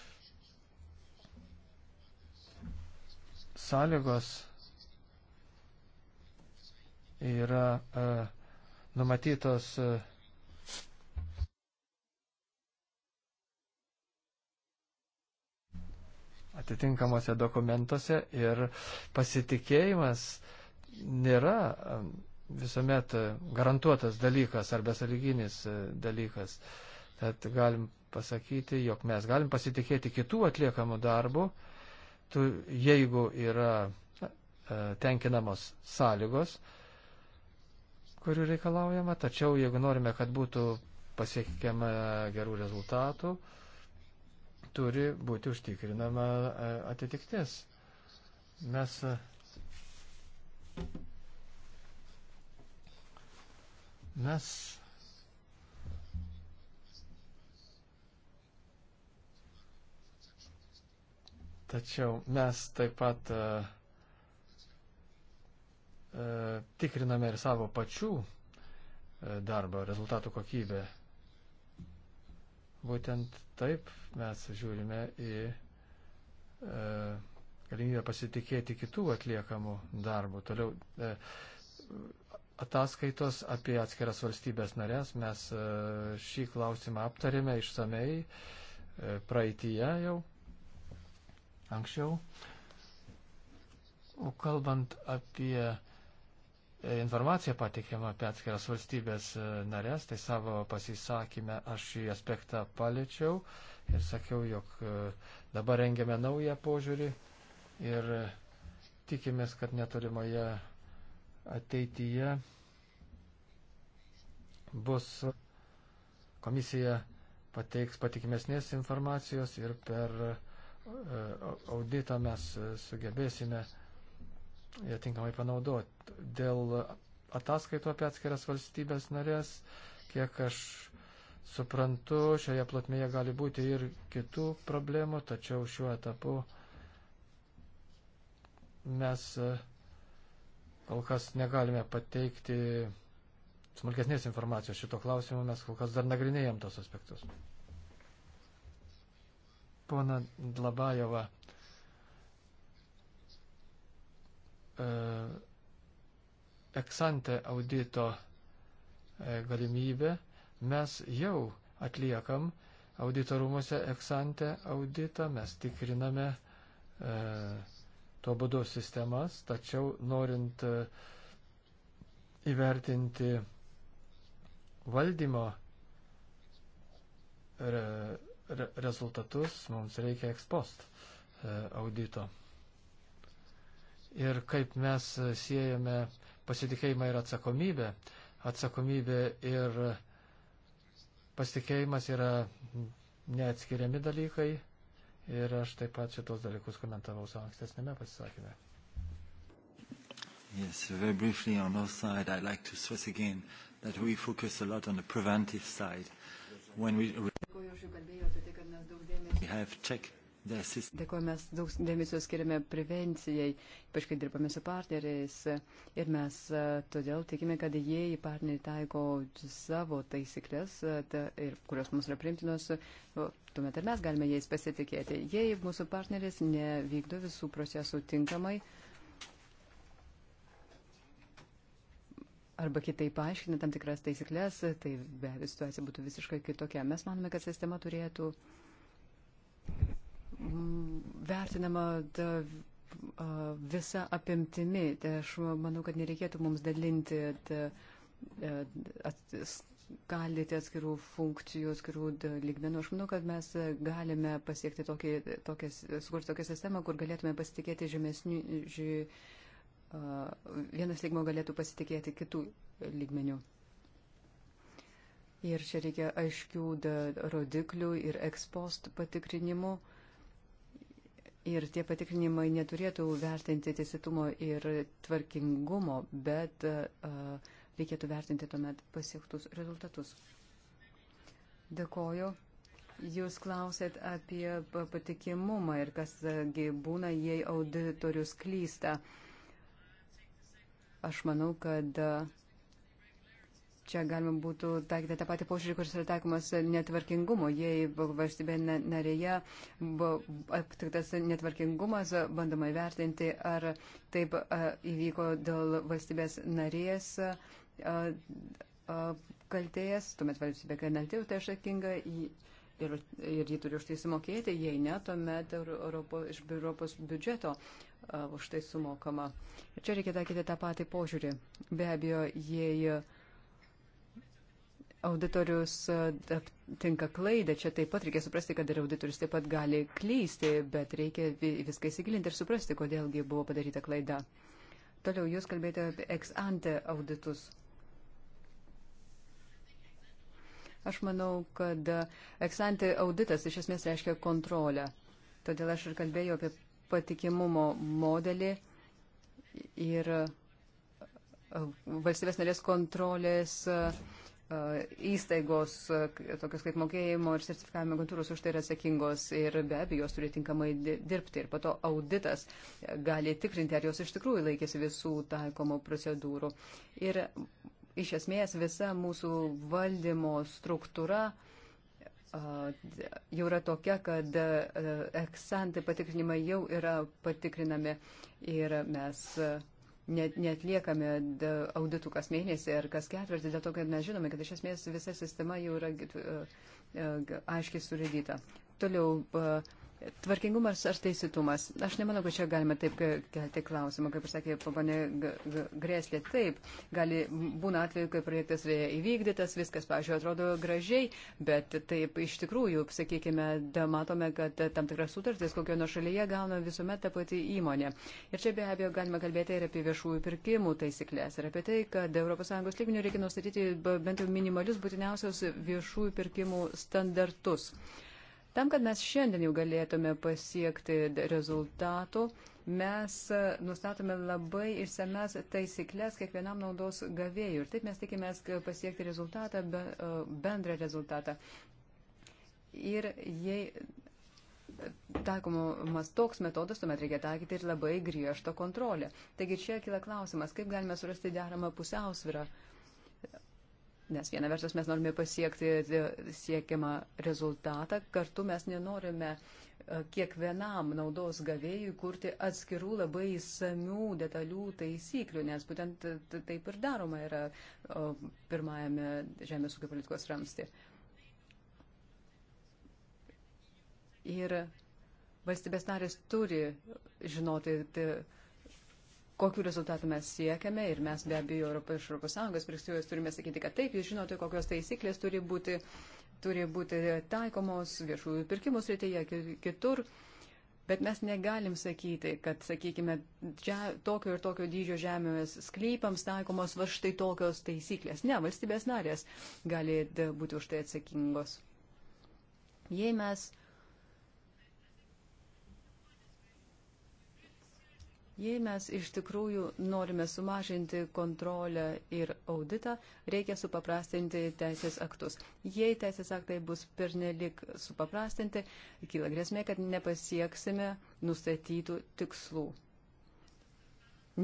sąlygos yra e, numatytos e, atitinkamuose dokumentuose ir pasitikėjimas nėra e, visuomet garantuotas dalykas ar besaliginis e, dalykas. Tad galim pasakyti, jog mes galim pasitikėti kitų atliekamų darbų, tu, jeigu yra e, tenkinamos sąlygos, kurių reikalaujama, tačiau jeigu norime, kad būtų pasiekiama gerų rezultatų, turi būti užtikrinama e, atitiktis. Mes e, mes Tačiau mes taip pat e, e, tikriname ir savo pačių e, darbo rezultatų kokybę. Būtent taip mes žiūrime į e, galimybę pasitikėti kitų atliekamų darbų. Toliau e, ataskaitos apie atskiras valstybės narės mes e, šį klausimą aptarėme išsamei e, praeitįje jau anksčiau. O kalbant apie e, informaciją patikimą apie atskiras valstybės e, narės, tai savo pasisakymę aš šį aspektą paliečiau ir sakiau, jog e, dabar rengiame naują požiūrį ir tikimės, kad netolimoje ateityje bus komisija pateiks patikimesnės informacijos ir per E, auditą mes e, sugebėsime ją e, tinkamai panaudoti. Dėl ataskaitų apie atskiras valstybės narės, kiek aš suprantu, šioje plotmėje gali būti ir kitų problemų, tačiau šiuo etapu mes kol kas negalime pateikti smulkesnės informacijos šito klausimu, mes kol kas dar nagrinėjom tos aspektus. Pona Dlabajova. E, eksante audito e, galimybė. Mes jau atliekam auditorumuose eksante auditą, mes tikriname e, tuo būdu sistemas, tačiau norint e, įvertinti valdymo re, re rezultatus, mums reikia ekspost e, audito. Ir kaip mes siejame pasitikėjimą ir atsakomybę. Atsakomybė ir pasitikėjimas yra neatskiriami dalykai. Ir aš taip pat šitos dalykus komentavau savo ankstesnėme pasisakymė.
Yes, so very briefly on our side, I'd like to stress again that we focus a lot on the preventive side. When we...
Dėkuoju, mes daug dėmesio skiriame prevencijai, ypač kai dirbame su partneriais. Ir mes e, todėl tikime, kad jei partneriai taiko savo taisyklės, e, ta, ir, kurios mums yra primtinos, tuomet ir mes galime jais pasitikėti. Jei mūsų partneris nevykdo visų procesų tinkamai, arba kitaip paaiškina tam tikras taisyklės, tai be abejo situacija būtų visiškai kitokia. Mes manome, kad sistema turėtų vertinama da, visa apimtimi. Tai aš manau, kad nereikėtų mums dalinti, skaldyti atskirų funkcijų, atskirų lygmenų. Aš manau, kad mes galime pasiekti tokį, tokį, sukurti tokią sistemą, kur galėtume pasitikėti žemesnių, ži, vienas lygmo galėtų pasitikėti kitų lygmenių. Ir čia reikia aiškių rodiklių ir ekspost patikrinimų. Uh, Ir tie patikrinimai neturėtų vertinti teisėtumo ir tvarkingumo, bet uh, reikėtų vertinti tuomet pasiektus rezultatus. Dėkoju. Jūs klausėt apie patikimumą ir kasgi e, būna, jei auditorius klysta. Aš manau, kad uh, čia galima būtų taikyti tą patį požiūrį, kuris yra taikomas netvarkingumo. Jei valstybė narėje aptiktas netvarkingumas, bandoma įvertinti, ar taip įvyko dėl valstybės narės kaltėjas, tuomet valstybė kaltė už tai atsakinga. Ir, ir jį turi už tai sumokėti, jei ne, tuomet Europo, iš Europos biudžeto uh, už tai sumokama. Ir čia reikia taikyti tą patį požiūrį. Be abejo, jei uh, auditorius e, aptinka klaidą, čia taip pat reikia suprasti, kad ir auditorius taip pat gali klysti, bet reikia viską įsigilinti ir suprasti, kodėlgi buvo padaryta klaida. Toliau jūs kalbėjote apie ex ante auditus. Aš manau, kad ex ante auditas iš esmės reiškia kontrolę. Todėl aš ir kalbėjau apie patikimumo modelį ir e, valstybės narės kontrolės uh, E, įstaigos, e, tokios kaip mokėjimo ir sertifikavimo agentūros už tai yra atsakingos ir be abejo jos turi tinkamai dirbti. Ir po to auditas gali tikrinti, ar jos iš tikrųjų laikėsi visų taikomų procedūrų. Ir iš esmės visa mūsų valdymo struktūra jau yra tokia, kad eksantai e, patikrinimai jau yra patikrinami ir mes net, netliekame auditų kas mėnesį ar kas ketvirtį, dėl to, kad mes žinome, kad iš esmės visa sistema jau yra uh, uh, aiškiai surėdyta. Toliau. Uh, Tvarkingumas ar teisėtumas? Aš nemanau, kad čia galima taip kelti klausimą, kaip ir sakė pagonė Greslė. Taip, gali, būna atveju, kai projektas yra įvykdytas, viskas, pažiūrėjau, atrodo gražiai, bet taip iš tikrųjų, sakykime, da, matome, kad tam tikras sutartis kokio nuo šalyje gauna visuomet tą patį įmonę. Ir čia be abejo galima kalbėti ir apie viešųjų pirkimų taisyklės, ir apie tai, kad ES lygmenių reikia nustatyti bent jau minimalius būtiniausios viešųjų pirkimų standartus. Uh, Tam, kad mes šiandien jau galėtume pasiekti rezultatų, mes e, nustatome labai išsames taisyklės kiekvienam naudos gavėjui. Ir taip mes tikimės e, pasiekti rezultatą, e, bendrą rezultatą. Ir jei taikomas toks metodas, tuomet reikia taikyti ir labai griežtą kontrolę. Taigi čia kila klausimas, kaip galime surasti deramą pusiausvyrą Nes viena vertus mes norime pasiekti e, siekiamą rezultatą, kartu mes nenorime e, kiekvienam naudos gavėjui kurti atskirų labai samių detalių taisyklių, nes būtent taip ir daroma yra pirmajame žemės ūkio politikos ramsti. Ir valstybės narės turi žinoti. Tai, kokiu rezultatu mes siekiame ir mes be abejo Europos, iš Europos Sąjungos perspektyvos turime sakyti, kad taip, jūs žinote, kokios taisyklės turi būti, turi būti taikomos viešųjų pirkimų srityje kitur. Bet mes negalim sakyti, kad, sakykime, čia, tokio ir tokio dydžio žemės sklypams taikomos va štai tokios taisyklės. Ne, valstybės narės gali e, būti už tai atsakingos. Jei mes uh, Jei mes iš tikrųjų norime sumažinti kontrolę ir auditą, reikia supaprastinti teisės aktus. Jei teisės aktai bus pernelik supaprastinti, kyla grėsmė, kad nepasieksime nustatytų tikslų.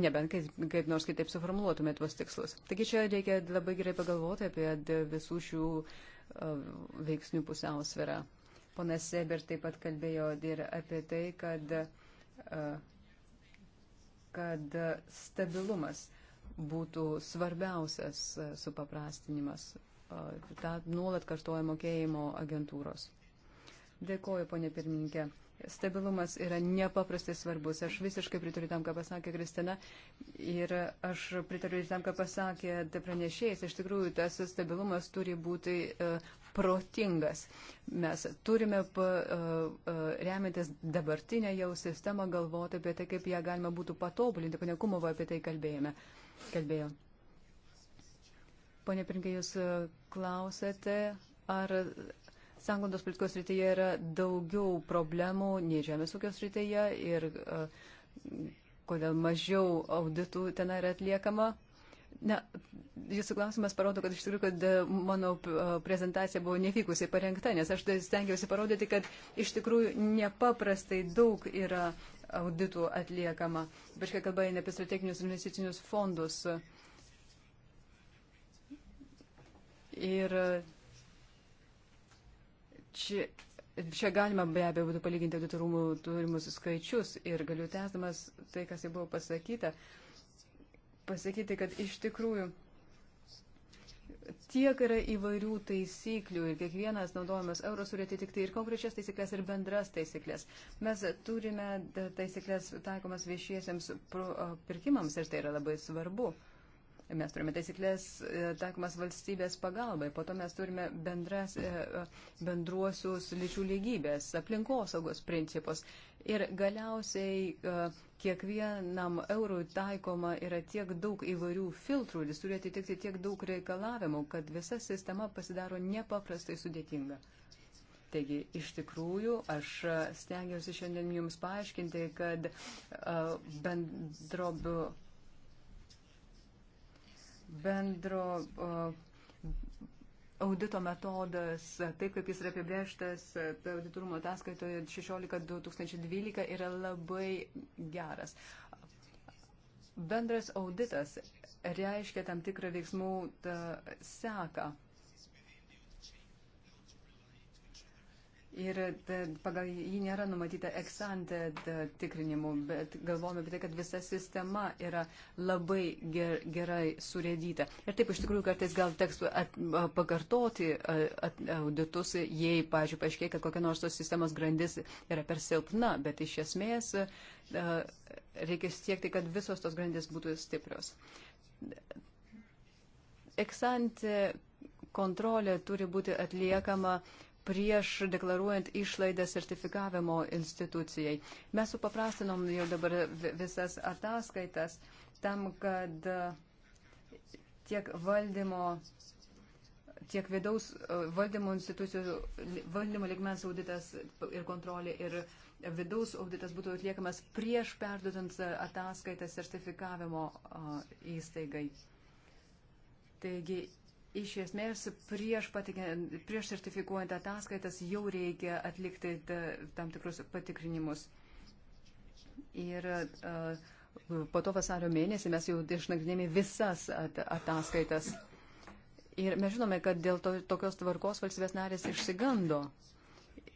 Nebent kaip, kaip nors kitaip suformuoluotume tuos tikslus. Taigi čia reikia labai gerai pagalvoti apie visų šių veiksnių pusiausvyrą. Ponas Seber taip pat kalbėjo ir apie tai, kad uh, kad stabilumas būtų svarbiausias e, supaprastinimas. E, Ta nuolat kartoja mokėjimo agentūros. Dėkoju, ponė pirmininkė stabilumas yra nepaprastai svarbus. Aš visiškai pritariu tam, ką pasakė Kristina ir aš pritariu ir tam, ką pasakė pranešėjas. Iš tikrųjų, tas stabilumas turi būti uh, protingas. Mes turime pa, uh, e, uh, e, remintis dabartinę jau sistemą galvoti apie tai, kaip ją galima būtų patobulinti. Pane Kumovo apie tai kalbėjome. Kalbėjo. Pone Prinkai, jūs klausėte, ar sanglaudos politikos rytyje yra daugiau problemų nei žemės ūkio rytyje ir e, kodėl mažiau auditų ten yra atliekama. Na, jūsų klausimas parodo, kad iš tikrųjų, kad e, mano e, prezentacija buvo nevykusiai parengta, nes aš tai stengiausi parodyti, kad iš tikrųjų nepaprastai daug yra auditų atliekama. Ypač kai kalba eina apie strateginius investicinius fondus. Ir čia, čia galima be abejo būtų palyginti auditorumų turimus skaičius ir galiu tęsdamas tai, kas jau buvo pasakyta, pasakyti, kad iš tikrųjų tiek yra įvairių taisyklių ir kiekvienas naudojamas euras turi atitikti ir konkrečias taisyklės, ir bendras taisyklės. Mes turime taisyklės taikomas viešiesiems pirkimams ir tai yra labai svarbu. Uh, Mes turime taisyklės e, taikomas valstybės pagalbai, po to mes turime bendras, e, e, bendruosius lyčių lygybės, aplinkosaugos principus. Ir galiausiai kiekvienam eurui taikoma yra tiek daug įvairių filtrų, jis turi atitikti tiek daug reikalavimų, kad visa sistema pasidaro nepaprastai sudėtinga. Taigi, iš tikrųjų, aš stengiausi šiandien jums paaiškinti, kad bendrobių bendro audito metodas, taip kaip jis yra apibrėžtas auditorumo ataskaitoje 16.2012, yra labai geras. Bendras auditas reiškia tam tikrą veiksmų seką. Ir e, pagal jį nėra numatyta eksantė e, tikrinimų, bet galvojame apie tai, kad visa sistema yra labai ger, gerai surėdyta. Ir taip iš tikrųjų kartais gal teks at, pakartoti at, auditus, jei, pažiūrėjau, paaiškėja, kad kokia nors tos sistemos grandis yra per silpna, bet iš esmės e, reikia siekti, kad visos tos grandis būtų stiprios. Eksantė kontrolė turi būti atliekama uh, prieš deklaruojant išlaidą sertifikavimo institucijai. Mes supaprastinom jau dabar visas ataskaitas tam, kad e, tiek valdymo tiek vidaus e, valdymo institucijų, valdymo ligmens auditas ir kontrolė ir vidaus auditas būtų atliekamas prieš perdodant ataskaitą sertifikavimo e, įstaigai. Taigi Iš esmės, prieš, patikė, prieš sertifikuojant ataskaitas jau reikia atlikti tam tikrus patikrinimus. Ir po to vasario mėnesį mes jau išnagrinėjome visas ataskaitas. Ir mes žinome, kad dėl to, tokios tvarkos valstybės narės išsigando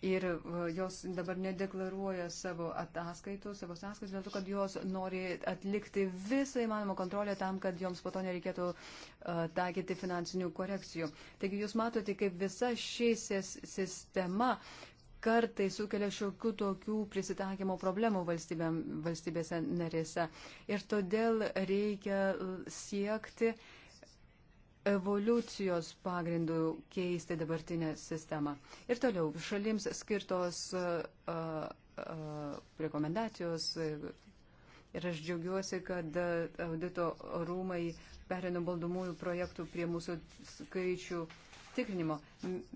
ir e, jos dabar nedeklaruoja savo ataskaitų, savo sąskaitų, dėl to, kad jos nori atlikti visą įmanomą kontrolę tam, kad joms po to nereikėtų uh, taikyti finansinių korekcijų. Taigi jūs matote, kaip visa ši sistema kartai sukelia šiokių tokių prisitaikymo problemų valstybėse narėse. Ir todėl reikia siekti uh, evoliucijos pagrindų keisti dabartinę sistemą. Ir toliau šalims skirtos uh, uh, rekomendacijos. Ir aš džiaugiuosi, kad audito rūmai perėno baldomųjų projektų prie mūsų skaičių tikrinimo.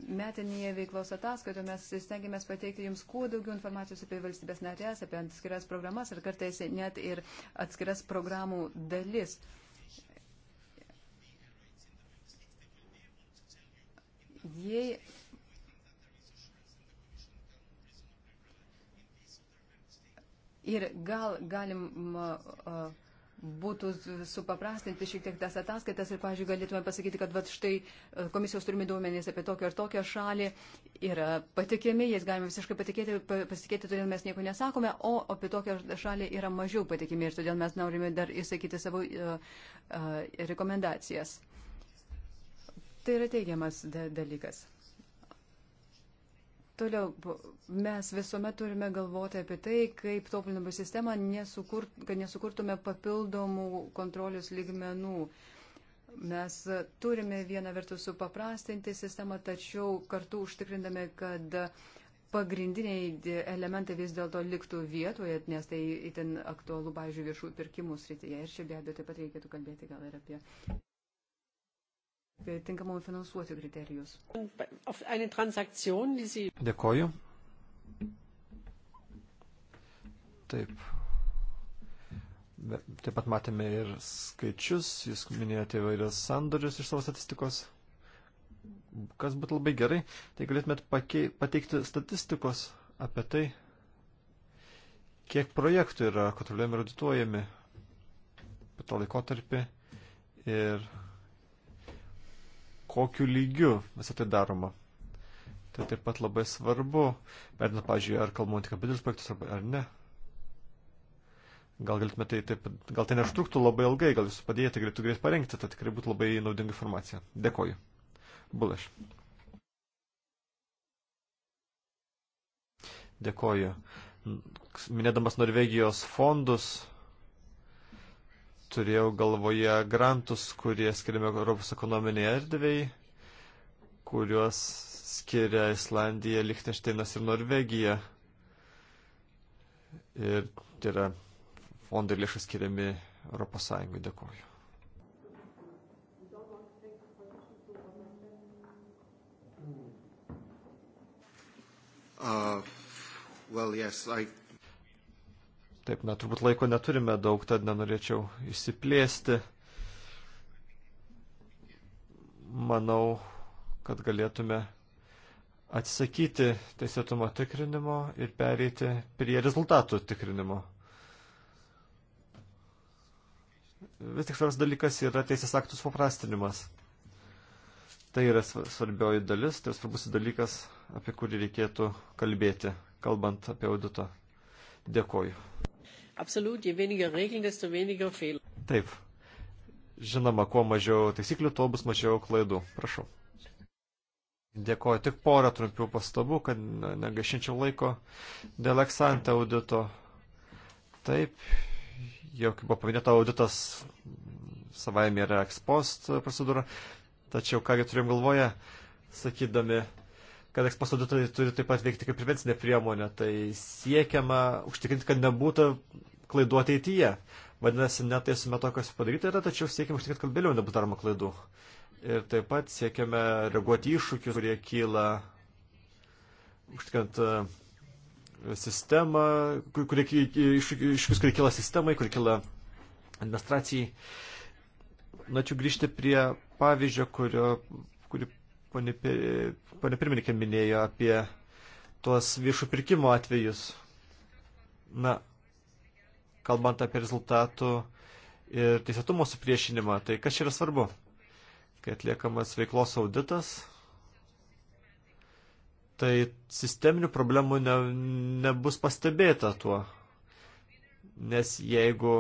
Metinėje veiklos ataskaitoje mes stengiamės pateikti jums kuo daugiau informacijos apie valstybės narės, apie atskiras programas ir kartais net ir atskiras programų dalis. Uh, jei ir gal galim uh, būtų supaprastinti šiek tiek tas ataskaitas ir, pažiūrėjau, galėtume pasakyti, kad vat, štai komisijos turimi duomenys apie tokią ar tokią šalį yra patikimi, jais galime visiškai patikėti, pasitikėti, todėl mes nieko nesakome, o apie tokią šalį yra mažiau patikimi ir todėl mes norime dar įsakyti savo uh, uh, rekomendacijas. Tai yra teigiamas dalykas. Toliau, mes visuomet turime galvoti apie tai, kaip tobulinama sistema, nesukurt, kad nesukurtume papildomų kontrolės lygmenų. Mes turime vieną vertus supaprastinti sistemą, tačiau kartu užtikrindami, kad pagrindiniai elementai vis dėlto liktų vietoje, nes tai itin aktualu, pavyzdžiui, viešųjų pirkimų srityje. Ir čia be abejo taip pat reikėtų kalbėti gal ir apie E, tinkamų finansuoti kriterijus.
Dėkoju. Taip. Be, taip pat matėme ir skaičius, jūs minėjote įvairias sandorius iš savo statistikos. Kas būtų labai gerai, tai galėtumėt pakei, pateikti statistikos apie tai, kiek projektų yra kontroliuojami ir audituojami per tą laikotarpį ir kokiu lygiu visą tai daroma. Tai taip pat labai svarbu, bet, na, nu, pažiūrėjau, ar kalbama tik apie didelius projektus, ar ne. Gal galėtume tai taip, gal tai neužtruktų labai ilgai, gal jūs padėjote greitų greit parengti, tai tikrai būtų labai naudinga informacija. Dėkoju. Buleš. Dėkoju. Minėdamas Norvegijos fondus, turėjau galvoje grantus, kurie skiriami Europos ekonominiai erdvėjai, kuriuos skiria Islandija, Lichtensteinas ir Norvegija. Ir tai yra fondai lėšų skiriami Europos Sąjungai. Dėkuoju.
Uh, well, yes, I
Taip, na, turbūt laiko neturime daug, tad nenorėčiau išsiplėsti. Manau, kad galėtume atsisakyti teisėtumo tikrinimo ir pereiti prie rezultatų tikrinimo. Vis tik svarbus dalykas yra teisės aktų supaprastinimas. Tai yra svarbioji dalis, tai svarbus dalykas, apie kurį reikėtų kalbėti, kalbant apie auditą. Dėkoju.
Absoliut, je weniger Regeln, desto weniger Fehler.
Taip. Žinoma, kuo mažiau taisyklių, tuo bus mažiau klaidų. Prašau. Dėkoju tik porą trumpių pastabų, kad negaišinčiau laiko dėl eksantę audito. Taip, jau kaip buvo paminėta, auditas savaime yra ekspost procedūra, tačiau kągi turim galvoje, sakydami kad eksporto auditai turi taip pat veikti kaip prevencinė priemonė. Tai siekiama užtikrinti, kad nebūtų klaidų ateityje. Vadinasi, net tai su metu, kas padaryta yra, tačiau siekiama užtikrinti, kad vėliau nebūtų daroma klaidų. Ir taip pat siekiame reaguoti iššūkius, kurie kyla, užtikrint e, sistemą, kurie, iššūkius, kurie kyla sistemai, kurie kyla administracijai. Norėčiau grįžti prie pavyzdžio, kurio, kurį ponė ponė pirmininkė minėjo apie tuos viešų pirkimo atvejus. Na, kalbant apie rezultatų ir teisėtumo supriešinimą, tai kas čia yra svarbu? Kai atliekamas veiklos auditas, tai sisteminių problemų ne, nebus pastebėta tuo. Nes jeigu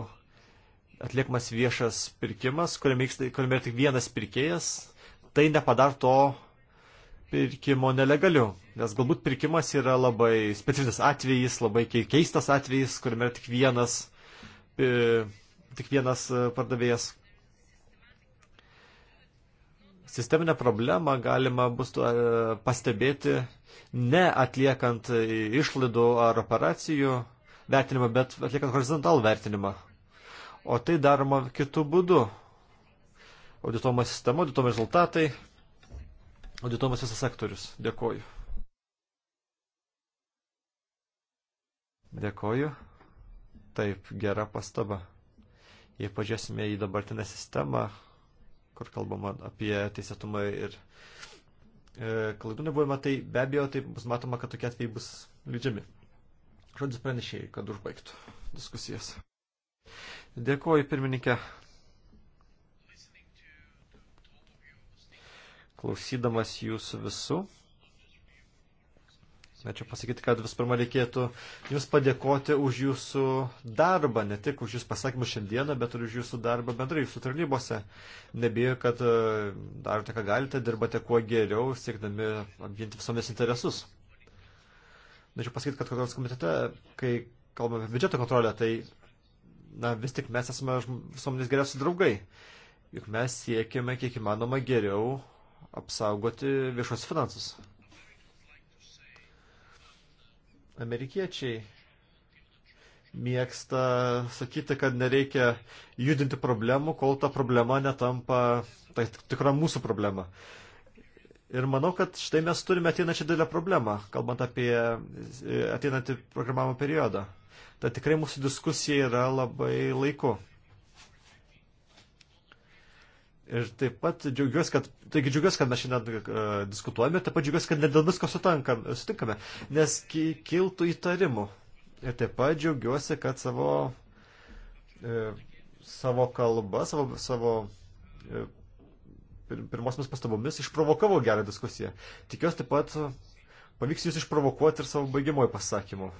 atliekamas viešas pirkimas, kuriame yra tik vienas pirkėjas, tai nepadar to pirkimo nelegaliu. Nes galbūt pirkimas yra labai specifinis atvejis, labai keistas atvejis, kuriame yra tik vienas, e, tik vienas e, pardavėjas. Sisteminę problemą galima bus e, pastebėti ne atliekant išlaidų ar operacijų vertinimą, bet atliekant horizontalų vertinimą. O tai daroma kitų būdų. Audituojama sistema, audituojama rezultatai, audituojamas visas sektorius. Dėkoju. Dėkoju. Taip, gera pastaba. Jei pažiūrėsime į dabartinę sistemą, kur kalbama apie teisėtumą ir e, klaidų nebuvimą, tai be abejo, tai bus matoma, kad tokie atvejai bus lydžiami. Žodis pranešėjai, kad užbaigtų diskusijas. Dėkoju, pirmininkė. klausydamas jūsų visų. Norėčiau pasakyti, kad vis pirma reikėtų Jums padėkoti už Jūsų darbą, ne tik už Jūsų pasakymus šiandieną, bet ir už Jūsų darbą bendrai Jūsų tarnybose. Nebijau, kad e, darote, ką galite, dirbate kuo geriau, siekdami apginti visuomis interesus. Norėčiau pasakyti, kad kontrolės komitete, kai kalbame apie biudžeto kontrolę, tai na, vis tik mes esame visuomenės geriausi draugai. Juk mes siekime kiek įmanoma geriau apsaugoti viešos finansus. Amerikiečiai mėgsta sakyti, kad nereikia judinti problemų, kol ta problema netampa tai tikra mūsų problema. Ir manau, kad štai mes turime ateinančią didelę problemą, kalbant apie e, ateinantį programavimo periodą. Tai tikrai mūsų diskusija yra labai laiku. Ir taip pat džiaugiuosi, kad, taigi džiaugiuosi, kad mes šiandien uh, diskutuojame, taip pat džiaugiuosi, kad dėl visko sutankam, sutinkame, nes kiltų įtarimų. Ir taip pat džiaugiuosi, kad savo, uh, savo kalba, savo, savo uh, e, pirmosiamis pastabomis išprovokavo gerą diskusiją. Tikiuosi taip pat pavyks jūs išprovokuoti ir savo baigiamojo pasakymu.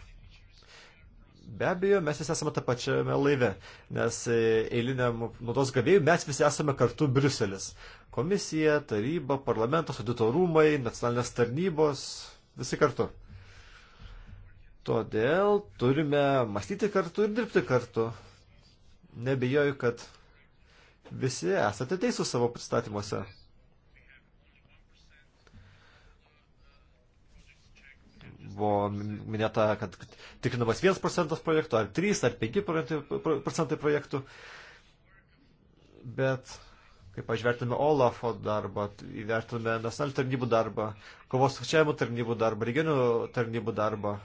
Be abejo, mes visi esame tą pačiame laive, nes eiliniam naudos gavėjui mes visi esame kartu Briuselis. Komisija, taryba, parlamentas, auditorumai, nacionalinės tarnybos, visi kartu. Todėl turime mąstyti kartu ir dirbti kartu. Nebijoju, kad visi esate teisūs savo pristatymuose. buvo minėta, kad tikrinamas 1 procentas projektų, ar 3, ar 5 procentai projektų. Bet, kaip pažvertume Olafo darbą, įvertume nacionalinių tarnybų darbą, kovos sukčiavimo tarnybų darbą, regionų tarnybų darbą,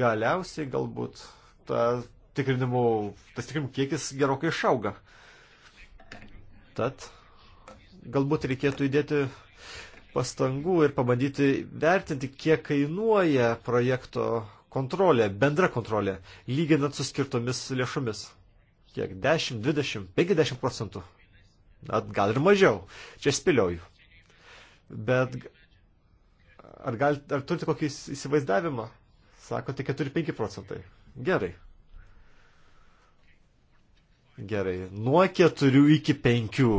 galiausiai galbūt ta tikrinimų, tas tikrinimų kiekis gerokai išauga. Tad galbūt reikėtų įdėti pastangų ir pabandyti vertinti, kiek kainuoja projekto kontrolė, bendra kontrolė, lyginant su skirtomis lėšomis. Kiek? 10, 20, 50 procentų. At, gal ir mažiau. Čia spėlioju. Bet ar, gal, ar turite kokį įsivaizdavimą? Sakote 4-5 procentai. Gerai. Gerai. Nuo 4 iki 5.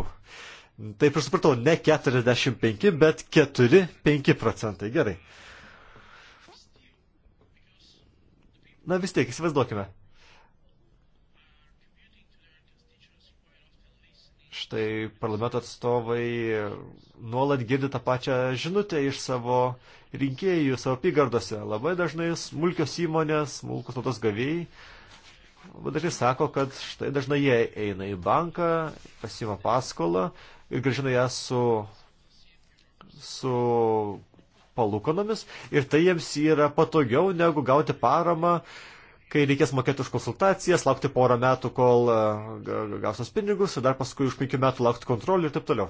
Taip ir supratau, ne 45, bet 4-5 procentai. Gerai. Na vis tiek, įsivaizduokime. Štai parlamento atstovai nuolat girdi tą pačią žinutę iš savo rinkėjų, savo apygardose. Labai dažnai smulkios įmonės, smulkus naudos gavėjai Labai dažnai sako, kad štai dažnai jie eina į banką, pasima paskolą ir gražina ją su, su palūkanomis ir tai jiems yra patogiau negu gauti paramą, kai reikės mokėti už konsultacijas, laukti porą metų, kol e, gausios pinigus ir dar paskui už penkių metų laukti kontrolį ir taip toliau.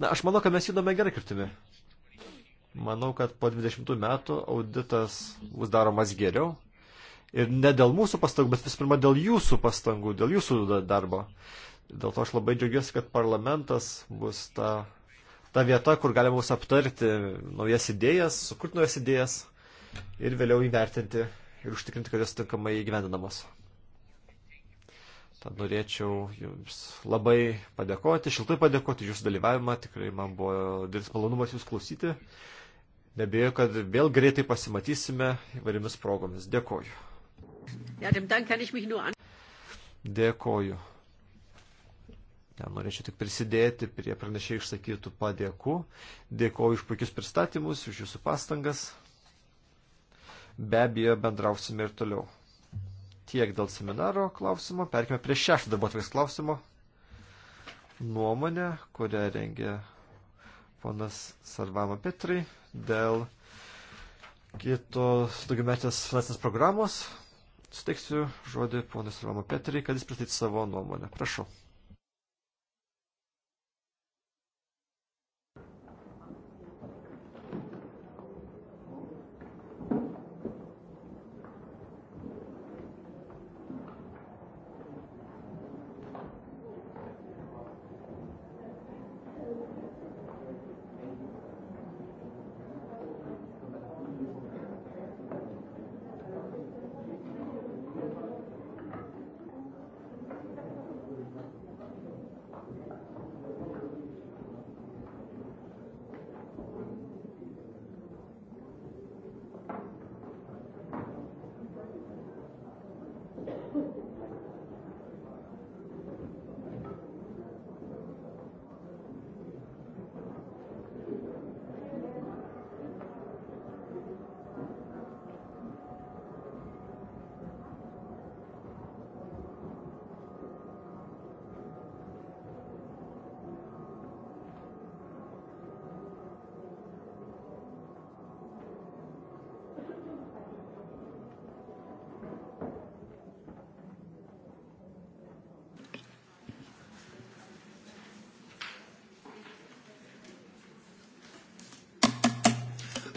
Na, aš manau, kad mes judame gerai kryptimi. Manau, kad po 20 metų auditas bus daromas geriau. Ir ne dėl mūsų pastangų, bet vis pirma dėl jūsų pastangų, dėl jūsų darbo. Dėl to aš labai džiaugiuosi, kad parlamentas bus ta, ta vieta, kur galima bus aptarti naujas idėjas, sukurti naujas idėjas ir vėliau įvertinti ir užtikrinti, kad jos tinkamai įgyvendinamos. Tad norėčiau Jums labai padėkoti, šiltai padėkoti Jūsų dalyvavimą, tikrai man buvo didelis malonumas Jūs klausyti. Nebėjau, kad vėl greitai pasimatysime įvairiomis progomis. Dėkoju. Ja, Dėkoju. Ten norėčiau tik prisidėti prie pranešėjų išsakytų padėkų. Dėkoju už puikius pristatymus, už jūsų pastangas. Be abejo, bendrausime ir toliau. Tiek dėl seminaro klausimo. Perkime prie šešto darbuotojas klausimo. Nuomonė, kurią rengė ponas Sarvama Petrai dėl kitos daugiametės finansinės programos. Suteiksiu žodį ponui Sarvama Petrai, kad jis pristatytų savo nuomonę. Prašau.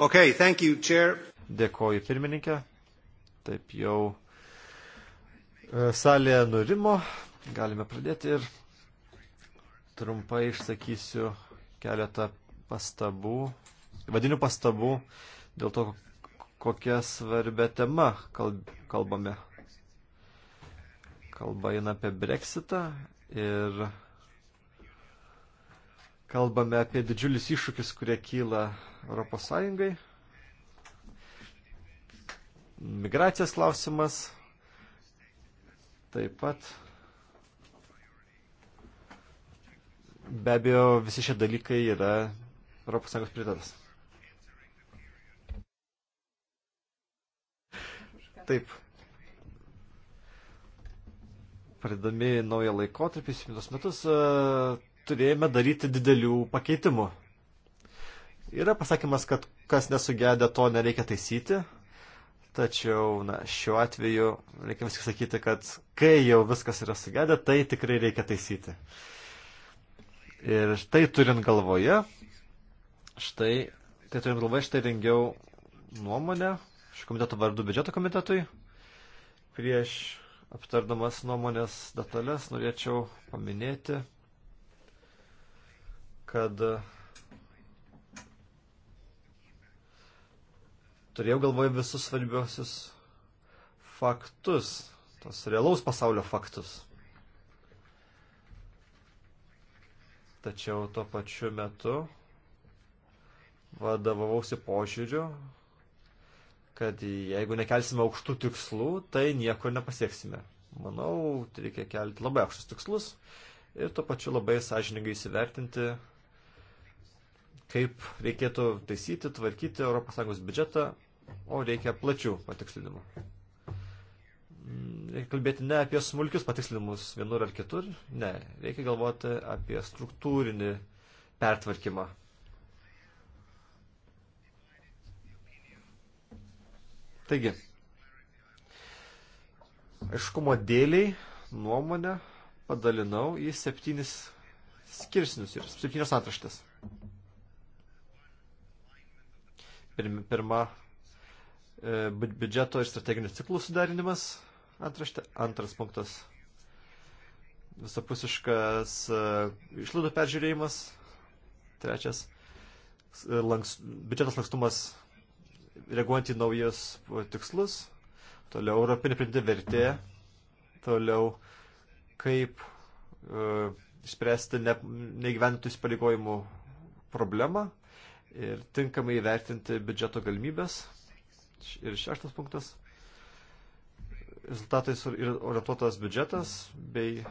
Okay, thank you, chair. Dėkoju pirmininkė. Taip jau e, salėje nurimo. Galime pradėti ir trumpai išsakysiu keletą pastabų, vadinių pastabų dėl to, kokią svarbę temą kalbame. Kalba eina apie breksitą ir Kalbame apie didžiulis iššūkis, kurie kyla Europos Sąjungai. Migracijos klausimas. Taip pat. Be abejo, visi šie dalykai yra Europos Sąjungos prioritetas. Taip. Pradami naują laikotarpį, 7 metus, turėjome daryti didelių pakeitimų. Yra pasakymas, kad kas nesugedė, to nereikia taisyti. Tačiau, na, šiuo atveju reikia viską sakyti, kad kai jau viskas yra sugedę, tai tikrai reikia taisyti. Ir štai turint galvoje, štai, tai turint galvoje, štai rengiau nuomonę iš komiteto vardu biudžeto komitetui. Prieš aptardamas nuomonės detalės norėčiau paminėti, kad turėjau galvoje visus svarbiausius faktus, tos realaus pasaulio faktus. Tačiau tuo pačiu metu vadovavausi požiūriu, kad jeigu nekelsime aukštų tikslų, tai nieko nepasieksime. Manau, tai reikia kelti labai aukštus tikslus ir tuo pačiu labai sąžiningai įsivertinti, kaip reikėtų taisyti, tvarkyti ES biudžetą, o reikia plačių patikslinimų. Mm, reikia kalbėti ne apie smulkius patikslinimus vienur ar kitur, ne, reikia galvoti apie struktūrinį pertvarkymą. Taigi, aiškumo dėliai nuomonę padalinau į septynis skirsnius ir septynios antraštės. Pirma, e, biudžeto ir strateginių ciklų sudarinimas. Antrašte, antras punktas. Visapusiškas e, išlaidų peržiūrėjimas. Trečias. E, lanks, biudžetas lankstumas reaguojant į naujus tikslus. Toliau europinė pridėtinė vertė. Toliau kaip uh, e, išspręsti ne, neįgyventų įsipareigojimų problemą ir tinkamai įvertinti biudžeto galimybės. Ir šeštas punktas. Rezultatais ir orientuotas biudžetas bei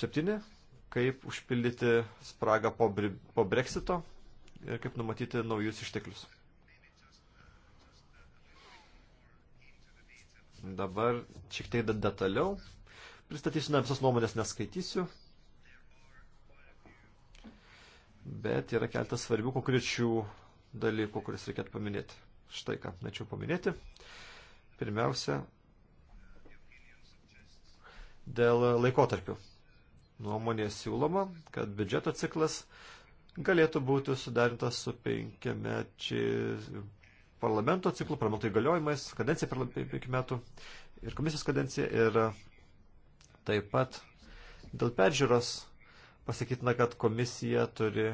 septyni, kaip užpildyti spragą po, po breksito ir kaip numatyti naujus išteklius. Dabar šiek tiek detaliau. Pristatysime visas nuomonės neskaitysiu, bet yra keltas svarbių konkrečių dalykų, kuris reikėtų paminėti. Štai ką norėčiau paminėti. Pirmiausia, dėl laikotarpių. Nuomonė siūloma, kad biudžeto ciklas galėtų būti sudarintas su penkiamečiai parlamento ciklu, parlamento įgaliojimais, kadencija per penkių metų ir komisijos kadencija ir taip pat dėl peržiūros pasakytina, kad komisija turi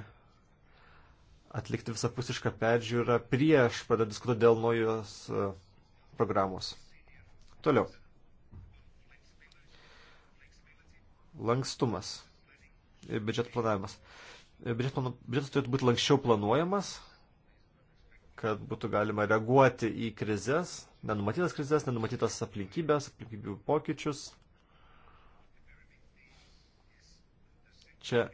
atlikti visapusišką peržiūrą prieš pradedant diskutuoti dėl naujos e, programos. Toliau. Lankstumas ir biudžeto planavimas. E, biudžetas turėtų būti lankščiau planuojamas, kad būtų galima reaguoti į krizės, nenumatytas krizės, nenumatytas aplinkybės, aplinkybių pokyčius, Čia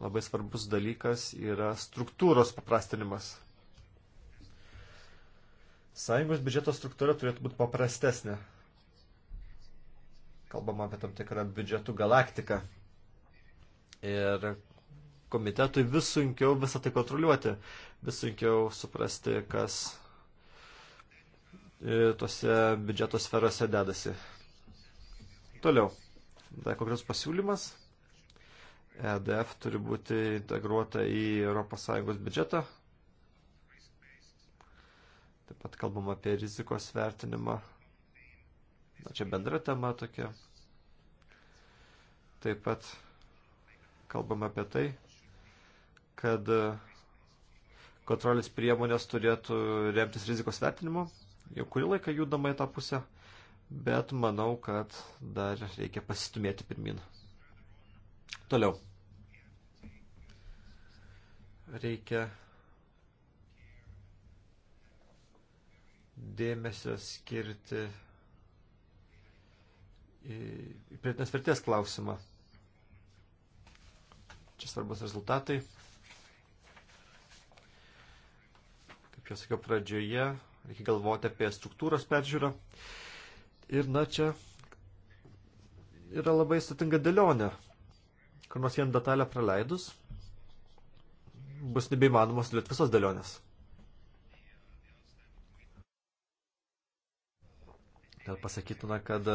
labai svarbus dalykas yra struktūros paprastinimas. Sąjungos biudžeto struktūra turėtų būti paprastesnė. Kalbama apie tam tikrą biudžetų galaktiką. Ir komitetui vis sunkiau visą tai kontroliuoti, vis sunkiau suprasti, kas e, tose biudžeto sferose dedasi. Toliau. Dar kokios pasiūlymas? EDF turi būti integruota į ES biudžetą. Taip pat kalbam apie rizikos vertinimą. Na, čia bendra tema tokia. Taip pat kalbam apie tai, kad kontrolės priemonės turėtų remtis rizikos vertinimu. Jau kurį laiką judama į tą pusę, bet manau, kad dar reikia pasistumėti pirmin. Toliau. Reikia dėmesio skirti pridėtinės vertės klausimą. Čia svarbus rezultatai. Kaip jau sakiau pradžioje, reikia galvoti apie struktūros peržiūrą. Ir na, čia yra labai sutinga dėlionė kur nors vieną detalę praleidus, bus nebeįmanoma sudėti visos dėlionės. Gal pasakytume, kad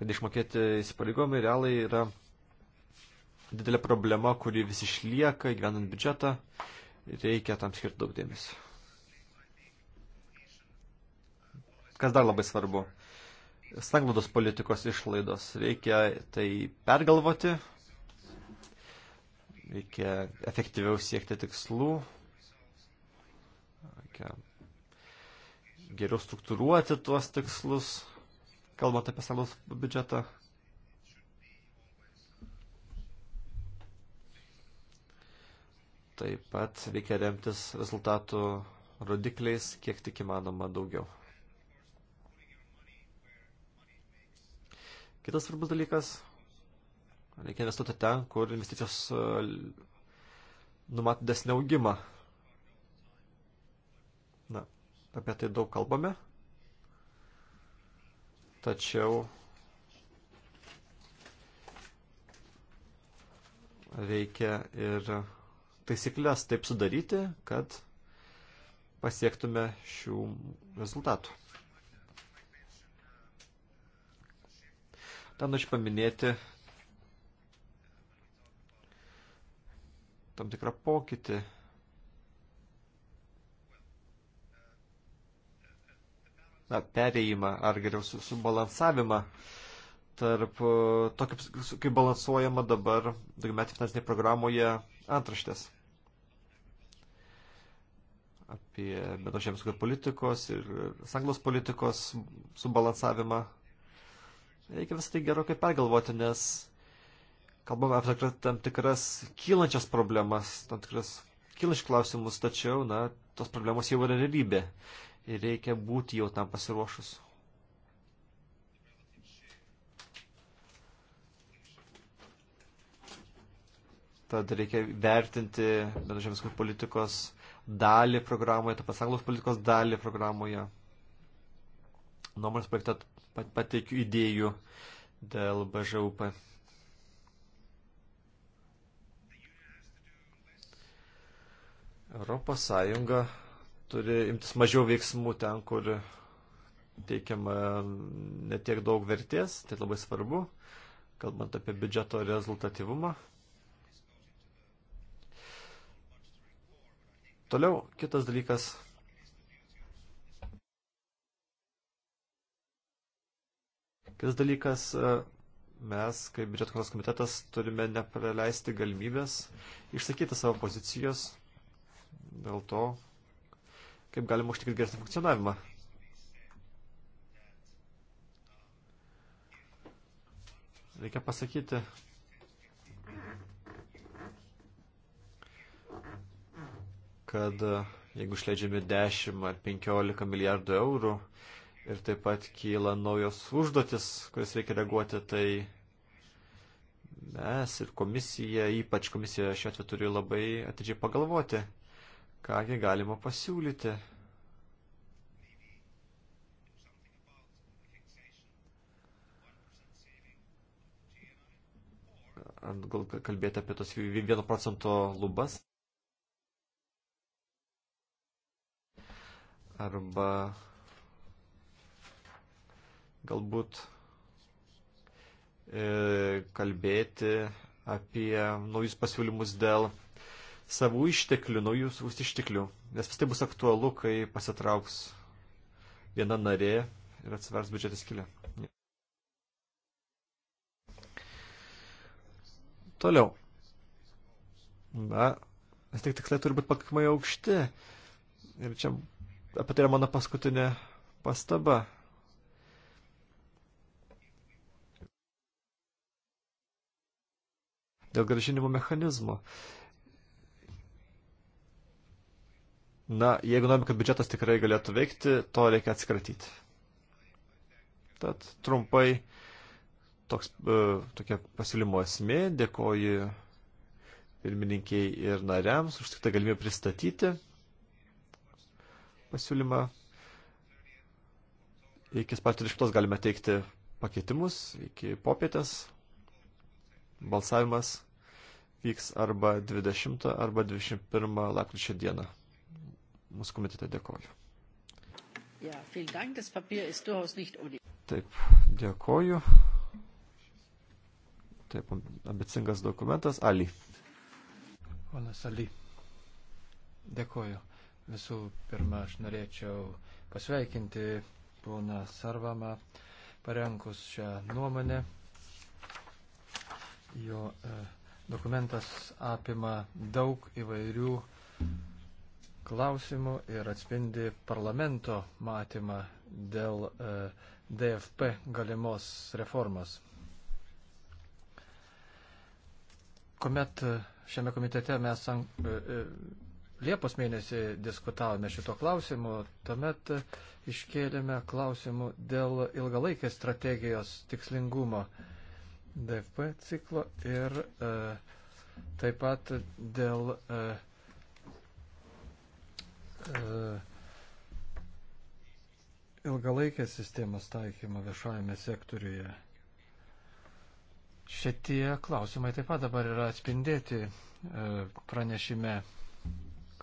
kad išmokėti įsipareigojimai realiai yra didelė problema, kuri vis išlieka, gyvenant biudžetą, reikia tam skirti daug dėmesio. Kas dar labai svarbu? sanglaudos politikos išlaidos. Reikia tai pergalvoti, reikia efektyviau siekti tikslų, reikia geriau struktūruoti tuos tikslus, kalbant apie sanglaudos biudžetą. Taip pat reikia remtis rezultatų rodikliais, kiek tik įmanoma daugiau. Kitas svarbus dalykas - reikia investuoti ten, kur investicijos e, numato desnį augimą. Na, apie tai daug kalbame, tačiau reikia ir taisyklės taip sudaryti, kad pasiektume šių rezultatų. Ten aš paminėti tam tikrą pokytį. Na, perėjimą ar geriau subalansavimą tarp e, to, kaip, kaip balansuojama dabar daugiametį finansinėje programoje antraštės apie bendro žemės ūkio politikos ir sanglos politikos subalansavimą Reikia visą tai gerokai pergalvoti, nes kalbame apie tam tikras kylančias problemas, tam tikras kylančius klausimus, tačiau, na, tos problemos jau yra realybė ir reikia būti jau tam pasiruošus. Tad reikia vertinti bendražėmiskos politikos dalį programoje, taip pat sanglos politikos dalį programoje. Nuomonės projekte pat, pateikiu idėjų dėl BŽUP. Europos Sąjunga turi imtis mažiau veiksmų ten, kur teikiama netiek daug vertės, tai labai svarbu, kalbant apie biudžeto rezultatyvumą. Toliau kitas dalykas Kitas dalykas, e, mes, kaip biudžeto kontrolės komitetas, turime nepraleisti galimybės išsakyti savo pozicijos dėl to, kaip galima užtikrinti geresnį funkcionavimą. Reikia pasakyti, kad e, jeigu išleidžiami 10 ar 15 milijardų eurų, ir taip pat kyla naujos užduotis, kuris reikia reaguoti, tai mes ir komisija, ypač komisija šiuo atveju turi labai atidžiai pagalvoti, kągi galima pasiūlyti. Gal kalbėti apie tos 1 procento lubas? Arba galbūt e, kalbėti apie naujus pasiūlymus dėl savų išteklių, naujus išteklių, nes vis tai bus aktualu, kai pasitrauks viena narė ir atsivers biudžetas kilė. Toliau. Na, vis tik tikslai turi būti pakankamai aukšti. Ir čia apie tai yra mano paskutinė pastaba. dėl gražinimo mechanizmo. Na, jeigu norime, kad biudžetas tikrai galėtų veikti, to reikia atsikratyti. Tad trumpai toks, e, tokia pasiūlymo esmė. Dėkoju pirmininkiai ir nariams už tik tą galimybę pristatyti pasiūlymą. Iki spalio 30 galime teikti pakeitimus, iki popietės balsavimas vyks arba 20 arba 21 lakryčio dieną. Mūsų komitete dėkoju. Taip, dėkoju. Taip, ambicingas dokumentas. Ali.
Ponas Ali. Dėkoju. Visų pirma, aš norėčiau pasveikinti poną Sarvamą, parenkus šią nuomonę. Jo e, Dokumentas apima daug įvairių klausimų ir atspindi parlamento matymą dėl e, DFP galimos reformos. Komet šiame komitete mes ank, e, e, Liepos mėnesį diskutavome šito klausimu, tuomet iškėlėme klausimų dėl ilgalaikės strategijos tikslingumo. E, DFP ciklo ir e, taip pat dėl e, e, ilgalaikės sistemos taikymo viešajame sektoriuje. Šitie klausimai taip pat dabar yra atspindėti e, pranešime,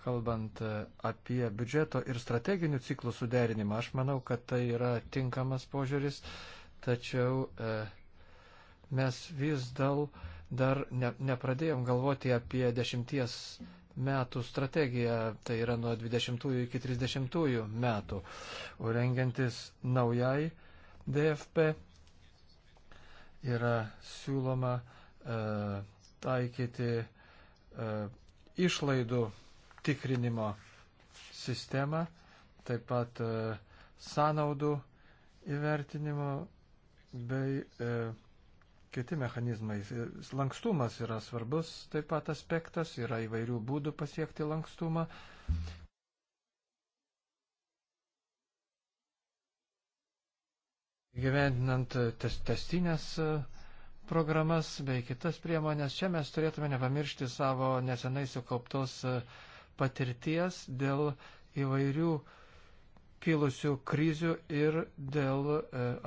kalbant e, apie biudžeto ir strateginių ciklų suderinimą. Aš manau, kad tai yra tinkamas požiūris, tačiau e, mes vis dėl dar ne, nepradėjom galvoti apie dešimties metų strategiją, tai yra nuo 20 iki 30 metų, o rengiantis naujai DFP yra siūloma e, taikyti e, išlaidų tikrinimo sistemą, taip pat e, sąnaudų įvertinimo bei e, kiti mechanizmai. Lankstumas yra svarbus taip pat aspektas, yra įvairių būdų pasiekti lankstumą. Gyvendinant tes, testinės e, programas bei kitas priemonės, čia mes turėtume nepamiršti savo nesenai sukauptos e, patirties dėl įvairių uh, kilusių krizių ir dėl e,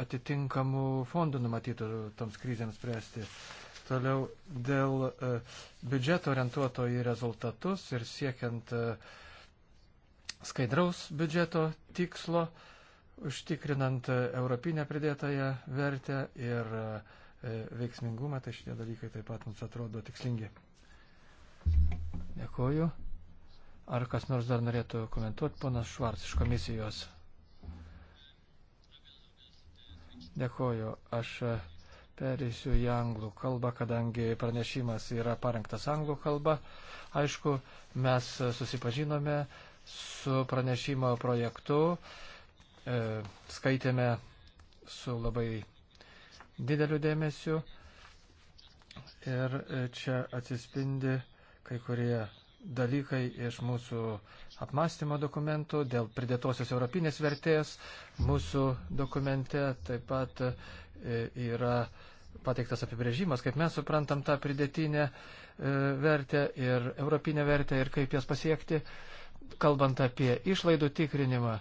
atitinkamų fondų numatytų toms krizėms spręsti. Toliau dėl e, biudžeto orientuoto į rezultatus ir siekiant e, skaidraus biudžeto tikslo, užtikrinant europinę pridėtąją vertę ir veiksmingumą, tai šitie dalykai taip pat mums atrodo tikslingi. Dėkuoju. Ar kas nors dar norėtų komentuoti, ponas Švarc iš komisijos? Dėkoju. Aš e, perėsiu į anglų kalbą, kadangi pranešimas yra parengtas anglų kalba. Aišku, mes susipažinome su pranešimo projektu, e, skaitėme su labai dideliu dėmesiu ir e, čia atsispindi kai kurie dalykai iš mūsų apmastymo dokumentų, dėl pridėtosios europinės vertės mūsų dokumente taip pat e, yra pateiktas apibrėžimas, kaip mes suprantam tą pridėtinę e, vertę ir europinę vertę ir kaip jas pasiekti. Kalbant apie išlaidų tikrinimą,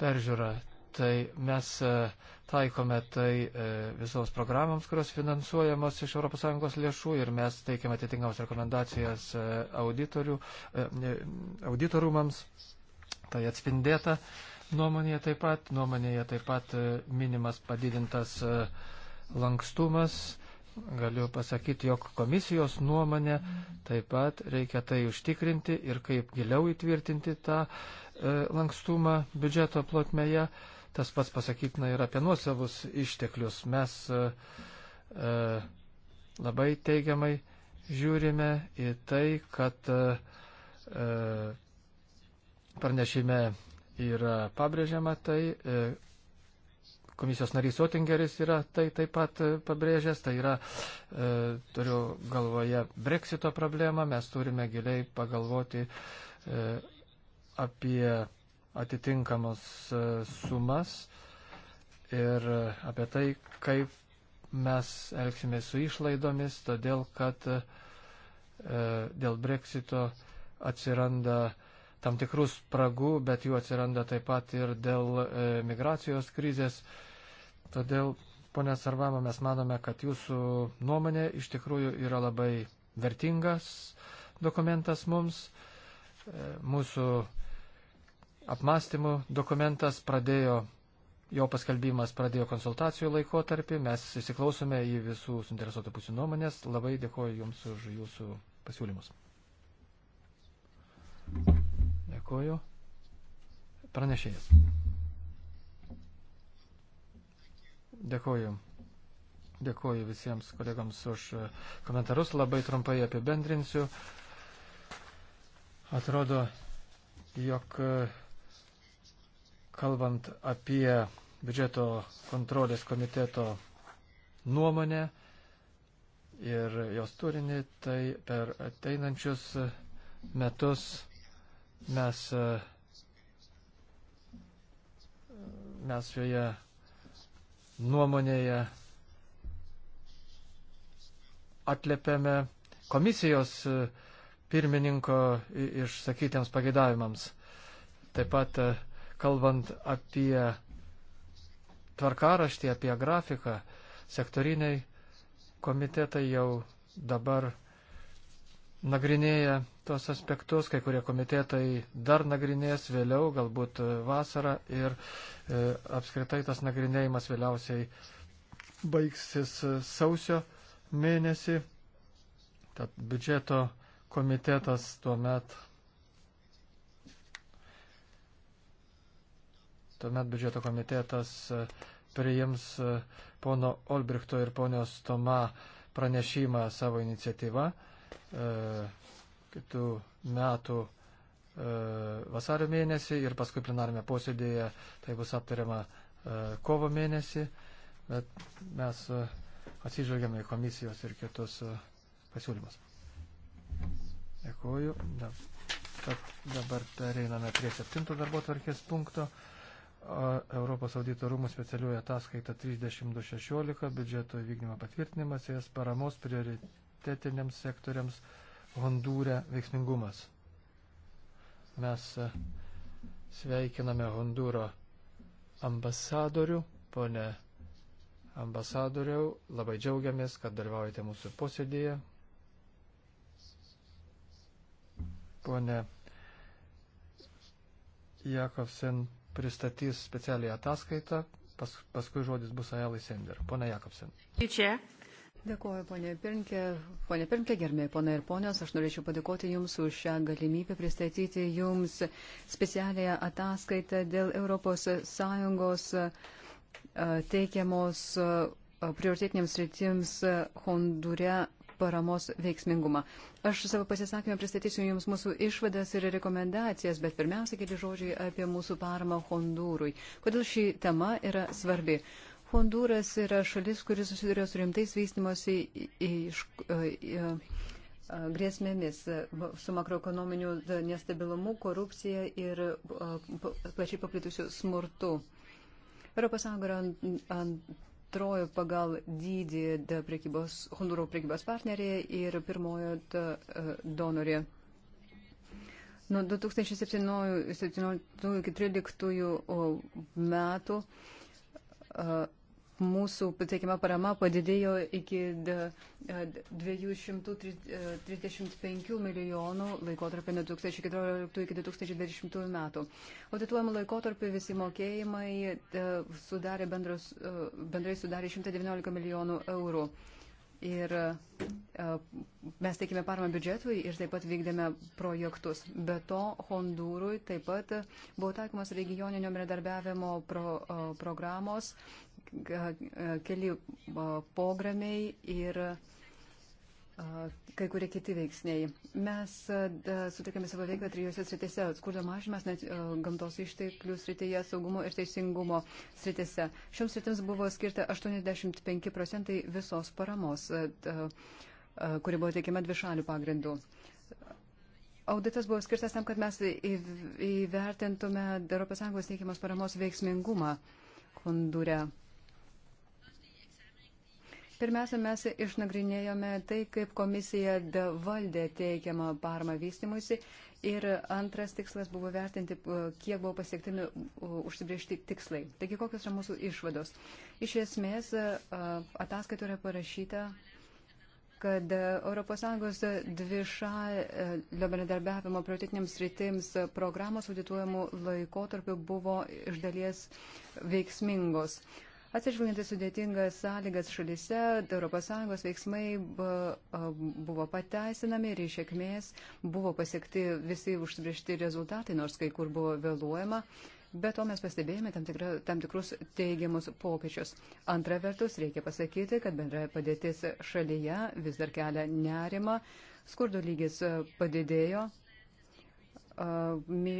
peržiūrą, tai mes e, taikome tai e, visoms programoms, kurios finansuojamos iš ES lėšų ir mes teikiame atitinkamas rekomendacijas e, auditorumams. Tai atspindėta nuomonėje taip pat. Nuomonėje taip pat minimas padidintas lankstumas. Galiu pasakyti, jog komisijos nuomonė taip pat reikia tai užtikrinti ir kaip giliau įtvirtinti tą lankstumą biudžeto plotmėje. Tas pats pasakytina ir apie nuosavus išteklius. Mes e, e labai teigiamai žiūrime į tai, kad e, e, pranešime yra pabrėžiama tai, e, komisijos narys Otingeris yra tai taip pat e, pabrėžęs, tai yra, e, turiu galvoje, breksito problemą, mes turime giliai pagalvoti e, apie atitinkamas e, sumas ir apie tai, kaip mes elgsime su išlaidomis, todėl kad e, dėl breksito atsiranda tam tikrų spragų, bet jų atsiranda taip pat ir dėl e, migracijos krizės. Todėl, ponė Sarvama, mes manome, kad jūsų nuomonė iš tikrųjų yra labai vertingas dokumentas mums. Mūsų apmąstymų dokumentas pradėjo, jo paskelbimas pradėjo konsultacijų laikotarpį, mes įsiklausome į visų suinteresuotų pusių nuomonės, labai dėkoju Jums už Jūsų pasiūlymus. Dėkoju. Pranešėjas. Dėkoju. Dėkoju visiems kolegams už komentarus. Labai trumpai apibendrinsiu. Atrodo, jog kalbant apie biudžeto kontrolės komiteto nuomonę ir jos turinį, tai per ateinančius metus mes, mes joje nuomonėje atlėpėme komisijos pirmininko išsakytiems pagėdavimams. Taip pat kalbant apie tvarkaraštį, apie grafiką, sektoriniai komitetai jau dabar nagrinėja tos aspektus, kai kurie komitetai dar nagrinės vėliau, galbūt vasarą ir e, apskritai tas nagrinėjimas vėliausiai baigsis sausio mėnesį. Tad biudžeto komitetas tuo metu Tuomet biudžeto komitetas e, priims e, pono Olbrichto ir ponios Toma pranešimą savo iniciatyvą e, kitų metų vasario mėnesį ir paskui plenarime posėdėje tai bus aptariama kovo mėnesį, bet mes atsižvelgiame į komisijos ir kitus pasiūlymus. Dėkuoju. Tad dabar pereiname prie septinto darbo tvarkės punkto. Europos audito rūmų specialiųjų ataskaita 3216, biudžeto įvykdymo patvirtinimas, jas paramos prioritetiniams sektoriams Hondūre veiksmingumas. Mes e, sveikiname Hondūro ambasadorių, ponė ambasadoriau, labai džiaugiamės, kad dalyvaujate mūsų posėdėje. Pone Jakovsen pristatys specialiai ataskaitą, pas, paskui žodis bus Aelai Sender. Pone Jakobsen.
Čia. Dėkuoju, ponė Pirnkė. Ponė Pirnkė, gerbėjai, ponai ir ponios, aš norėčiau padėkoti Jums už šią galimybę pristatyti Jums specialiąją ataskaitą dėl ES teikiamos prioritetinėms rytims Hondure paramos veiksmingumą. Aš savo pasisakymę pristatysiu Jums mūsų išvadas ir rekomendacijas, bet pirmiausia keli žodžiai apie mūsų paramą Hondūrui. Kodėl ši tema yra svarbi? Hondūras yra šalis, kuris susiduria su rimtais vystimosi iš. E- e- grėsmėmis su makroekonominiu nestabilumu, korupcija ir e, plačiai paplitusiu smurtu. Europos Sąjunga yra ant, ant antrojo pagal dydį prekybos, Honduro prekybos partnerė ir pirmojo e, donorė. Nuo 2017 iki 2013 metų mūsų teikiama parama padidėjo iki 235 e, e, milijonų laikotarpį nuo 2014 iki 2020 metų. Audituojama laikotarpį visi mokėjimai e, sudarė bendros, bendrai sudarė 119 milijonų eurų ir e, mes teikime paramą biudžetui ir taip pat vykdėme projektus. Be to, Hondūrui taip pat buvo taikomas regioninio bendradarbiavimo pro, e, programos, e, keli pogramiai ir kai kurie kiti veiksniai. Mes sutikėme savo veiklą trijose sritise - skurdo mažymas, net gamtos išteklių srityje, saugumo ir teisingumo sritise. Šioms sritims buvo skirta 85 procentai visos paramos, kuri buvo teikiama dvišalių pagrindų. Auditas buvo skirtas tam, kad mes įvertintume ES teikiamos paramos veiksmingumą Hondūre. Pirmiausia, mes išnagrinėjome tai, kaip komisija valdė teikiamą parmą vystimuisi ir antras tikslas buvo vertinti, e, kiek buvo pasiekti nu, užsibriežti tikslai. Taigi, kokios yra mūsų išvados? Iš esmės, e, ataskaitoje yra parašyta kad ES dvišalio bendradarbiavimo prioritetiniams rytims programos audituojamų laikotarpių buvo iš dalies veiksmingos. Atsižvelgiant į sudėtingas sąlygas šalyse, ES veiksmai buvo pateisinami ir iš esmės buvo pasiekti visi užsibriežti rezultatai, nors kai kur buvo vėluojama. Be to mes pastebėjome tam, tikra, tam tikrus teigiamus pokyčius. Antra vertus, reikia pasakyti, kad bendra padėtis šalyje vis dar kelia nerima, skurdo lygis padidėjo, mi,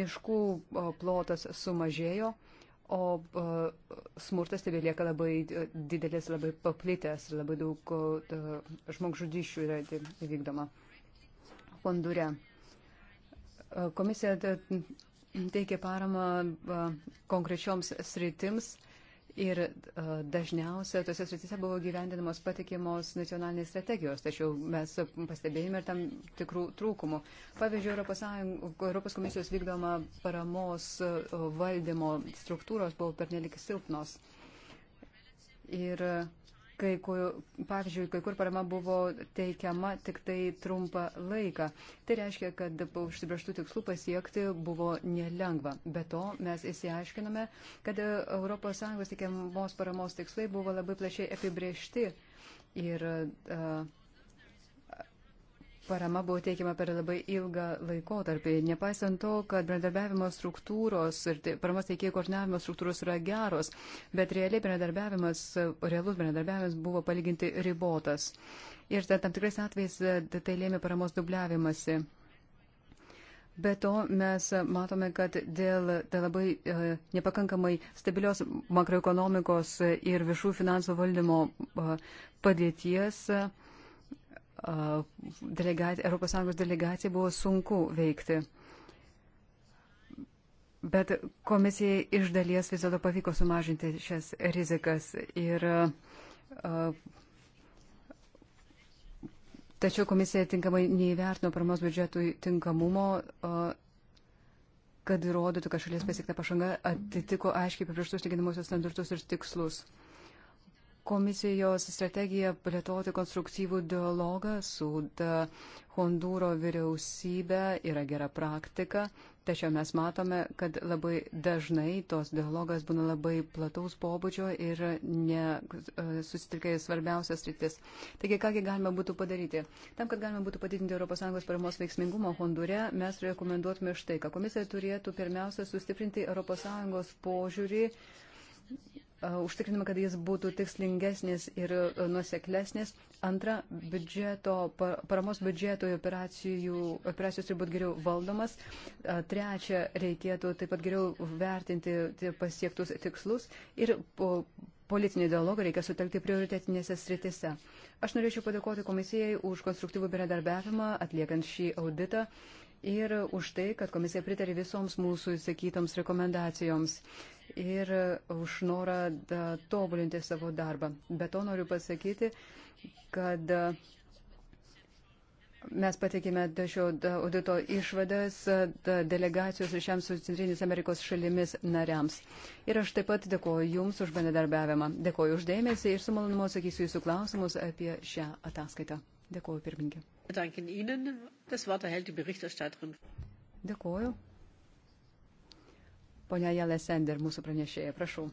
miškų plotas sumažėjo o smurtas tebelieka labai didelis, labai paplitęs ir labai daug žmogžudyšių yra vykdoma Hondūre. Komisija teikia paramą konkrečioms sritims Ir dažniausia tose srityse buvo gyvendinamos patikimos nacionalinės strategijos, tačiau mes pastebėjome ir tam tikrų trūkumų. Pavyzdžiui, ES, Europos komisijos vykdoma paramos valdymo struktūros buvo pernelik silpnos. Ir Kai kur, pavyzdžiui, kai kur parama buvo teikiama tik tai trumpą laiką. Tai reiškia, kad užsibrieštų tikslų pasiekti buvo nelengva. Be to, mes įsiaiškiname, kad ES teikiamos paramos tikslai buvo labai plačiai apibriešti. Ir, uh, Parama buvo teikiama per labai ilgą laikotarpį. Nepaisant to, kad bendradarbiavimo struktūros ir paramos teikėjų koordinavimo struktūros yra geros, bet realiai bendradarbiavimas, realus bendradarbiavimas buvo palyginti ribotas. Ir tam tikrais atvejais e, tai lėmė paramos dubliavimasi. Be to, mes matome, kad dėl tai labai e, nepakankamai stabilios makroekonomikos ir viešų finansų valdymo e, padėties e, delegacija, ES delegacija buvo sunku veikti. Bet komisijai iš dalies vis dėlto pavyko sumažinti šias rizikas. Ir, tačiau komisija tinkamai neįvertino paramos biudžetui tinkamumo, kad įrodytų, kad šalies pasiekta pažanga atitiko aiškiai apibrieštus lyginamosios standartus ir tikslus komisijos strategija plėtoti konstruktyvų dialogą su Hondūro vyriausybė yra gera praktika, tačiau mes matome, kad labai dažnai tos dialogas būna labai plataus pobūdžio ir nesusitelkia e, svarbiausias rytis. Taigi, kągi galima būtų padaryti? Tam, kad galima būtų padidinti ES paramos veiksmingumą Hondūre, mes rekomenduotume štai, kad komisija turėtų pirmiausia sustiprinti ES požiūrį E, užtikrinama, kad jis būtų tikslingesnis ir e, nuoseklesnis. Antra, biudžeto, paramos biudžeto operacijų, operacijos turi būti geriau valdomas. E, trečia, reikėtų taip pat geriau vertinti pasiektus tikslus. Ir po, politinį dialogą reikia sutelkti prioritetinėse sritise. Aš norėčiau padėkoti komisijai už konstruktyvų bendradarbiavimą atliekant šį auditą ir už tai, kad komisija pritarė visoms mūsų įsakytoms rekomendacijoms ir e, už norą tobulinti savo darbą. Be to noriu pasakyti, kad e, mes patikime šio audito išvadas e, delegacijos ryšiams su Centrinės Amerikos šalimis nariams. Ir aš taip pat dėkoju Jums už bendradarbiavimą. Dėkoju uždėmesį ir su malonumu atsakysiu Jūsų klausimus apie šią ataskaitą. Dėkoju, pirmininkė. Dėkoju. Pone Jelė Sender, mūsų pranešėja, prašau.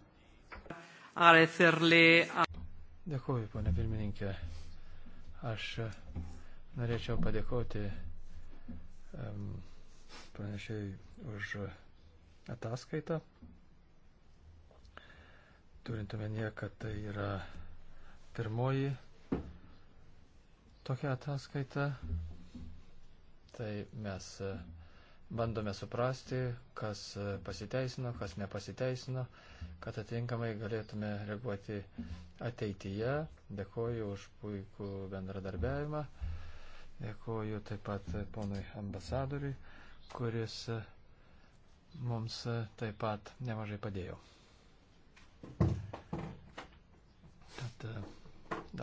Dėkuoju, ponė pirmininkė. Aš e, norėčiau padėkoti um, pranešėjai už e, ataskaitą. Turint omenyje, kad tai yra pirmoji tokia ataskaita, tai mes uh, bandome suprasti, kas pasiteisino, kas nepasiteisino, kad atinkamai galėtume reaguoti ateityje. Dėkoju už puikų bendradarbiavimą. Dėkoju taip pat ponui ambasadoriui, kuris mums taip pat nemažai padėjo. Tad e,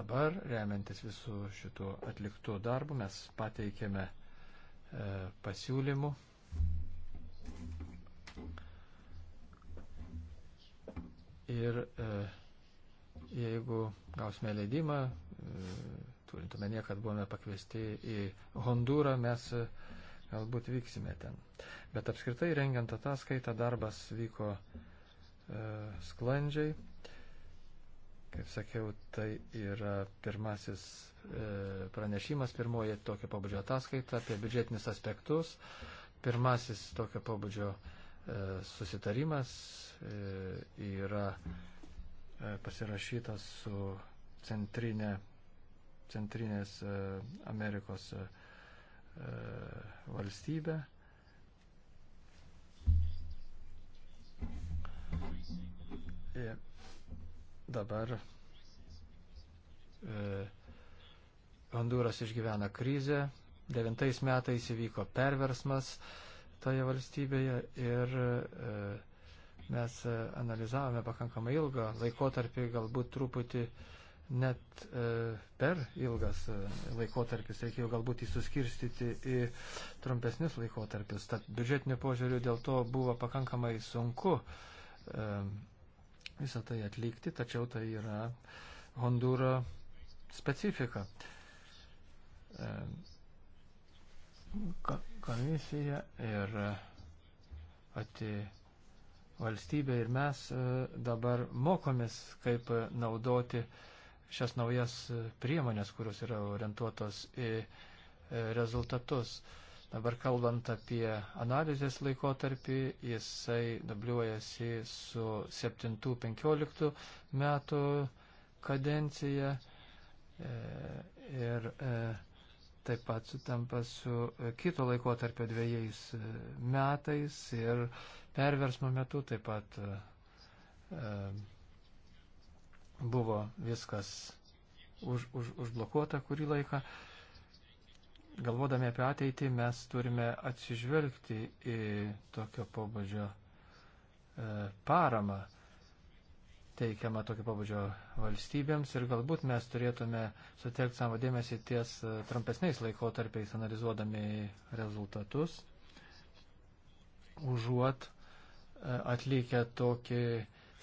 dabar, remiantis visų šitų atliktų darbų, mes pateikėme e, pasiūlymų Ir e, jeigu gausime leidimą, e, turint omenyje, kad buvome pakviesti į Hondūrą, mes e, galbūt vyksime ten. Bet apskritai rengiant ataskaitą darbas vyko e, sklandžiai. Kaip sakiau, tai yra pirmasis e, pranešimas, pirmoji tokio pabudžio ataskaita apie biudžetinius aspektus. E, Pirmasis tokio pobūdžio e, susitarimas e, yra e, pasirašytas su centrinė, centrinės Amerikos valstybė. Ir dabar Honduras išgyvena krizę, 2009 metais įvyko perversmas toje valstybėje ir e, mes e, analizavome pakankamai ilgą laikotarpį, galbūt truputį net e, per ilgas laikotarpis, reikėjo galbūt jį suskirstyti į trumpesnius laikotarpius. Tad biudžetiniu požiūriu dėl to buvo pakankamai sunku visą tai atlikti, tačiau tai yra Hondūro specifika komisija ir e, pati valstybė ir mes e, dabar mokomės, kaip naudoti šias naujas e, priemonės, kurios yra orientuotos į rezultatus. Dabar kalbant apie analizės laikotarpį, jisai dubliuojasi su 7-15 metų kadencija ir e, taip pat sutampa su e, kito laikotarpio dviejais e, metais ir perversmo metu taip pat e, buvo viskas už, už, užblokuota kurį laiką. Galvodami apie ateitį mes turime atsižvelgti į tokio pobūdžio paramą teikiama tokio pabudžio valstybėms ir galbūt mes turėtume sutelkti savo dėmesį ties e, trumpesniais laikotarpiais analizuodami rezultatus, užuot e, atlikę tokį,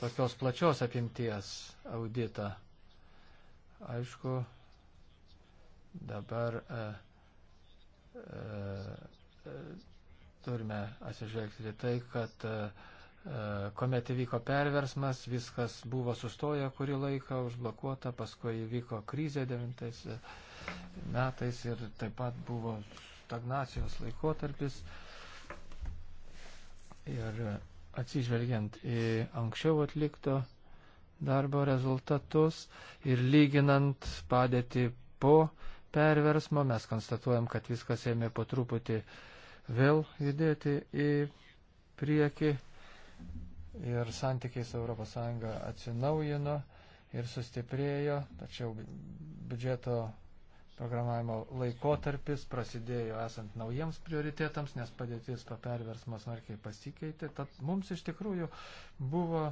tokios plačios apimties auditą. Aišku, dabar e, e, e turime atsižvelgti tai, kad e, kuomet įvyko perversmas, viskas buvo sustoję kurį laiką, užblokuota, paskui įvyko krizė devintais e, metais ir taip pat buvo stagnacijos laikotarpis. Ir e, atsižvelgiant į anksčiau atlikto darbo rezultatus ir lyginant padėtį po perversmo, mes konstatuojam, kad viskas ėmė po truputį vėl judėti į priekį ir santykiai su ES atsinaujino ir sustiprėjo, tačiau biudžeto programavimo laikotarpis prasidėjo esant naujiems prioritetams, nes padėtis po perversmo smarkiai pasikeitė. Tad mums iš tikrųjų buvo e,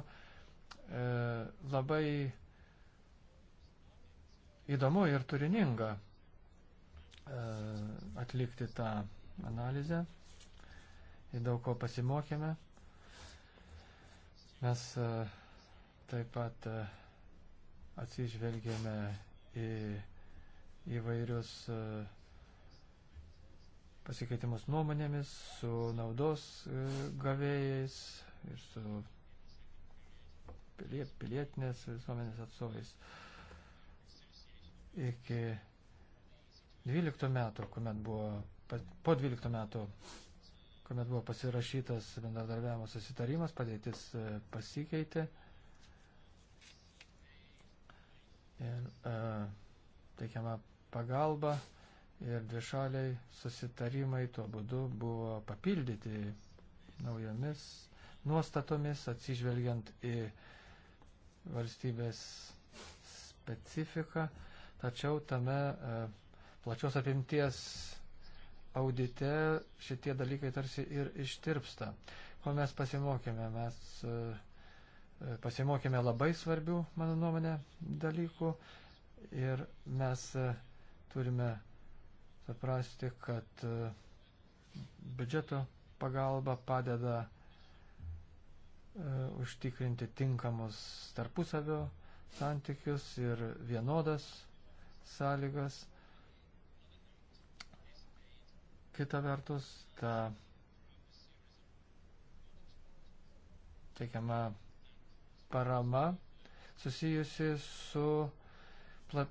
labai įdomu ir turininga e, atlikti tą analizę. Į daug ko pasimokėme. Mes e, taip pat e, atsižvelgėme į įvairius e, pasikeitimus nuomonėmis su naudos gavėjais ir su pilietinės visuomenės atstovais. Iki 12 metų, kuomet buvo, po 12 metų kuomet buvo pasirašytas bendradarbiavimo susitarimas, padėtis e, pasikeitė. Ir e, teikiama pagalba ir dvišaliai susitarimai tuo būdu buvo papildyti naujomis nuostatomis, atsižvelgiant į valstybės specifiką, tačiau tame e, plačios apimties audite šitie dalykai tarsi ir ištirpsta. Ko mes pasimokėme? Mes e, e, pasimokėme labai svarbių, mano nuomonė, dalykų ir mes e, turime suprasti, kad biudžeto pagalba padeda užtikrinti tinkamus tarpusavio santykius ir vienodas sąlygas Kita vertus, ta teikiama parama susijusi su plat...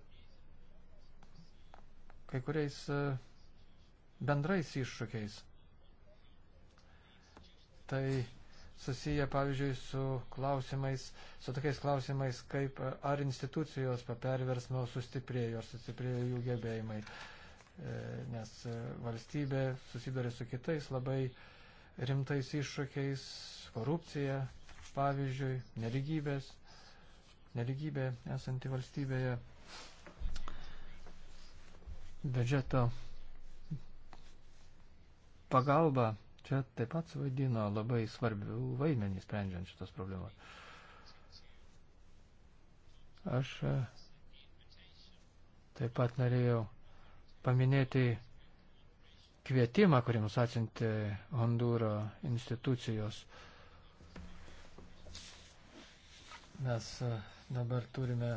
kai kuriais e, bendrais iššūkiais. Tai susiję, pavyzdžiui, su klausimais, su tokiais klausimais, kaip e, ar institucijos po perversmo sustiprėjo, ar sustiprėjo jų gebėjimai. Uh, E, nes e, valstybė susiduria su kitais labai rimtais iššūkiais, korupcija, pavyzdžiui, neligybės, neligybė esanti valstybėje, biudžeto pagalba čia taip pat suvaidino labai svarbių vaidmenį sprendžiant šitas problemas. Aš e, taip pat norėjau paminėti kvietimą, kurį mums atsinti Hondūro institucijos. Mes e, dabar turime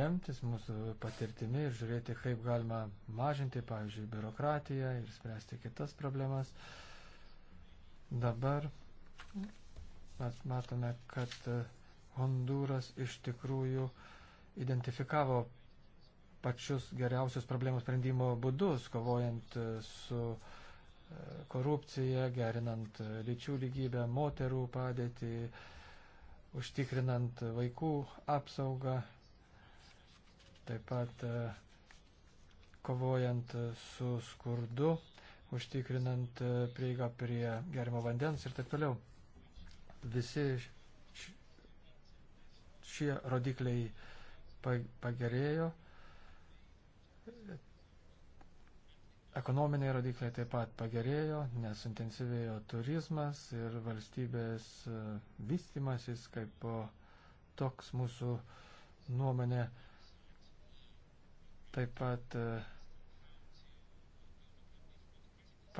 remtis mūsų patirtimi ir žiūrėti, kaip galima mažinti, pavyzdžiui, biurokratiją ir spręsti kitas problemas. Dabar mes matome, kad Hondūras iš tikrųjų identifikavo pačius geriausius problemų sprendimo būdus, kovojant e, su e, korupcija, gerinant e, lyčių lygybę, moterų padėtį, užtikrinant vaikų apsaugą, taip pat kovojant su skurdu, užtikrinant prieigą prie gerimo vandens ir taip toliau. Visi šie rodikliai pagerėjo. Ekonominiai rodikliai taip pat pagerėjo, nes intensyvėjo turizmas ir valstybės e, vystimasis, kaip toks mūsų nuomonė, taip pat e,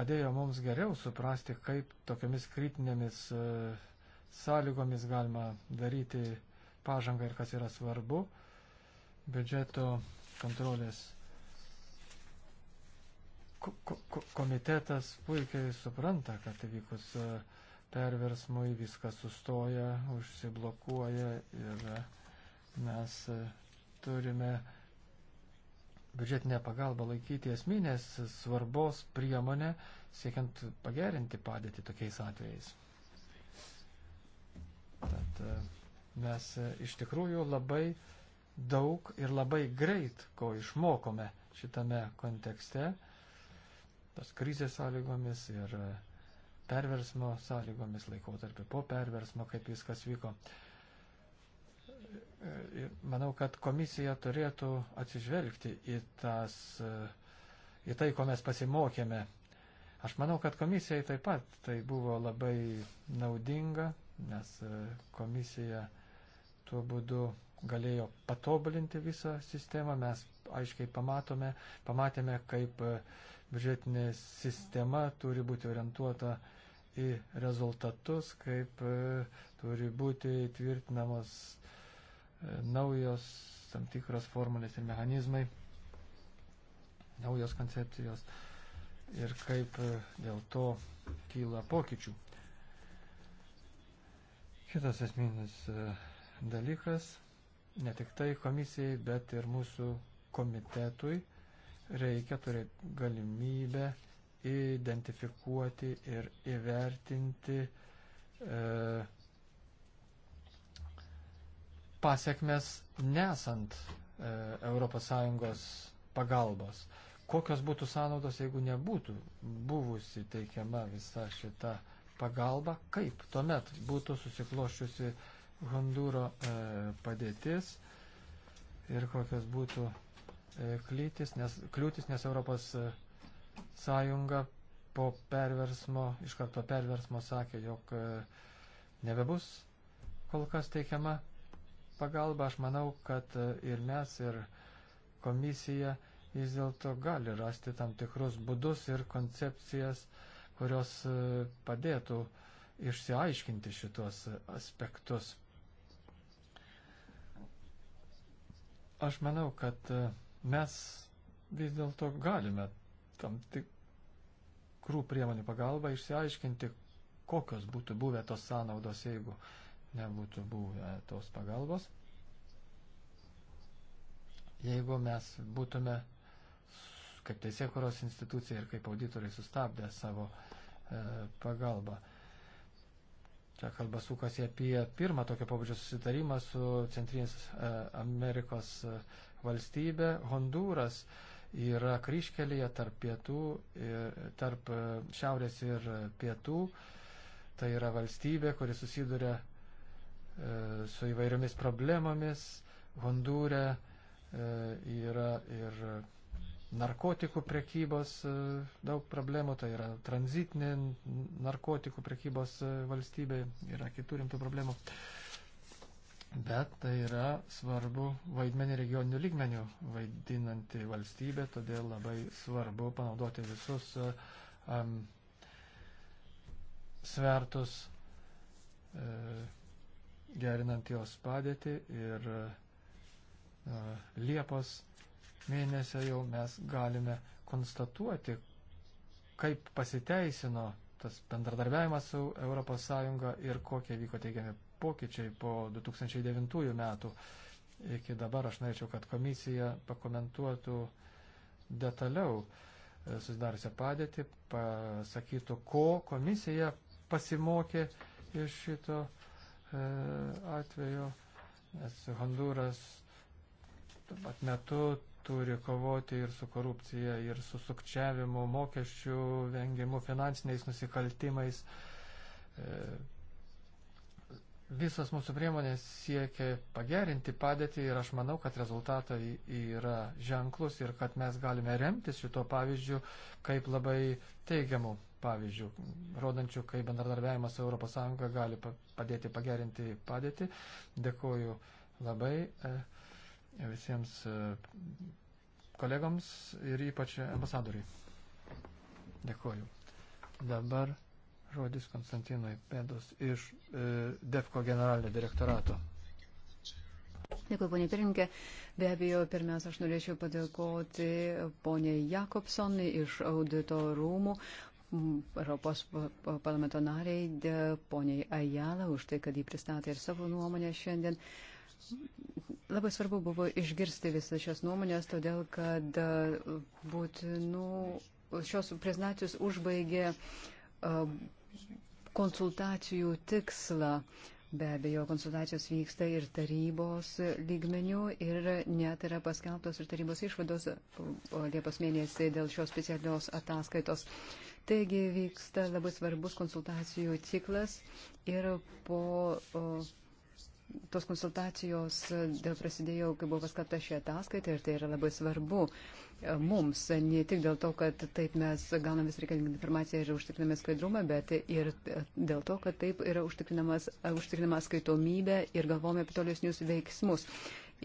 padėjo mums geriau suprasti, kaip tokiamis kritinėmis e, sąlygomis galima daryti pažangą ir kas yra svarbu. Biudžeto kontrolės komitetas puikiai supranta, kad įvykus e, perversmui viskas sustoja, užsiblokuoja ir mes e, turime biudžetinę pagalbą laikyti esminės svarbos priemonę, siekiant pagerinti padėtį tokiais atvejais. Tad e, mes iš tikrųjų labai daug ir labai greit ko išmokome šitame kontekste tos krizės sąlygomis ir e, perversmo sąlygomis laikotarpį po perversmo, kaip viskas vyko. Ir e, e, manau, kad komisija turėtų atsižvelgti į, tas, į tai, ko mes pasimokėme. Aš manau, kad komisijai taip pat tai buvo labai naudinga, nes komisija tuo būdu galėjo patobulinti visą sistemą. Mes aiškiai pamatome, pamatėme, kaip uh, biudžetinė sistema turi būti orientuota į rezultatus, kaip e, turi būti tvirtinamos e, naujos tam tikros formulės ir mechanizmai, naujos koncepcijos ir kaip e, dėl to kyla pokyčių. Kitas esminis dalykas, ne tik tai komisijai, bet ir mūsų komitetui reikia turėti galimybę identifikuoti ir įvertinti e, pasiekmes nesant e, ES pagalbos. Kokios būtų sąnaudos, jeigu nebūtų buvusi teikiama visa šita pagalba, kaip tuomet būtų susikloščiusi Hondūro e, padėtis ir kokios būtų E, kliūtis, nes, kliūtis, nes Europos e, sąjunga po perversmo, iš karto perversmo sakė, jog e, nebebus kol kas teikiama pagalba. Aš manau, kad ir mes, ir komisija vis dėlto gali rasti tam tikrus būdus ir koncepcijas, kurios padėtų išsiaiškinti šitos aspektus. Aš manau, kad mes vis dėlto galime tam tikrų priemonių pagalba išsiaiškinti, kokios būtų buvę tos sąnaudos, jeigu nebūtų buvę tos pagalbos. Jeigu mes būtume kaip teisėkuros institucija ir kaip auditoriai sustabdę savo e, pagalbą. Čia kalba sukasi apie pirmą tokio pabudžio susitarimą su Centrinės e, Amerikos e, valstybė Hondūras yra kryškelėje tarp, pietų, tarp e, šiaurės ir pietų. Tai yra valstybė, kuri susiduria e, su įvairiomis problemomis. Hondūre e, yra ir narkotikų prekybos daug problemų, tai yra tranzitinė narkotikų prekybos valstybė, yra kitų rimtų problemų. E, bet tai yra svarbu vaidmenį regioninių lygmenių vaidinanti valstybė, todėl labai svarbu panaudoti visus um, svertus, e, gerinant jos padėtį ir e, Liepos mėnesio jau mes galime konstatuoti, kaip pasiteisino tas bendradarbiavimas su ES ir kokie vyko teigiami pokyčiai po 2009 metų. Iki dabar aš norėčiau, kad komisija pakomentuotų detaliau e, susidariusią padėtį, pasakytų, ko komisija pasimokė iš šito e, atvejo, nes Honduras tuo pat metu turi kovoti ir su korupcija, ir su sukčiavimu, mokesčių vengimu, finansiniais nusikaltimais. E, Visos mūsų priemonės siekia pagerinti padėtį ir aš manau, kad rezultatai yra ženklus ir kad mes galime remtis šito pavyzdžių kaip labai teigiamų pavyzdžių, rodančių, kaip bendradarbiavimas su ES gali padėti pagerinti padėtį. Dėkuoju labai e, visiems e, kolegoms ir ypač ambasadoriai. Dėkuoju. Dabar Žodis Konstantinui Pėdos iš e, DEFCO generalinio direktorato.
Dėkui, ponė Pirinkė. Be abejo, pirmiausia, aš norėčiau padėkoti ponė Jakobson iš audito rūmų, Europos parlamento nariai, poniai Ajala, už tai, kad jį pristatė ir savo nuomonę šiandien. Labai svarbu buvo išgirsti visas šias nuomonės, todėl kad būtinų šios prezentacijos užbaigė konsultacijų tikslą. Be abejo, konsultacijos vyksta ir tarybos lygmenių ir net yra paskelbtos ir tarybos išvados Liepos mėnesį dėl šios specialios ataskaitos. Taigi vyksta labai svarbus konsultacijų ciklas ir po. O, tos konsultacijos e, prasidėjo, kai buvo paskata šį ataskaitą ir tai yra labai svarbu e, mums, ne tik dėl to, kad taip mes gauname vis reikalingą informaciją ir užtikriname skaidrumą, bet ir e, dėl to, kad taip yra užtikrinama skaitomybė ir galvome apie tolesnius veiksmus.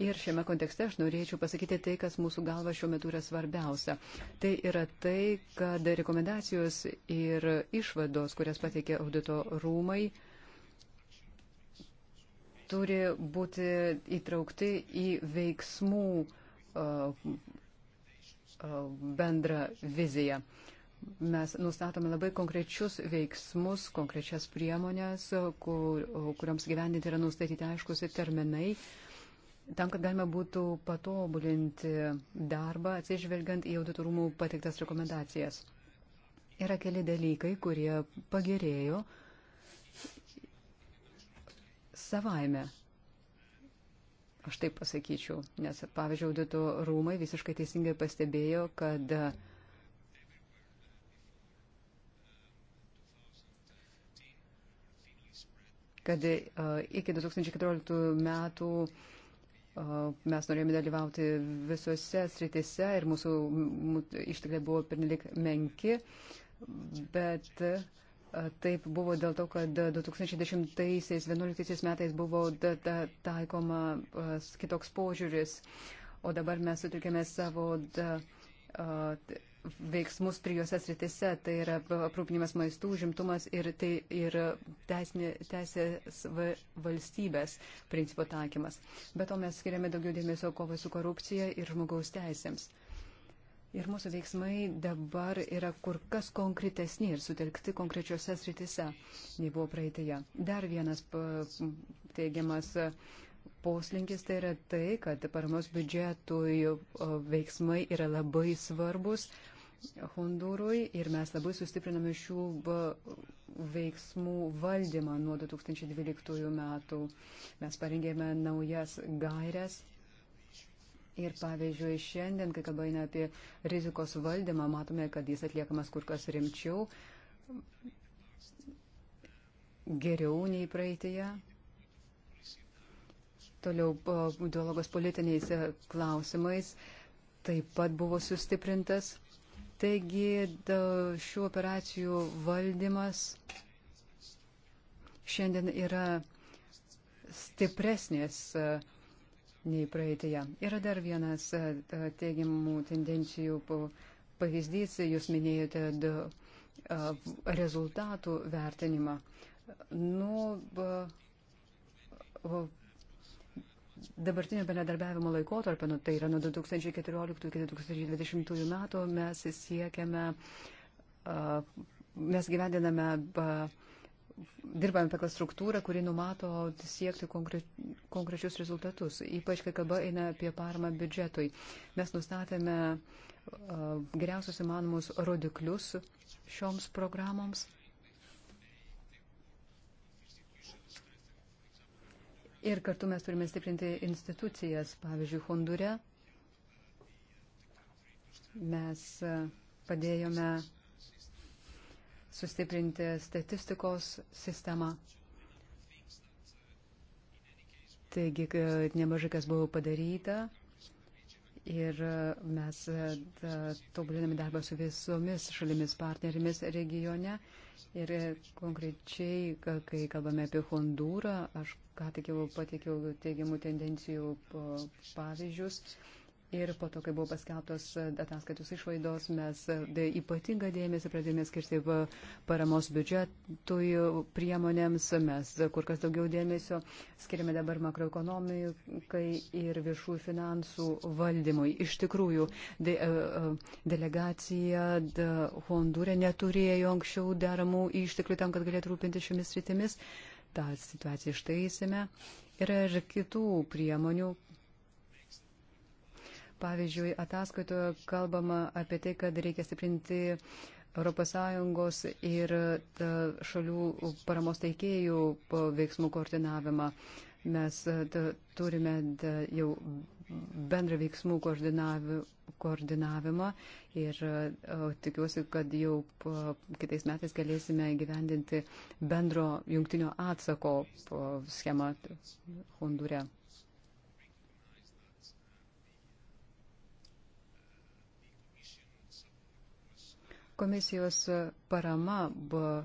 Ir šiame kontekste aš norėčiau pasakyti tai, kas mūsų galva šiuo metu yra svarbiausia. Tai yra tai, kad rekomendacijos ir išvados, kurias pateikė audito rūmai, uh, turi būti įtraukti į veiksmų bendrą viziją. Mes nustatome labai konkrečius veiksmus, konkrečias priemonės, kur, kuriams gyvendinti yra nustatyti aiškus ir terminai, tam, kad galima būtų patobulinti darbą atsižvelgiant į auditorumų pateiktas rekomendacijas. Yra keli dalykai, kurie pagerėjo uh, savaime. Aš taip pasakyčiau, nes, pavyzdžiui, audito rūmai visiškai teisingai pastebėjo, kad kad iki 2014 metų mes norėjome dalyvauti visose sritise ir mūsų ištekliai buvo pernelik menki, bet uh, Taip buvo dėl to, kad 2010-2011 metais buvo taikoma kitoks požiūris, o dabar mes sutrikėme savo veiksmus trijose sritise, tai yra aprūpinimas maistų, žimtumas ir, tai, ir teisinė, teisės valstybės principo taikymas. Be to mes skiriame daugiau dėmesio kovai su korupcija ir žmogaus teisėms. Ir mūsų veiksmai dabar yra kur kas konkretesni ir sutelkti konkrečiose sritise, nei buvo praeitėje. Dar vienas teigiamas e, poslinkis tai yra tai, kad paramos biudžetui veiksmai yra labai svarbus Hondūrui ir mes labai sustipriname šių veiksmų valdymą nuo 2012 metų. Mes parengėme naujas gairias Ir pavyzdžiui, šiandien, kai kalbame apie rizikos valdymą, matome, kad jis atliekamas kur kas rimčiau, geriau nei praeitėje. Toliau dialogas politiniais e, klausimais taip pat buvo sustiprintas. Taigi šių operacijų valdymas šiandien yra stipresnės uh, nei praeitėje. Yra dar vienas e, teigiamų tendencijų pavyzdys, jūs minėjote du, e, rezultatų vertinimą. Nuo dabartinio bendradarbiavimo laikotarpio, nu, tai yra nuo 2014-2020 metų, mes siekiame, e, mes gyvendiname dirbame pagal struktūrą, kuri numato siekti konkre, konkrečius rezultatus, ypač kai kalba eina apie paramą biudžetui. Mes nustatėme geriausius įmanomus rodiklius šioms programoms. Ir kartu mes turime stiprinti institucijas, pavyzdžiui, Hondure. Mes padėjome sustiprinti statistikos sistemą. Taigi e, nemažai kas buvo padaryta ir e, mes e, tobuliname darbą su visomis šalimis partnerimis regione. Ir konkrečiai, kai kalbame apie Hondūrą, aš ką tik jau patikiau teigiamų tendencijų pavyzdžius. Ir po to, kai buvo paskelbtos ataskaitos išvaidos, mes e, ypatingą dėmesį pradėjome skirti e, paramos biudžetui e, priemonėms, mes kur kas daugiau dėmesio skiriame dabar makroekonomikai ir viešų finansų valdymui. Iš tikrųjų, de, delegacija de, Hondūre neturėjo anksčiau deramų išteklių tam, kad galėtų rūpinti šiomis rytimis tą situaciją ištaisėme. Yra ir kitų priemonių, Pavyzdžiui, ataskaitoje kalbama apie tai, kad reikia stiprinti ES ir e, šalių paramos teikėjų e, veiksmų koordinavimą. Mes e, turime jau bendrą veiksmų koordinavimą ir tikiuosi, kad jau kitais metais galėsime įgyvendinti bendro jungtinio atsako schemą Hondūre. Komisijos parama buvo,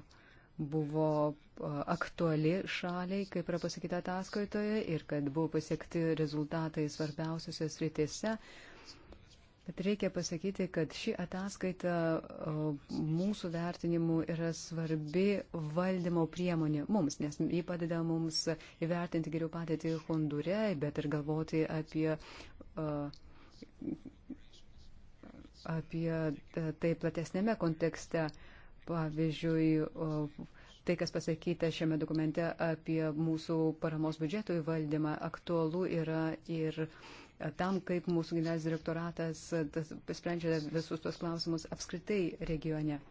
buvo aktuali šaliai, kaip yra pasakyta ataskaitoje, ir kad buvo pasiekti rezultatai svarbiausiose sritėse. Bet reikia pasakyti, kad ši ataskaita mūsų vertinimu yra svarbi valdymo priemonė mums, nes ji padeda mums įvertinti geriau padėtį Hondūre, bet ir galvoti apie uh, apie e, tai platesnėme kontekste. Pavyzdžiui, tai, kas pasakyta šiame dokumente apie mūsų paramos biudžeto įvaldymą, aktualu yra ir tam, kaip mūsų generalinis direktoratas e, tas, sprendžia visus tos klausimus apskritai regione.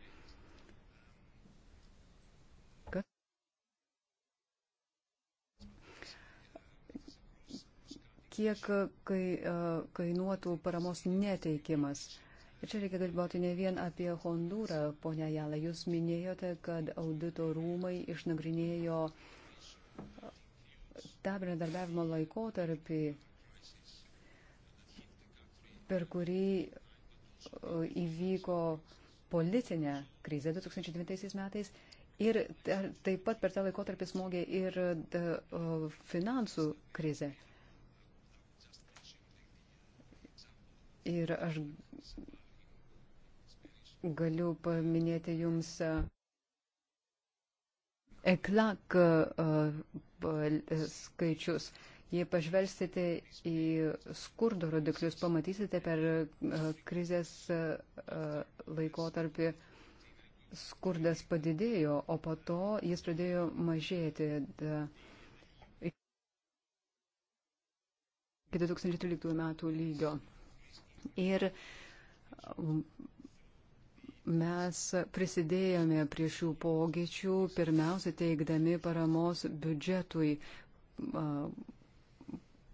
kiek kai, e, kainuotų paramos neteikimas. Ir čia reikia galvoti ne vien apie Hondūrą, ponia Jala. Jūs minėjote, kad audito rūmai išnagrinėjo tą bendradarbiavimo laikotarpį, per kurį įvyko politinė krizė 2009 metais ir taip pat per tą laikotarpį smogė ir finansų krizė. Ir aš galiu paminėti jums e, eklak e, e, skaičius. Jei pažvelgsite į skurdo rodiklius, pamatysite per krizės laikotarpį skurdas padidėjo, o po to jis pradėjo mažėti. Iki 2013 metų lygio. Ir mes prisidėjome prie šių pokyčių, pirmiausia teikdami paramos biudžetui,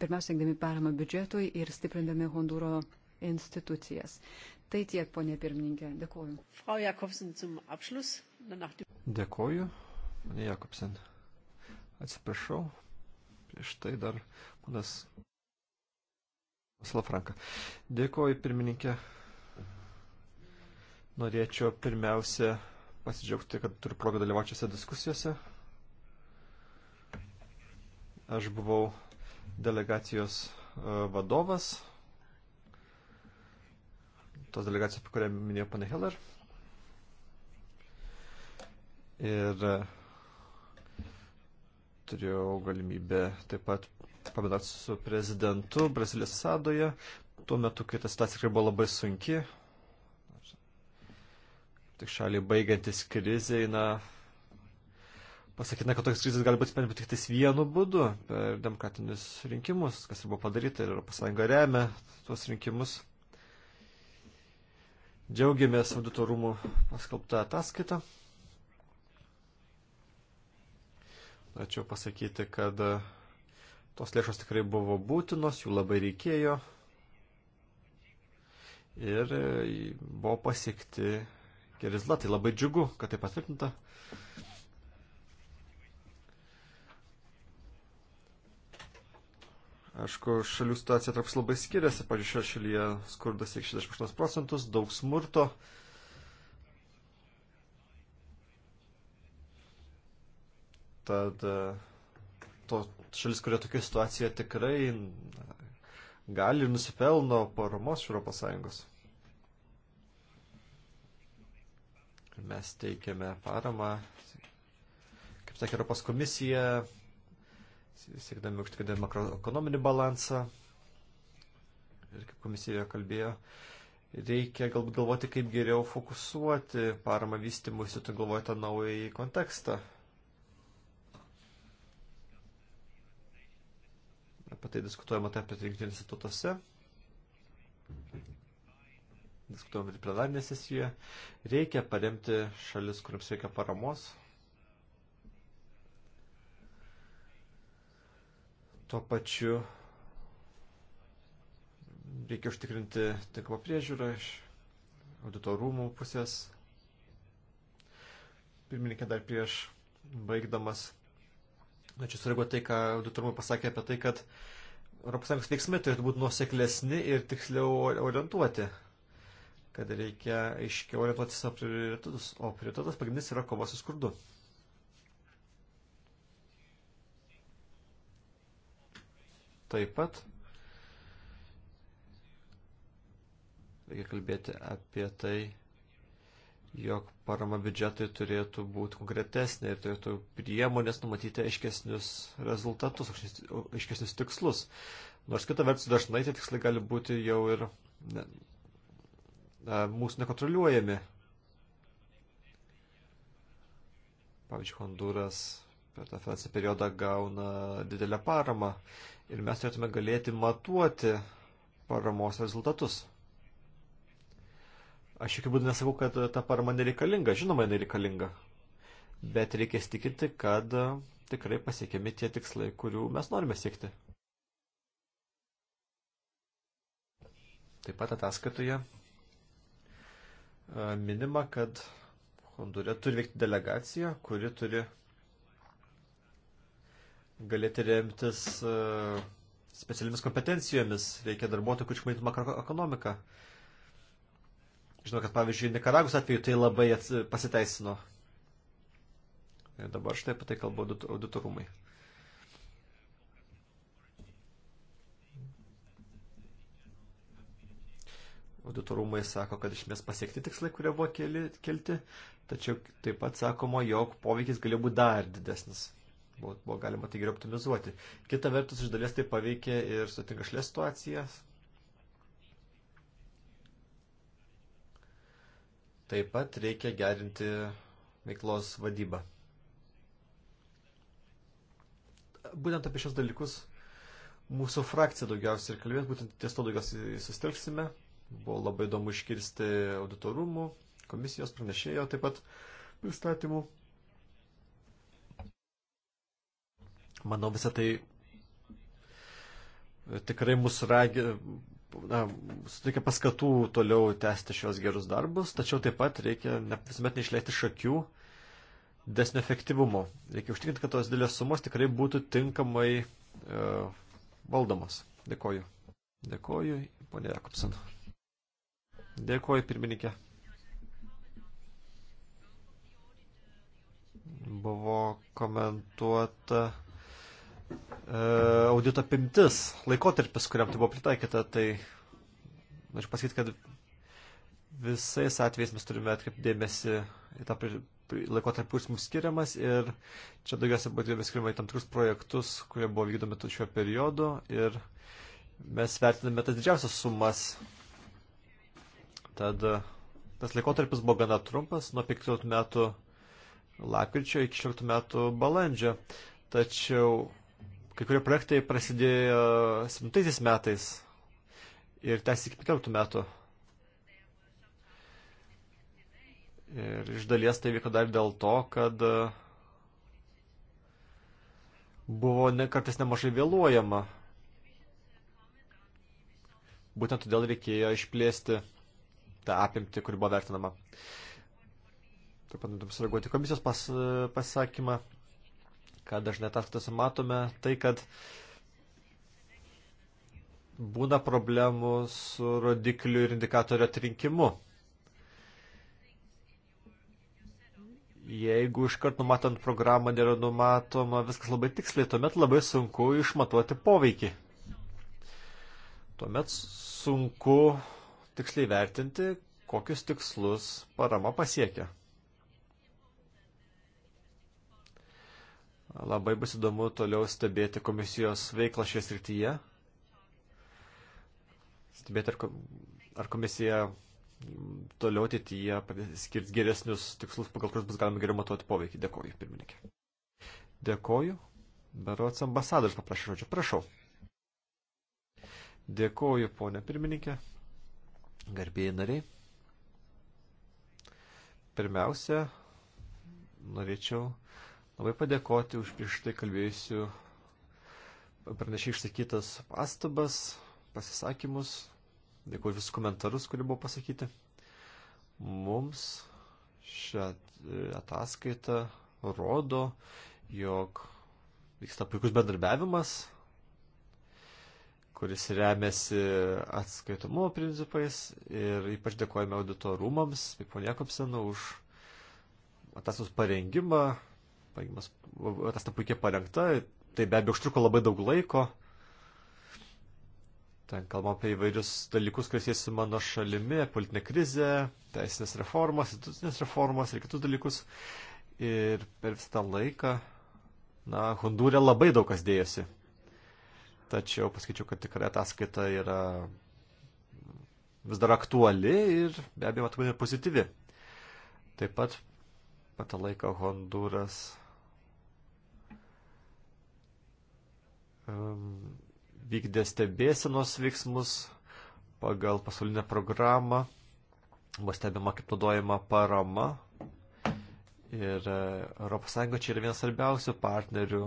pirmiausia teikdami paramą biudžetui ir stiprindami Honduro institucijas. Tai tiek, ponė pirmininkė. Dėkoju. Frau Jakobsen, zum Abschluss.
Dėkoju, ponė Jakobsen. Atsiprašau. Prieš tai dar ponas Slafranka. Dėkoju, pirmininkė. Norėčiau pirmiausia pasidžiaugti, kad turiu progą dalyvauti šiose diskusijose. Aš buvau delegacijos e, vadovas, tos delegacijos, apie kurią minėjo pana Heller. Ir e, turėjau galimybę taip pat pabendauti su prezidentu Brazilijos sadoje, tuo metu, kai ta situacija tikrai buvo labai sunki, tik šaliai baigiantis kriziai, na, pasakytina, kad toks krizis gali būti sprendžiamas tik vienu būdu - per demokratinius rinkimus, kas ir buvo padaryta ir ES remia tuos rinkimus. Džiaugiamės audito rūmų paskelbtą ataskaitą. Tačiau pasakyti, kad e, tos lėšos tikrai buvo būtinos, jų labai reikėjo ir e, buvo pasiekti geri rezultatai. Labai džiugu, kad tai patvirtinta. Aišku, šalių situacija tarp labai skiriasi. Pavyzdžiui, šioje šalyje skurdas siekia 68 procentus, daug smurto. Tad e, to šalis, kurie tokia situacija tikrai gali ir nusipelno paramos iš Europos Sąjungos. Mes teikiame paramą, kaip sakė Europos komisija, siekdami užtikrinti makroekonominį balansą. Ir kaip komisijoje kalbėjo, reikia galbūt galvoti, kaip geriau fokusuoti paramą vystimus, tu galvoji tą naują kontekstą. Apie tai diskutuojama taip pat rinktinėse tautose diskutuojam ir plenarinėje sesijoje, reikia paremti šalis, kuriams reikia paramos. Tuo pačiu reikia užtikrinti tinkamą priežiūrą iš auditorumų pusės. Pirmininkė dar prieš baigdamas, norėčiau sureaguoti tai, ką auditorumai pasakė apie tai, kad ES veiksmai turėtų būti nuoseklesni ir tiksliau orientuoti kad reikia aiškiau orientuotis savo prioritetus, o prioritetas pagrindinis yra kova su skurdu. Taip pat reikia kalbėti apie tai, jog parama biudžetui turėtų būti konkretesnė ir turėtų priemonės numatyti aiškesnius rezultatus, aiškesnius tikslus. Nors kitą vertus dažnai tie tikslai gali būti jau ir mūsų nekontroliuojami. Pavyzdžiui, Honduras per tą finansinį periodą gauna didelę paramą ir mes turėtume galėti matuoti paramos rezultatus. Aš jokių būdų nesakau, kad ta parama nereikalinga, žinoma, nereikalinga, bet reikia stikinti, kad tikrai pasiekiami tie tikslai, kurių mes norime siekti. Taip pat ataskaitoje E, minima, kad Hondūre turi veikti delegacija, kuri turi galėti remtis e, specialiamis kompetencijomis. Reikia darbuotojų, kurie išmanytų makroekonomiką. Žinau, kad pavyzdžiui, Nikaragos atveju tai labai pasiteisino. Ir e, dabar štai apie tai kalba auditorumai. Audit auditorumai sako, kad iš esmės pasiekti tikslai, kurie buvo keli, kelti, tačiau taip pat sakoma, jog poveikis galėjo būti dar didesnis. Buvo, buvo galima tai geriau optimizuoti. Kita vertus, iš dalies tai paveikė ir sutinka šlės situacijas. Taip pat reikia gerinti veiklos vadybą. Būtent apie šios dalykus mūsų frakcija daugiausiai ir kalbės, būtent ties to daugiausiai sustelksime. Buvo labai įdomu iškirsti auditorumų, komisijos pranešėjo taip pat pristatymų. Manau, visą tai e, tikrai mus ragi, na, suteikia paskatų toliau tęsti šios gerus darbus, tačiau taip pat reikia ne, visuomet neišleisti šakių desnio efektyvumo. Reikia užtikrinti, kad tos didelės sumos tikrai būtų tinkamai e, valdomos. Dėkoju. Dėkoju, ponė Jakobsen. Dėkuoju, pirmininkė. Buvo komentuota e, audito apimtis, laikotarpis, kuriam tai buvo pritaikyta, tai noriu pasakyti, kad visais atvejais mes turime atkreipti dėmesį į tą laikotarpį, kuris mums skiriamas ir čia daugiausia buvo dėmesį skiriama į tam tikrus projektus, kurie buvo vykdomi šiuo periodu ir mes vertiname tas didžiausias sumas Tad e, tas laikotarpis buvo gana trumpas, nuo 15 metų lapkričio iki 16 metų balandžio. Tačiau kai kurie projektai prasidėjo 7 metais ir tęsiasi iki 15 metų. Ir iš dalies tai vyko dar dėl to, kad e, buvo ne, kartais nemažai vėluojama. Būtent todėl reikėjo išplėsti tą apimtį, kuri buvo vertinama. Taip pat norėtum sureaguoti komisijos pas, pasakymą, kad dažnai ataskaitose matome tai, kad būna problemų su rodikliu ir indikatorio atrinkimu. Jeigu iškart numatant programą nėra numatoma viskas labai tiksliai, tuomet labai sunku išmatuoti poveikį. Tuomet sunku tiksliai vertinti, kokius tikslus parama pasiekia. Labai bus įdomu toliau stebėti komisijos veiklą šioje srityje. Stebėti, ar komisija toliau ateityje skirs geresnius tikslus, pagal kuriuos bus galima geriau matuoti poveikį. Dėkoju, pirmininkė. Dėkoju. Berots ambasadoris paprašė žodžio. Prašau. Dėkoju, ponė pirmininkė. Garbėjai nariai, pirmiausia, norėčiau labai padėkoti už prieš tai kalbėjusių pranešiai išsakytas pastabas, pasisakymus, dėkuoju visus komentarus, kurie buvo pasakyti. Mums šią ataskaitą rodo, jog vyksta puikus bendarbiavimas kuris remiasi atskaitomumo principais ir ypač dėkojame audito rūmams, kaip ponia Kopsenu, už ataskaitos parengimą. Ataskaita puikiai parengta, tai be abejo užtruko labai daug laiko. Ten kalbam apie įvairius dalykus, kas jėsi mano šalimi, politinė krizė, teisinės reformas, institucinės reformas ir kitus dalykus. Ir per visą tą laiką, na, Hondūrė labai daug kas dėjosi tačiau pasakyčiau, kad tikrai ataskaita yra vis dar aktuali ir be abejo matomai ir pozityvi. Taip pat per tą laiką Honduras um, vykdė stebėsenos veiksmus pagal pasaulinę programą, buvo stebima kaip naudojama parama ir ES čia yra vienas svarbiausių partnerių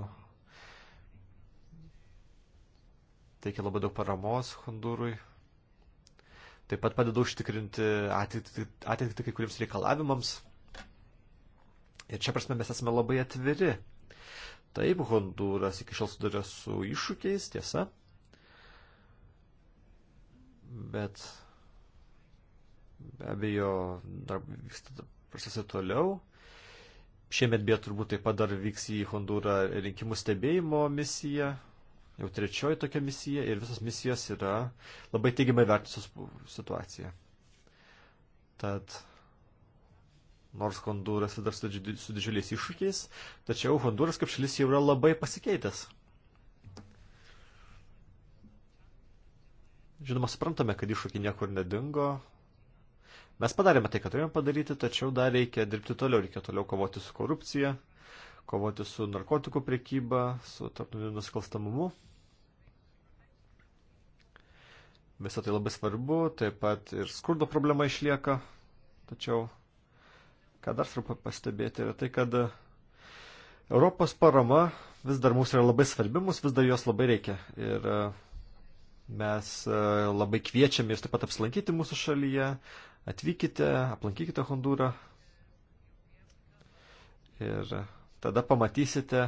teikia labai daug paramos Hondūrui. Taip pat padeda užtikrinti atitikti kai kuriems reikalavimams. Ir čia prasme mes esame labai atviri. Taip, Hondūras iki šiol sudarė su iššūkiais, tiesa. Bet be abejo, dar vyksta procesai toliau. Šiemet beje turbūt taip pat dar vyks į Hondūrą rinkimų stebėjimo misiją, jau trečioji tokia misija ir visos misijos yra labai teigiamai vertusios situaciją. Tad nors Honduras dar su didžiuliais iššūkiais, tačiau Honduras kaip šalis jau yra labai pasikeitęs. Žinoma, suprantame, kad iššūkiai niekur nedingo. Mes padarėme tai, ką turėjome padaryti, tačiau dar reikia dirbti toliau, reikia toliau kovoti su korupcija, kovoti su narkotikų priekyba, su tarptautiniu nusikalstamumu. Visą tai labai svarbu, taip pat ir skurdo problema išlieka. Tačiau, ką dar svarbu pastebėti, yra tai, kad Europos parama vis dar mums yra labai svarbi, mums vis dar jos labai reikia. Ir e, mes e, labai kviečiame jūs taip pat apsilankyti mūsų šalyje, atvykite, aplankykite Hondūrą. Ir tada pamatysite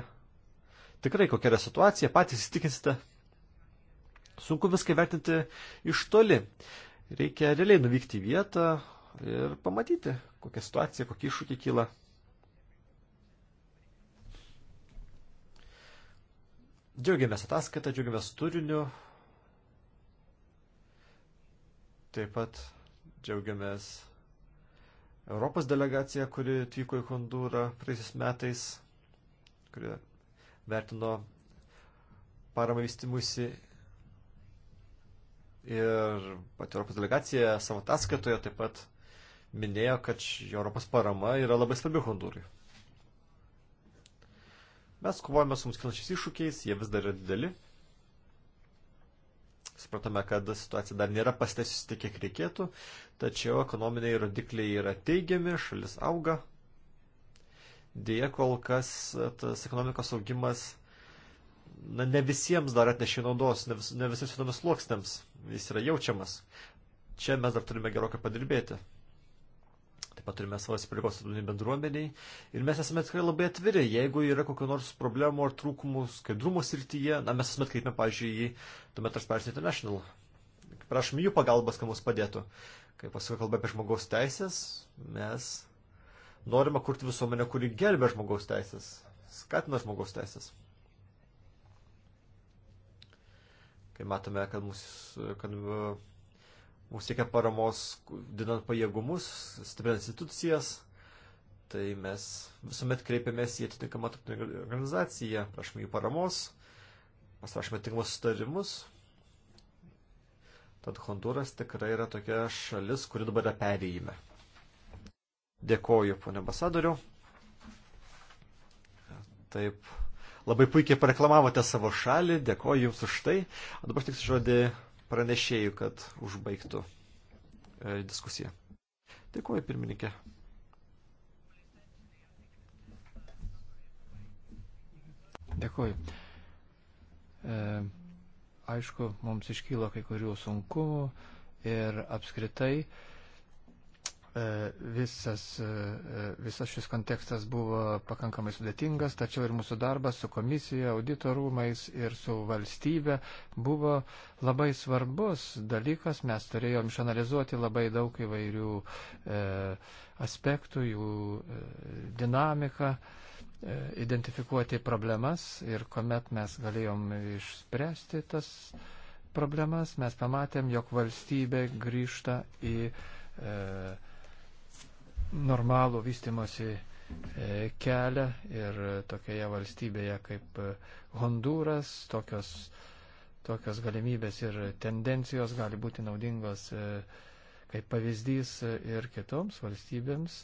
tikrai kokia yra situacija, patys įsitikinsite. Sunku viską vertinti iš toli. Reikia realiai nuvykti į vietą ir pamatyti, kokia situacija, kokie iššūkiai kyla. Džiaugiamės ataskaitą, džiaugiamės turiniu. Taip pat džiaugiamės Europos delegacija, kuri atvyko į Hondūrą praeisiais metais kurie vertino paramą vystimusi. Ir pati Europos delegacija savo ataskaitoje taip pat minėjo, kad Europos parama yra labai svarbi Hondūrui. Mes kovojame su mums kilančiais iššūkiais, jie vis dar yra dideli. Supratome, kad situacija dar nėra pasteisiusi tiek, kiek reikėtų, tačiau ekonominiai rodikliai yra teigiami, šalis auga. Dėja, kol kas e, tas ekonomikos augimas na, ne visiems dar atnešė naudos, ne, vis, ne visiems įdomiams sluoksniams jis yra jaučiamas. Čia mes dar turime gerokai padirbėti. Taip pat turime savo įsipareigos tarptautiniai bendruomeniai ir mes esame tikrai labai atviri, jeigu yra kokių nors problemų ar trūkumų skaidrumo srityje, na mes esame atkreipiame, pavyzdžiui, į tuomet Transparency International. Prašom jų pagalbos, kad mums padėtų. Kai paskui kalba apie žmogaus teisės, mes Norima kurti visuomenę, kuri gerbė žmogaus teisės, skatina žmogaus teisės. Kai matome, kad mūsų, kad e, mums reikia paramos didinant pajėgumus, stiprinant institucijas, tai mes visuomet kreipiamės į atitinkamą tarptautinę organizaciją, prašome jų paramos, pasirašome tinkamus sutarimus. Tad Honduras tikrai yra tokia šalis, kuri dabar yra perėjime. Dėkoju, ponė ambasadoriu. Taip, labai puikiai pareklamavote savo šalį, dėkoju Jums už tai. O dabar tik žodį pranešėjų, kad užbaigtų e, diskusiją. Dėkoju, pirmininkė.
Dėkoju. E, aišku, mums iškylo kai kurių sunkumų ir apskritai e, E, visas, e, e, visas šis kontekstas buvo pakankamai sudėtingas, tačiau ir mūsų darbas su komisija, auditorumais ir su valstybe buvo labai svarbus dalykas. Mes turėjom išanalizuoti labai daug įvairių e, aspektų, jų e, dinamiką, e, identifikuoti problemas ir kuomet mes galėjom išspręsti tas problemas, mes pamatėm, jog valstybė grįžta į e, normalų vystimosi e, kelią ir tokioje valstybėje kaip e, Honduras tokios, tokios galimybės ir tendencijos gali būti naudingos e, kaip pavyzdys ir kitoms valstybėms.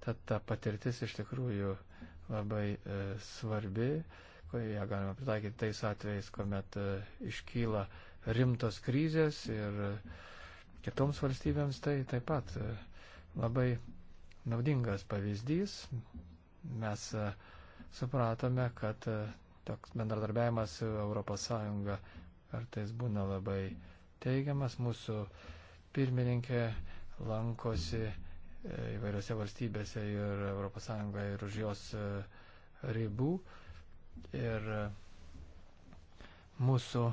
Tad ta patirtis iš tikrųjų labai svarbi, ko ją galima pritaikyti tais atvejais, kuomet iškyla rimtos krizės ir kitoms valstybėms tai taip pat labai naudingas pavyzdys. Mes e, supratome, kad e, toks bendradarbiavimas su ES kartais būna labai teigiamas. Mūsų pirmininkė lankosi e, įvairiose valstybėse ir ES ir už jos ribų. Ir mūsų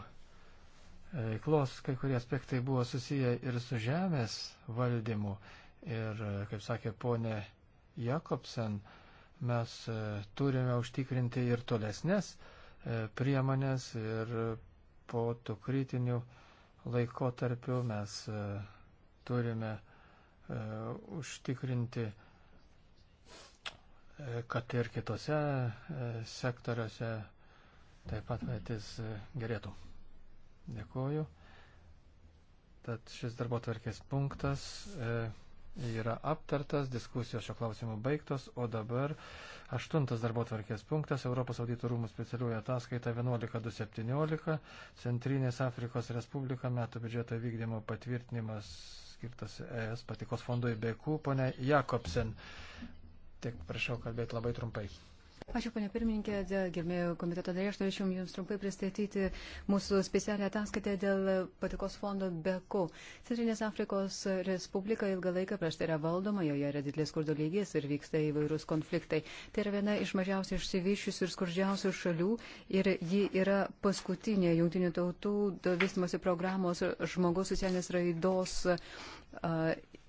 veiklos kai kurie aspektai buvo susiję ir su žemės valdymu. Ir, e, kaip sakė ponė Jakobsen, mes e, turime užtikrinti ir tolesnės e, priemonės ir po tų kritinių laikotarpių mes turime užtikrinti, kad ir kitose sektoriuose taip pat vėtis gerėtų. Dėkuoju. Tad šis darbo tvarkės punktas. E, yra aptartas, diskusijos šio klausimu baigtos, o dabar aštuntas darbo tvarkės punktas Europos auditų rūmų specialiųjų ataskaita 11.217 Centrinės Afrikos Respublika metų biudžeto vykdymo patvirtinimas skirtas ES patikos fondui BQ, ponė Jakobsen. Tik prašau kalbėti labai trumpai.
Ačiū, ponia pirmininkė, gerbėjau komiteto darė, aš norėčiau Jums trumpai pristatyti mūsų specialią ataskaitę dėl patikos fondo BEKU. Centrinės Afrikos Respublika ilgą laiką prieš tai yra valdoma, joje yra didelis skurdo lygis ir vyksta įvairūs konfliktai. Tai yra viena iš mažiausiai išsivyščiusių ir skurdžiausių šalių ir ji yra paskutinė jungtinių tautų vystimosi programos žmogaus socialinės raidos. Uh,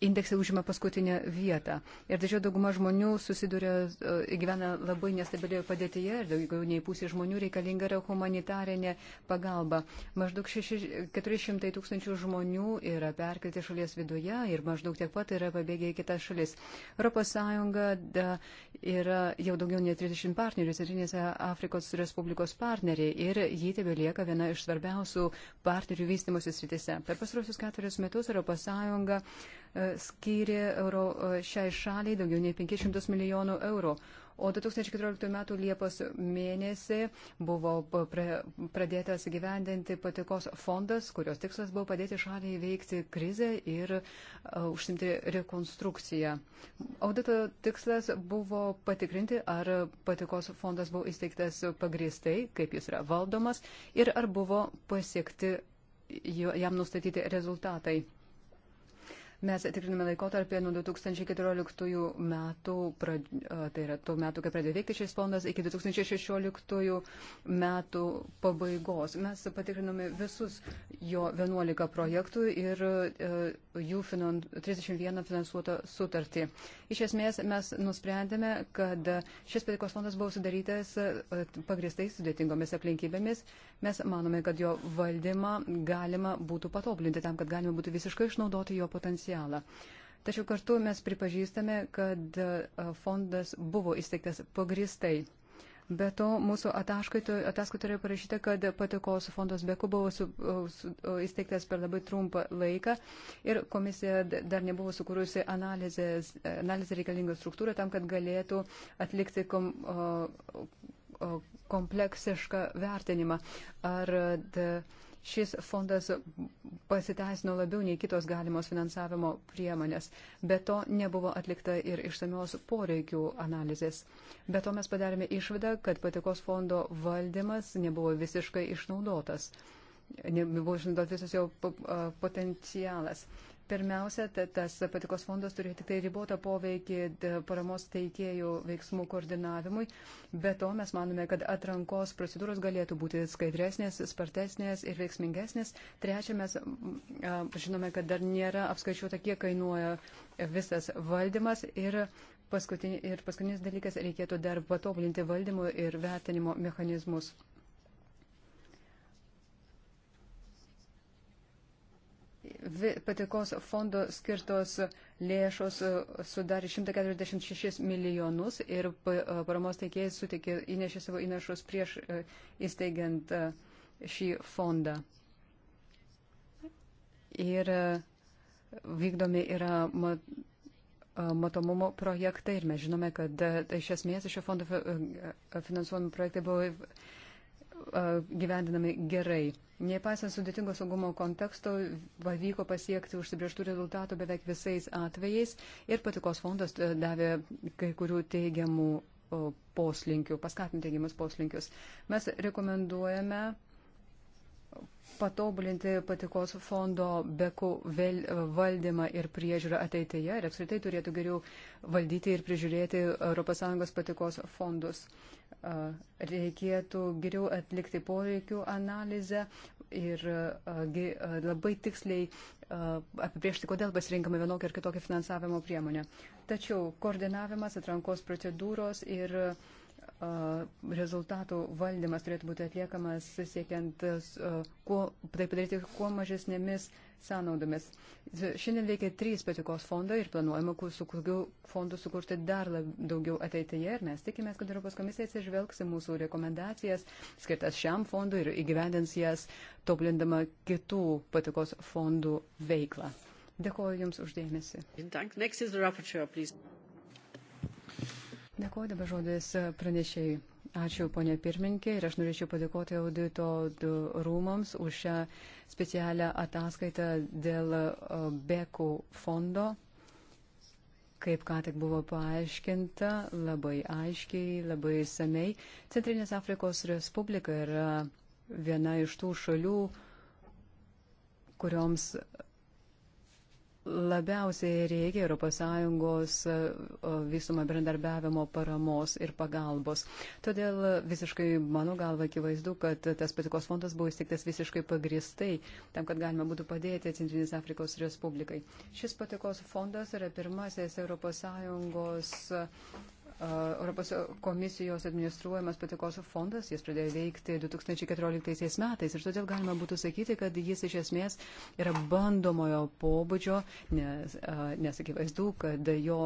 indeksai užima paskutinę vietą. Ir didžioji dauguma žmonių susiduria, e, gyvena labai nestabilioje padėtyje ir daugiau nei pusė žmonių reikalinga yra humanitarinė pagalba. Maždaug 6, 400 tūkstančių žmonių yra perkelti šalies viduje ir maždaug tiek pat yra pabėgę į kitas šalis. ES yra jau daugiau nei 30 partnerių, 7 Afrikos Respublikos partneriai ir jį tebe lieka viena iš svarbiausių partnerių vystimosi sritise. Per pasarosius keturis metus ES E, skyrė euro e, šiai šaliai daugiau nei 500 milijonų eurų. O 2014 m. Liepos mėnesį buvo pradėtas gyvendinti patikos fondas, kurios tikslas buvo padėti šaliai įveikti krizę ir uh, užsimti rekonstrukciją. Audito tikslas buvo patikrinti, ar patikos fondas buvo įsteigtas pagristai, kaip jis yra valdomas ir ar buvo pasiekti jam nustatyti rezultatai. Mes tikriname laikotarpį nuo 2014 metų, prad, tai yra tų metų, kai pradėjo veikti šis fondas, iki 2016 metų pabaigos. Mes patikrinome visus jo 11 projektų ir e, jų finan, 31 finansuotą sutartį. Iš esmės mes nusprendėme, kad šis patikos fondas buvo sudarytas e, pagristai sudėtingomis aplinkybėmis. Mes manome, kad jo valdymą galima būtų patoblinti tam, kad galima būtų visiškai išnaudoti jo potencialą potencialą. Tačiau kartu mes pripažįstame, kad e, fondas buvo įsteigtas pagristai. Be to, mūsų ataskaitoje yra parašyta, kad patikos fondas Beku buvo su, e, su, e, įsteigtas per labai trumpą laiką ir komisija dar nebuvo sukūrusi analizės, analizę reikalingą struktūrą tam, kad galėtų atlikti kom, o, o, kompleksišką vertinimą. Ar, de, Šis fondas pasiteisino labiau nei kitos galimos finansavimo priemonės. Be to nebuvo atlikta ir išsamios poreikių analizės. Be to mes padarėme išvadą, kad patikos fondo valdymas nebuvo visiškai išnaudotas. Nebuvo išnaudotas visas jo potencialas. Pirmiausia, tas patikos fondas turėjo tik tai ribotą poveikį paramos teikėjų veiksmų koordinavimui. Be to, mes manome, kad atrankos procedūros galėtų būti skaidresnės, spartesnės ir veiksmingesnės. Trečia, mes žinome, kad dar nėra apskaičiuota, kiek kainuoja visas valdymas. Ir paskutinis, ir paskutinis dalykas, reikėtų dar patobulinti valdymo ir vertinimo mechanizmus. patikos fondo skirtos lėšos e, sudarė 146 milijonus ir e, paramos teikėjai sutikė, įnešė savo įnašus prieš e, įsteigiant šį fondą. Ir vykdomi yra mat, matomumo projektai ir mes žinome, kad tai iš esmės šio fondo finansuojami projektai buvo gyvendinami gerai. Nepaisant sudėtingo saugumo konteksto, pavyko pasiekti užsibrieštų rezultatų beveik visais atvejais ir patikos fondas e, davė kai kurių teigiamų poslinkių, paskatinti teigiamus poslinkius. Mes rekomenduojame patobulinti patikos fondo bekų valdymą ir priežiūrą ateityje ir apskritai turėtų geriau valdyti ir prižiūrėti ES patikos fondus. Reikėtų geriau atlikti poreikių analizę ir labai tiksliai apibriežti, kodėl pasirinkame vienokią ar kitokią finansavimo priemonę. Tačiau koordinavimas, atrankos procedūros ir uh, rezultatų valdymas turėtų būti atliekamas siekiant kuo, tai padaryti kuo mažesnėmis sąnaudomis. Šiandien veikia trys patikos fondai ir planuojama su kokiu fondu sukurti dar lab, daugiau ateityje ir mes tikimės, kad Europos komisija atsižvelgs į mūsų rekomendacijas skirtas šiam fondui ir įgyvendins jas, toblindama kitų patikos fondų veiklą. Dėkuoju Jums uždėmesi. Dėkuoju dabar žodis e, pranešėjai. Ačiū, ponė pirmininkė, ir aš norėčiau padėkoti audito rūmams už šią specialią ataskaitą dėl e, Bekų fondo. Kaip ką tik buvo paaiškinta, labai aiškiai, labai samei, Centrinės Afrikos Respublika yra viena iš tų šalių, kurioms labiausiai reikia ES e, visumą bendarbiavimo paramos ir pagalbos. Todėl visiškai, mano galva, akivaizdu, kad tas patikos fondas buvo įsteigtas visiškai pagristai, tam, kad galima būtų padėti Centrinės Afrikos Respublikai. Šis patikos fondas yra pirmasis ES Europos komisijos administruojamas patikos fondas, jis pradėjo veikti 2014 metais ir todėl galima būtų sakyti, kad jis iš esmės yra bandomojo pobūdžio, nes, nes akivaizdu, kad jo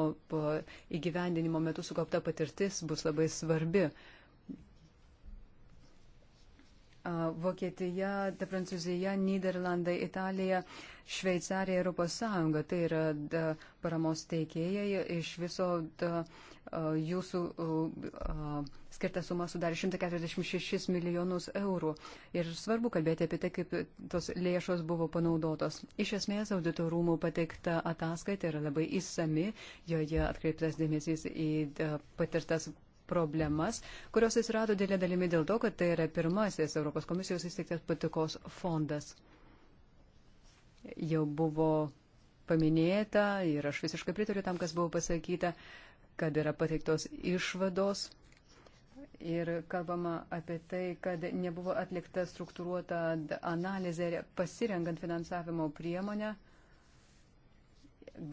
įgyvendinimo metu sukaupta patirtis bus labai svarbi. Uh, Vokietija, da, Prancūzija, Niderlandai, Italija, Šveicarija, Europos Sąjunga. Tai yra da, paramos teikėjai. Iš viso da, jūsų skirta suma sudarė 146 milijonus eurų. Ir svarbu kalbėti apie tai, kaip tos lėšos buvo panaudotos. Iš esmės, audito rūmų pateikta ataskaita yra labai įsami, joje atkreiptas dėmesys į patirtas problemas, kurios atsirado dėlė dalimi dėl to, kad tai yra pirmasis Europos komisijos įsteigtas patikos fondas. Jau buvo paminėta ir aš visiškai pritariu tam, kas buvo pasakyta, kad yra pateiktos išvados ir kalbama apie tai, kad nebuvo atlikta struktūruota analizė pasirengant finansavimo priemonę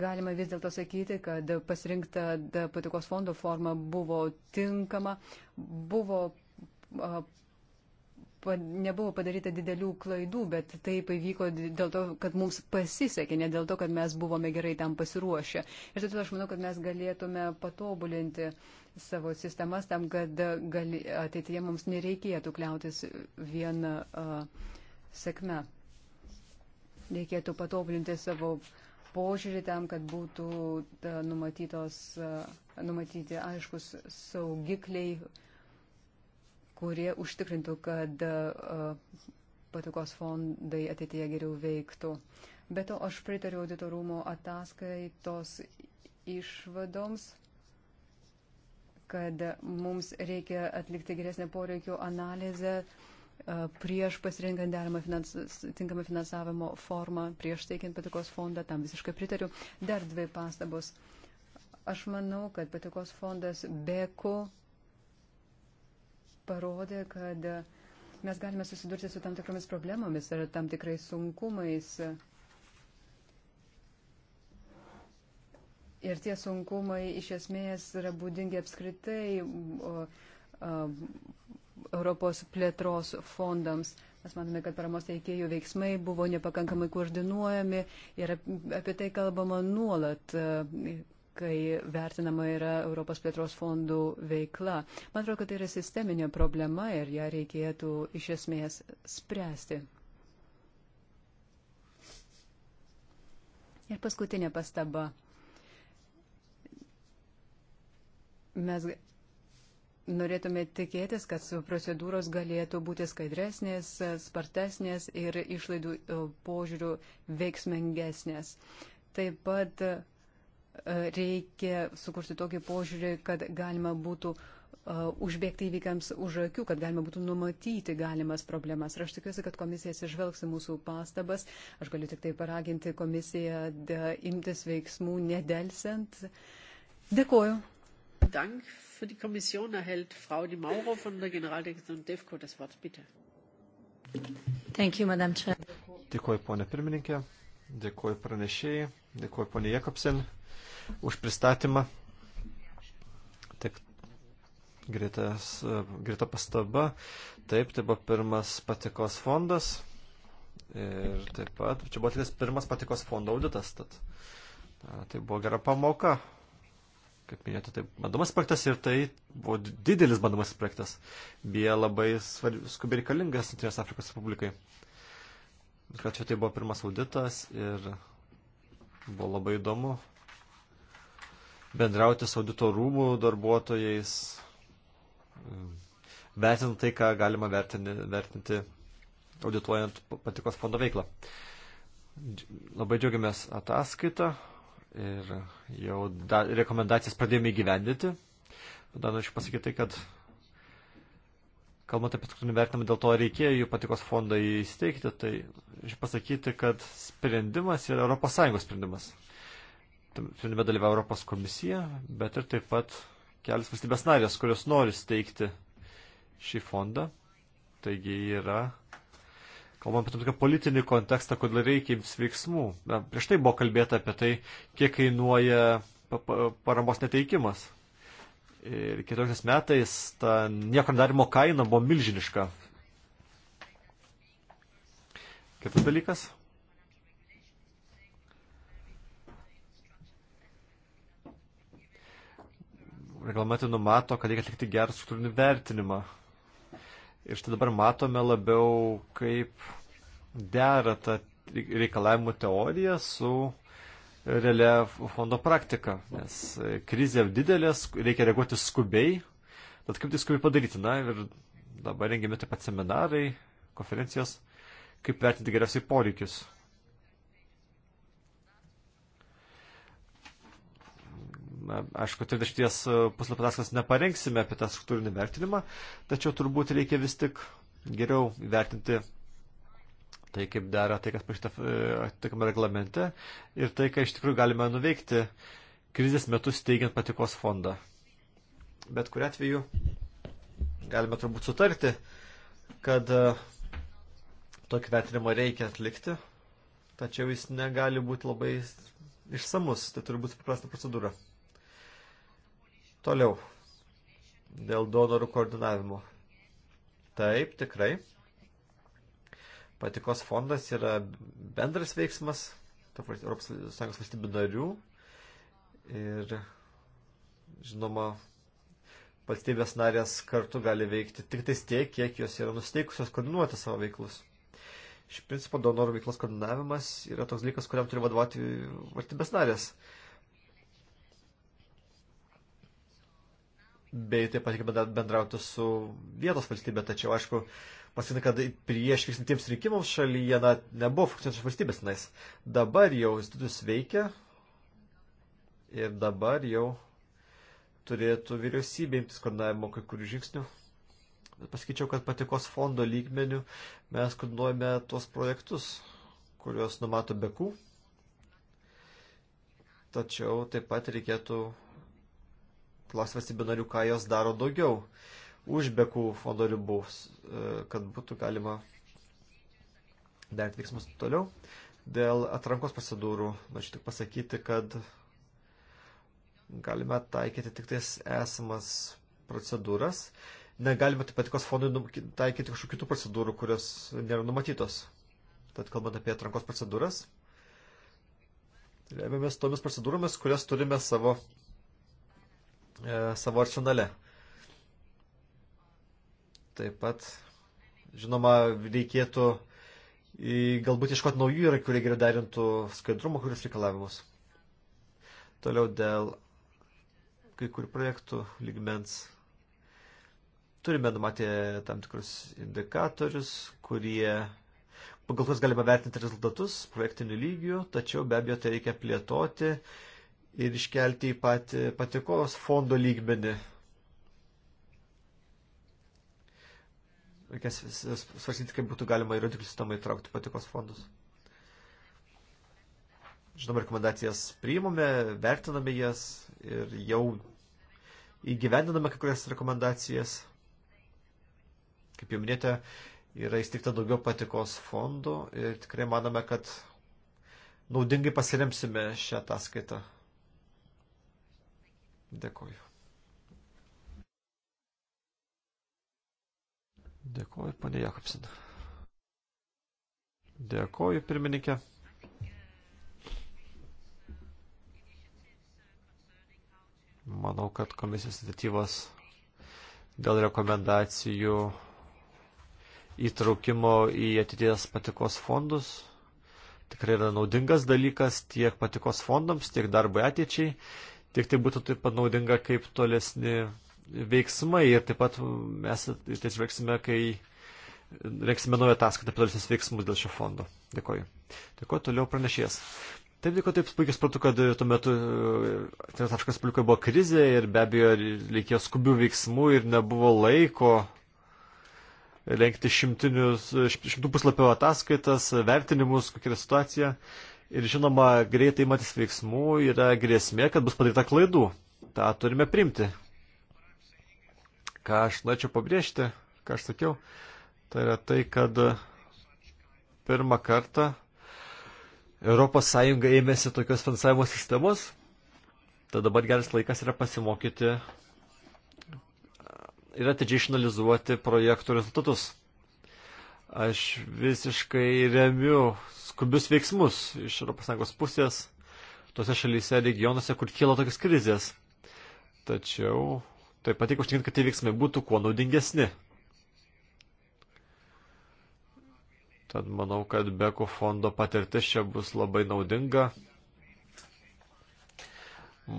galima vis dėlto sakyti, kad pasirinkta patikos fondo forma buvo tinkama, buvo, a, pa, nebuvo padaryta didelių klaidų, bet taip įvyko dėl to, kad mums pasisekė, ne dėl to, kad mes buvome gerai tam pasiruošę. Ir todėl aš manau, kad mes galėtume patobulinti savo sistemas tam, kad gali, ateityje mums nereikėtų kliautis vieną sėkmę. Reikėtų patobulinti savo uh, požiūrį tam, kad būtų numatytos, numatyti aiškus saugikliai, kurie užtikrintų, kad patikos fondai ateityje geriau veiktų. Be to, aš pritariu auditorumo ataskaitos išvadoms kad mums reikia atlikti geresnę poreikio analizę uh, E, prieš pasirinkant deramą finans, tinkamą finansavimo formą, prieš teikiant patikos fondą, tam visiškai pritariu. Dar dvi pastabos. Aš manau, kad patikos fondas Beko parodė, kad mes galime susidurti su tam tikromis problemomis ar tam tikrais sunkumais. Ir tie sunkumai iš esmės yra būdingi apskritai o, o, Europos plėtros fondams. Mes matome, kad paramos teikėjų veiksmai buvo nepakankamai koordinuojami ir apie tai kalbama nuolat e, kai vertinama yra Europos plėtros fondų veikla. Man atrodo, kad tai yra sisteminė problema ir ją reikėtų iš esmės spręsti. Ir paskutinė pastaba. Mes norėtume tikėtis, kad procedūros galėtų būti skaidresnės, spartesnės ir išlaidų e, požiūrių veiksmingesnės. Taip pat e, reikia sukurti tokį požiūrį, kad galima būtų e, užbėgti įvykiams už akių, kad galima būtų numatyti galimas problemas. Ir aš tikiuosi, kad komisija sižvelgs į mūsų pastabas. Aš galiu tik tai paraginti komisiją imtis veiksmų nedelsiant. Dėkuoju. Dank für die
Kommission erhält Frau Di Mauro von der Generaldirektion DEFCO das Wort. Bitte. Thank you, Madam Chair.
Dėkuoju, ponė pirmininkė. Dėkuoju pranešėjai. Dėkuoju, ponė Jakobsen, už pristatymą. Tik greitas, greita pastaba. Taip, tai buvo pirmas patikos fondas. Ir taip pat, čia buvo atliktas pirmas patikos fondo auditas. Tad, na, tai buvo gera pamoka kaip minėjote, tai bandomas projektas ir tai buvo didelis bandomas projektas. Bija labai skubiai reikalingas Antrinės Afrikos Republikai. Kad čia tai buvo pirmas auditas ir buvo labai įdomu bendrauti su audito rūmų darbuotojais, mm, vertinant tai, ką galima vertinti, vertinti audituojant patikos fondo veiklą. Labai džiaugiamės ataskaitą ir jau da, rekomendacijas pradėjome įgyvendinti. Dar norėčiau pasakyti, tai, kad kalbant apie struktūrinį vertinimą, dėl to reikėjo jų patikos fondą įsteigti, tai reikia pasakyti, kad sprendimas yra ES sprendimas. Tam sprendime dalyvauja Europos komisija, bet ir taip pat kelias valstybės narės, kurios nori steigti šį fondą. Taigi yra kalbam apie tam tikrą politinį kontekstą, kodėl reikia jums veiksmų. Na, prieš tai buvo kalbėta apie tai, kiek kainuoja paramos neteikimas. Ir 14 metais ta nieko darimo kaina buvo milžiniška. Kitas dalykas. Reglamentai numato, kad reikia atlikti gerą struktūrinį vertinimą. Ir štai dabar matome labiau, kaip dera ta reikalavimų teorija su realia fondo praktika, nes e, krizė didelės, reikia reaguoti skubiai, tad kaip tai skubiai padaryti, na ir dabar rengiami taip pat seminarai, konferencijos, kaip vertinti geriausiai poreikius. na, aišku, 30 tai puslapio ataskaitos neparengsime apie tą struktūrinį vertinimą, tačiau turbūt reikia vis tik geriau įvertinti tai, kaip dera tai, kas parašyta e, atitikame reglamente ir tai, ką iš tikrųjų galime nuveikti krizės metu steigiant patikos fondą. Bet kuriu atveju galime turbūt sutarti, kad e, tokį vertinimą reikia atlikti, tačiau jis negali būti labai išsamus, tai turi būti paprasta procedūra. Toliau. Dėl donorų koordinavimo. Taip, tikrai. Patikos fondas yra bendras veiksmas tarp Europos Sąjungos valstybių narių ir, žinoma, valstybės narės kartu gali veikti tik tais tiek, kiek jos yra nusteikusios koordinuoti savo veiklus. Iš principo, donorų veiklos koordinavimas yra toks dalykas, kuriam turi vadovauti valstybės narės. Uh, bei taip pat reikia bendrauti su vietos valstybė, tačiau aišku, pasakyti, kad prieš vykstantiems rinkimams šalyje na, nebuvo funkcionuojančios valstybės nais. Dabar jau institutus veikia ir dabar jau turėtų vyriausybė imtis koordinavimo kai kurių žingsnių. Bet pasakyčiau, kad patikos fondo lygmenių mes koordinuojame tuos projektus, kuriuos numato Beku. Tačiau taip pat reikėtų klausimas įbenarių, ką jos daro daugiau už bekų fondo ribų, e, kad būtų galima derinti veiksmus toliau. Dėl atrankos procedūrų norėčiau tik pasakyti, kad galime taikyti tik tais esamas procedūras. Negalime taip patikos fondui taikyti kažkokių kitų procedūrų, kurios nėra numatytos. Tad kalbant apie atrankos procedūras, remiamės tomis procedūromis, kurias turime savo E, savo arsenale. Taip pat, žinoma, reikėtų galbūt iškoti naujų įrankių, kurie geriau derintų skaidrumo, kuris reikalavimus. Toliau dėl kai kurių projektų ligmens. Turime numatę tam tikrus indikatorius, kurie pagal kuriuos galime vertinti rezultatus projektinių lygių, tačiau be abejo tai reikia plėtoti ir iškelti į patį patikos fondo lygmenį. Reikia svarstyti, kaip būtų galima į rodiklių sistemą įtraukti patikos fondus. Žinoma, rekomendacijas priimame, vertiname jas ir jau įgyvendiname kai kurias rekomendacijas. Kaip jau minėjote, yra įsteigta daugiau patikos fondų ir tikrai manome, kad naudingai pasiremsime šią ataskaitą. Dėkoju. Dėkoju, ponė Jakobsen. Dėkoju, pirmininkė. Manau, kad komisijos iniciatyvos dėl rekomendacijų įtraukimo į ateities patikos fondus tikrai yra naudingas dalykas tiek patikos fondams, tiek darbai ateičiai Tik tai būtų taip pat naudinga kaip tolesni veiksmai ir taip pat mes tai žvelgsime, kai rengsime naują ataskaitą apie tolesnius veiksmus dėl šio fondo. Dėkoju. Dėkoju toliau pranešėjas. Taip vyko taip puikiai supratau, kad tuo metu e, Tenis Afrikos Republikoje buvo krizė ir be abejo reikėjo skubių veiksmų ir nebuvo laiko rengti šimtų puslapio ataskaitas, vertinimus, kokia yra situacija. Ir žinoma, greitai matis veiksmų yra grėsmė, kad bus padaryta klaidų. Ta turime primti. Ką aš norėčiau pabrėžti, ką aš sakiau, tai yra tai, kad pirmą kartą ES ėmėsi tokios finansavimo sistemos, tad dabar geras laikas yra pasimokyti ir atidžiai išanalizuoti projektų rezultatus. Aš visiškai remiu skubius veiksmus iš ES pusės tose šalyse, regionuose, kur kyla tokias krizės. Tačiau taip pat reikia užtikrinti, kad tie veiksmai būtų kuo naudingesni. Tad manau, kad Beko fondo patirtis čia bus labai naudinga.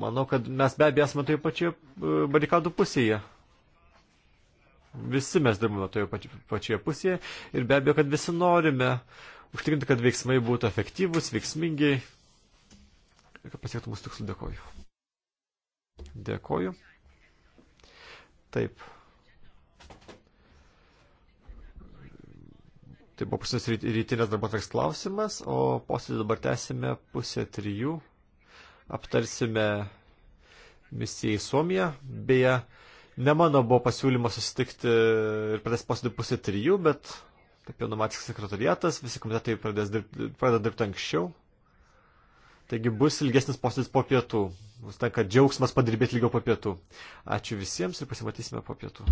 Manau, kad mes be abejo esame toje pačioje e, barikadų pusėje. Visi mes dirbame toje pačioje pusėje ir be abejo, kad visi norime užtikrinti, kad veiksmai būtų efektyvūs, veiksmingi ir kad pasiektų mūsų tikslų. Dėkoju. Dėkoju. Taip. Tai buvo pusės rytinės darbo traks klausimas, o posėdį dabar tęsime pusę trijų. Aptarsime misiją į Suomiją. Beje, Ne mano buvo pasiūlymas susitikti ir pradės posėdį pusė trijų, bet taip jau numatys sekretariatas, visi komitetai pradės dirbti, pradeda dirbti anksčiau. Taigi bus ilgesnis posėdis po pietų. Bus tenka džiaugsmas padirbėti ilgiau po pietų. Ačiū visiems ir pasimatysime po pietų.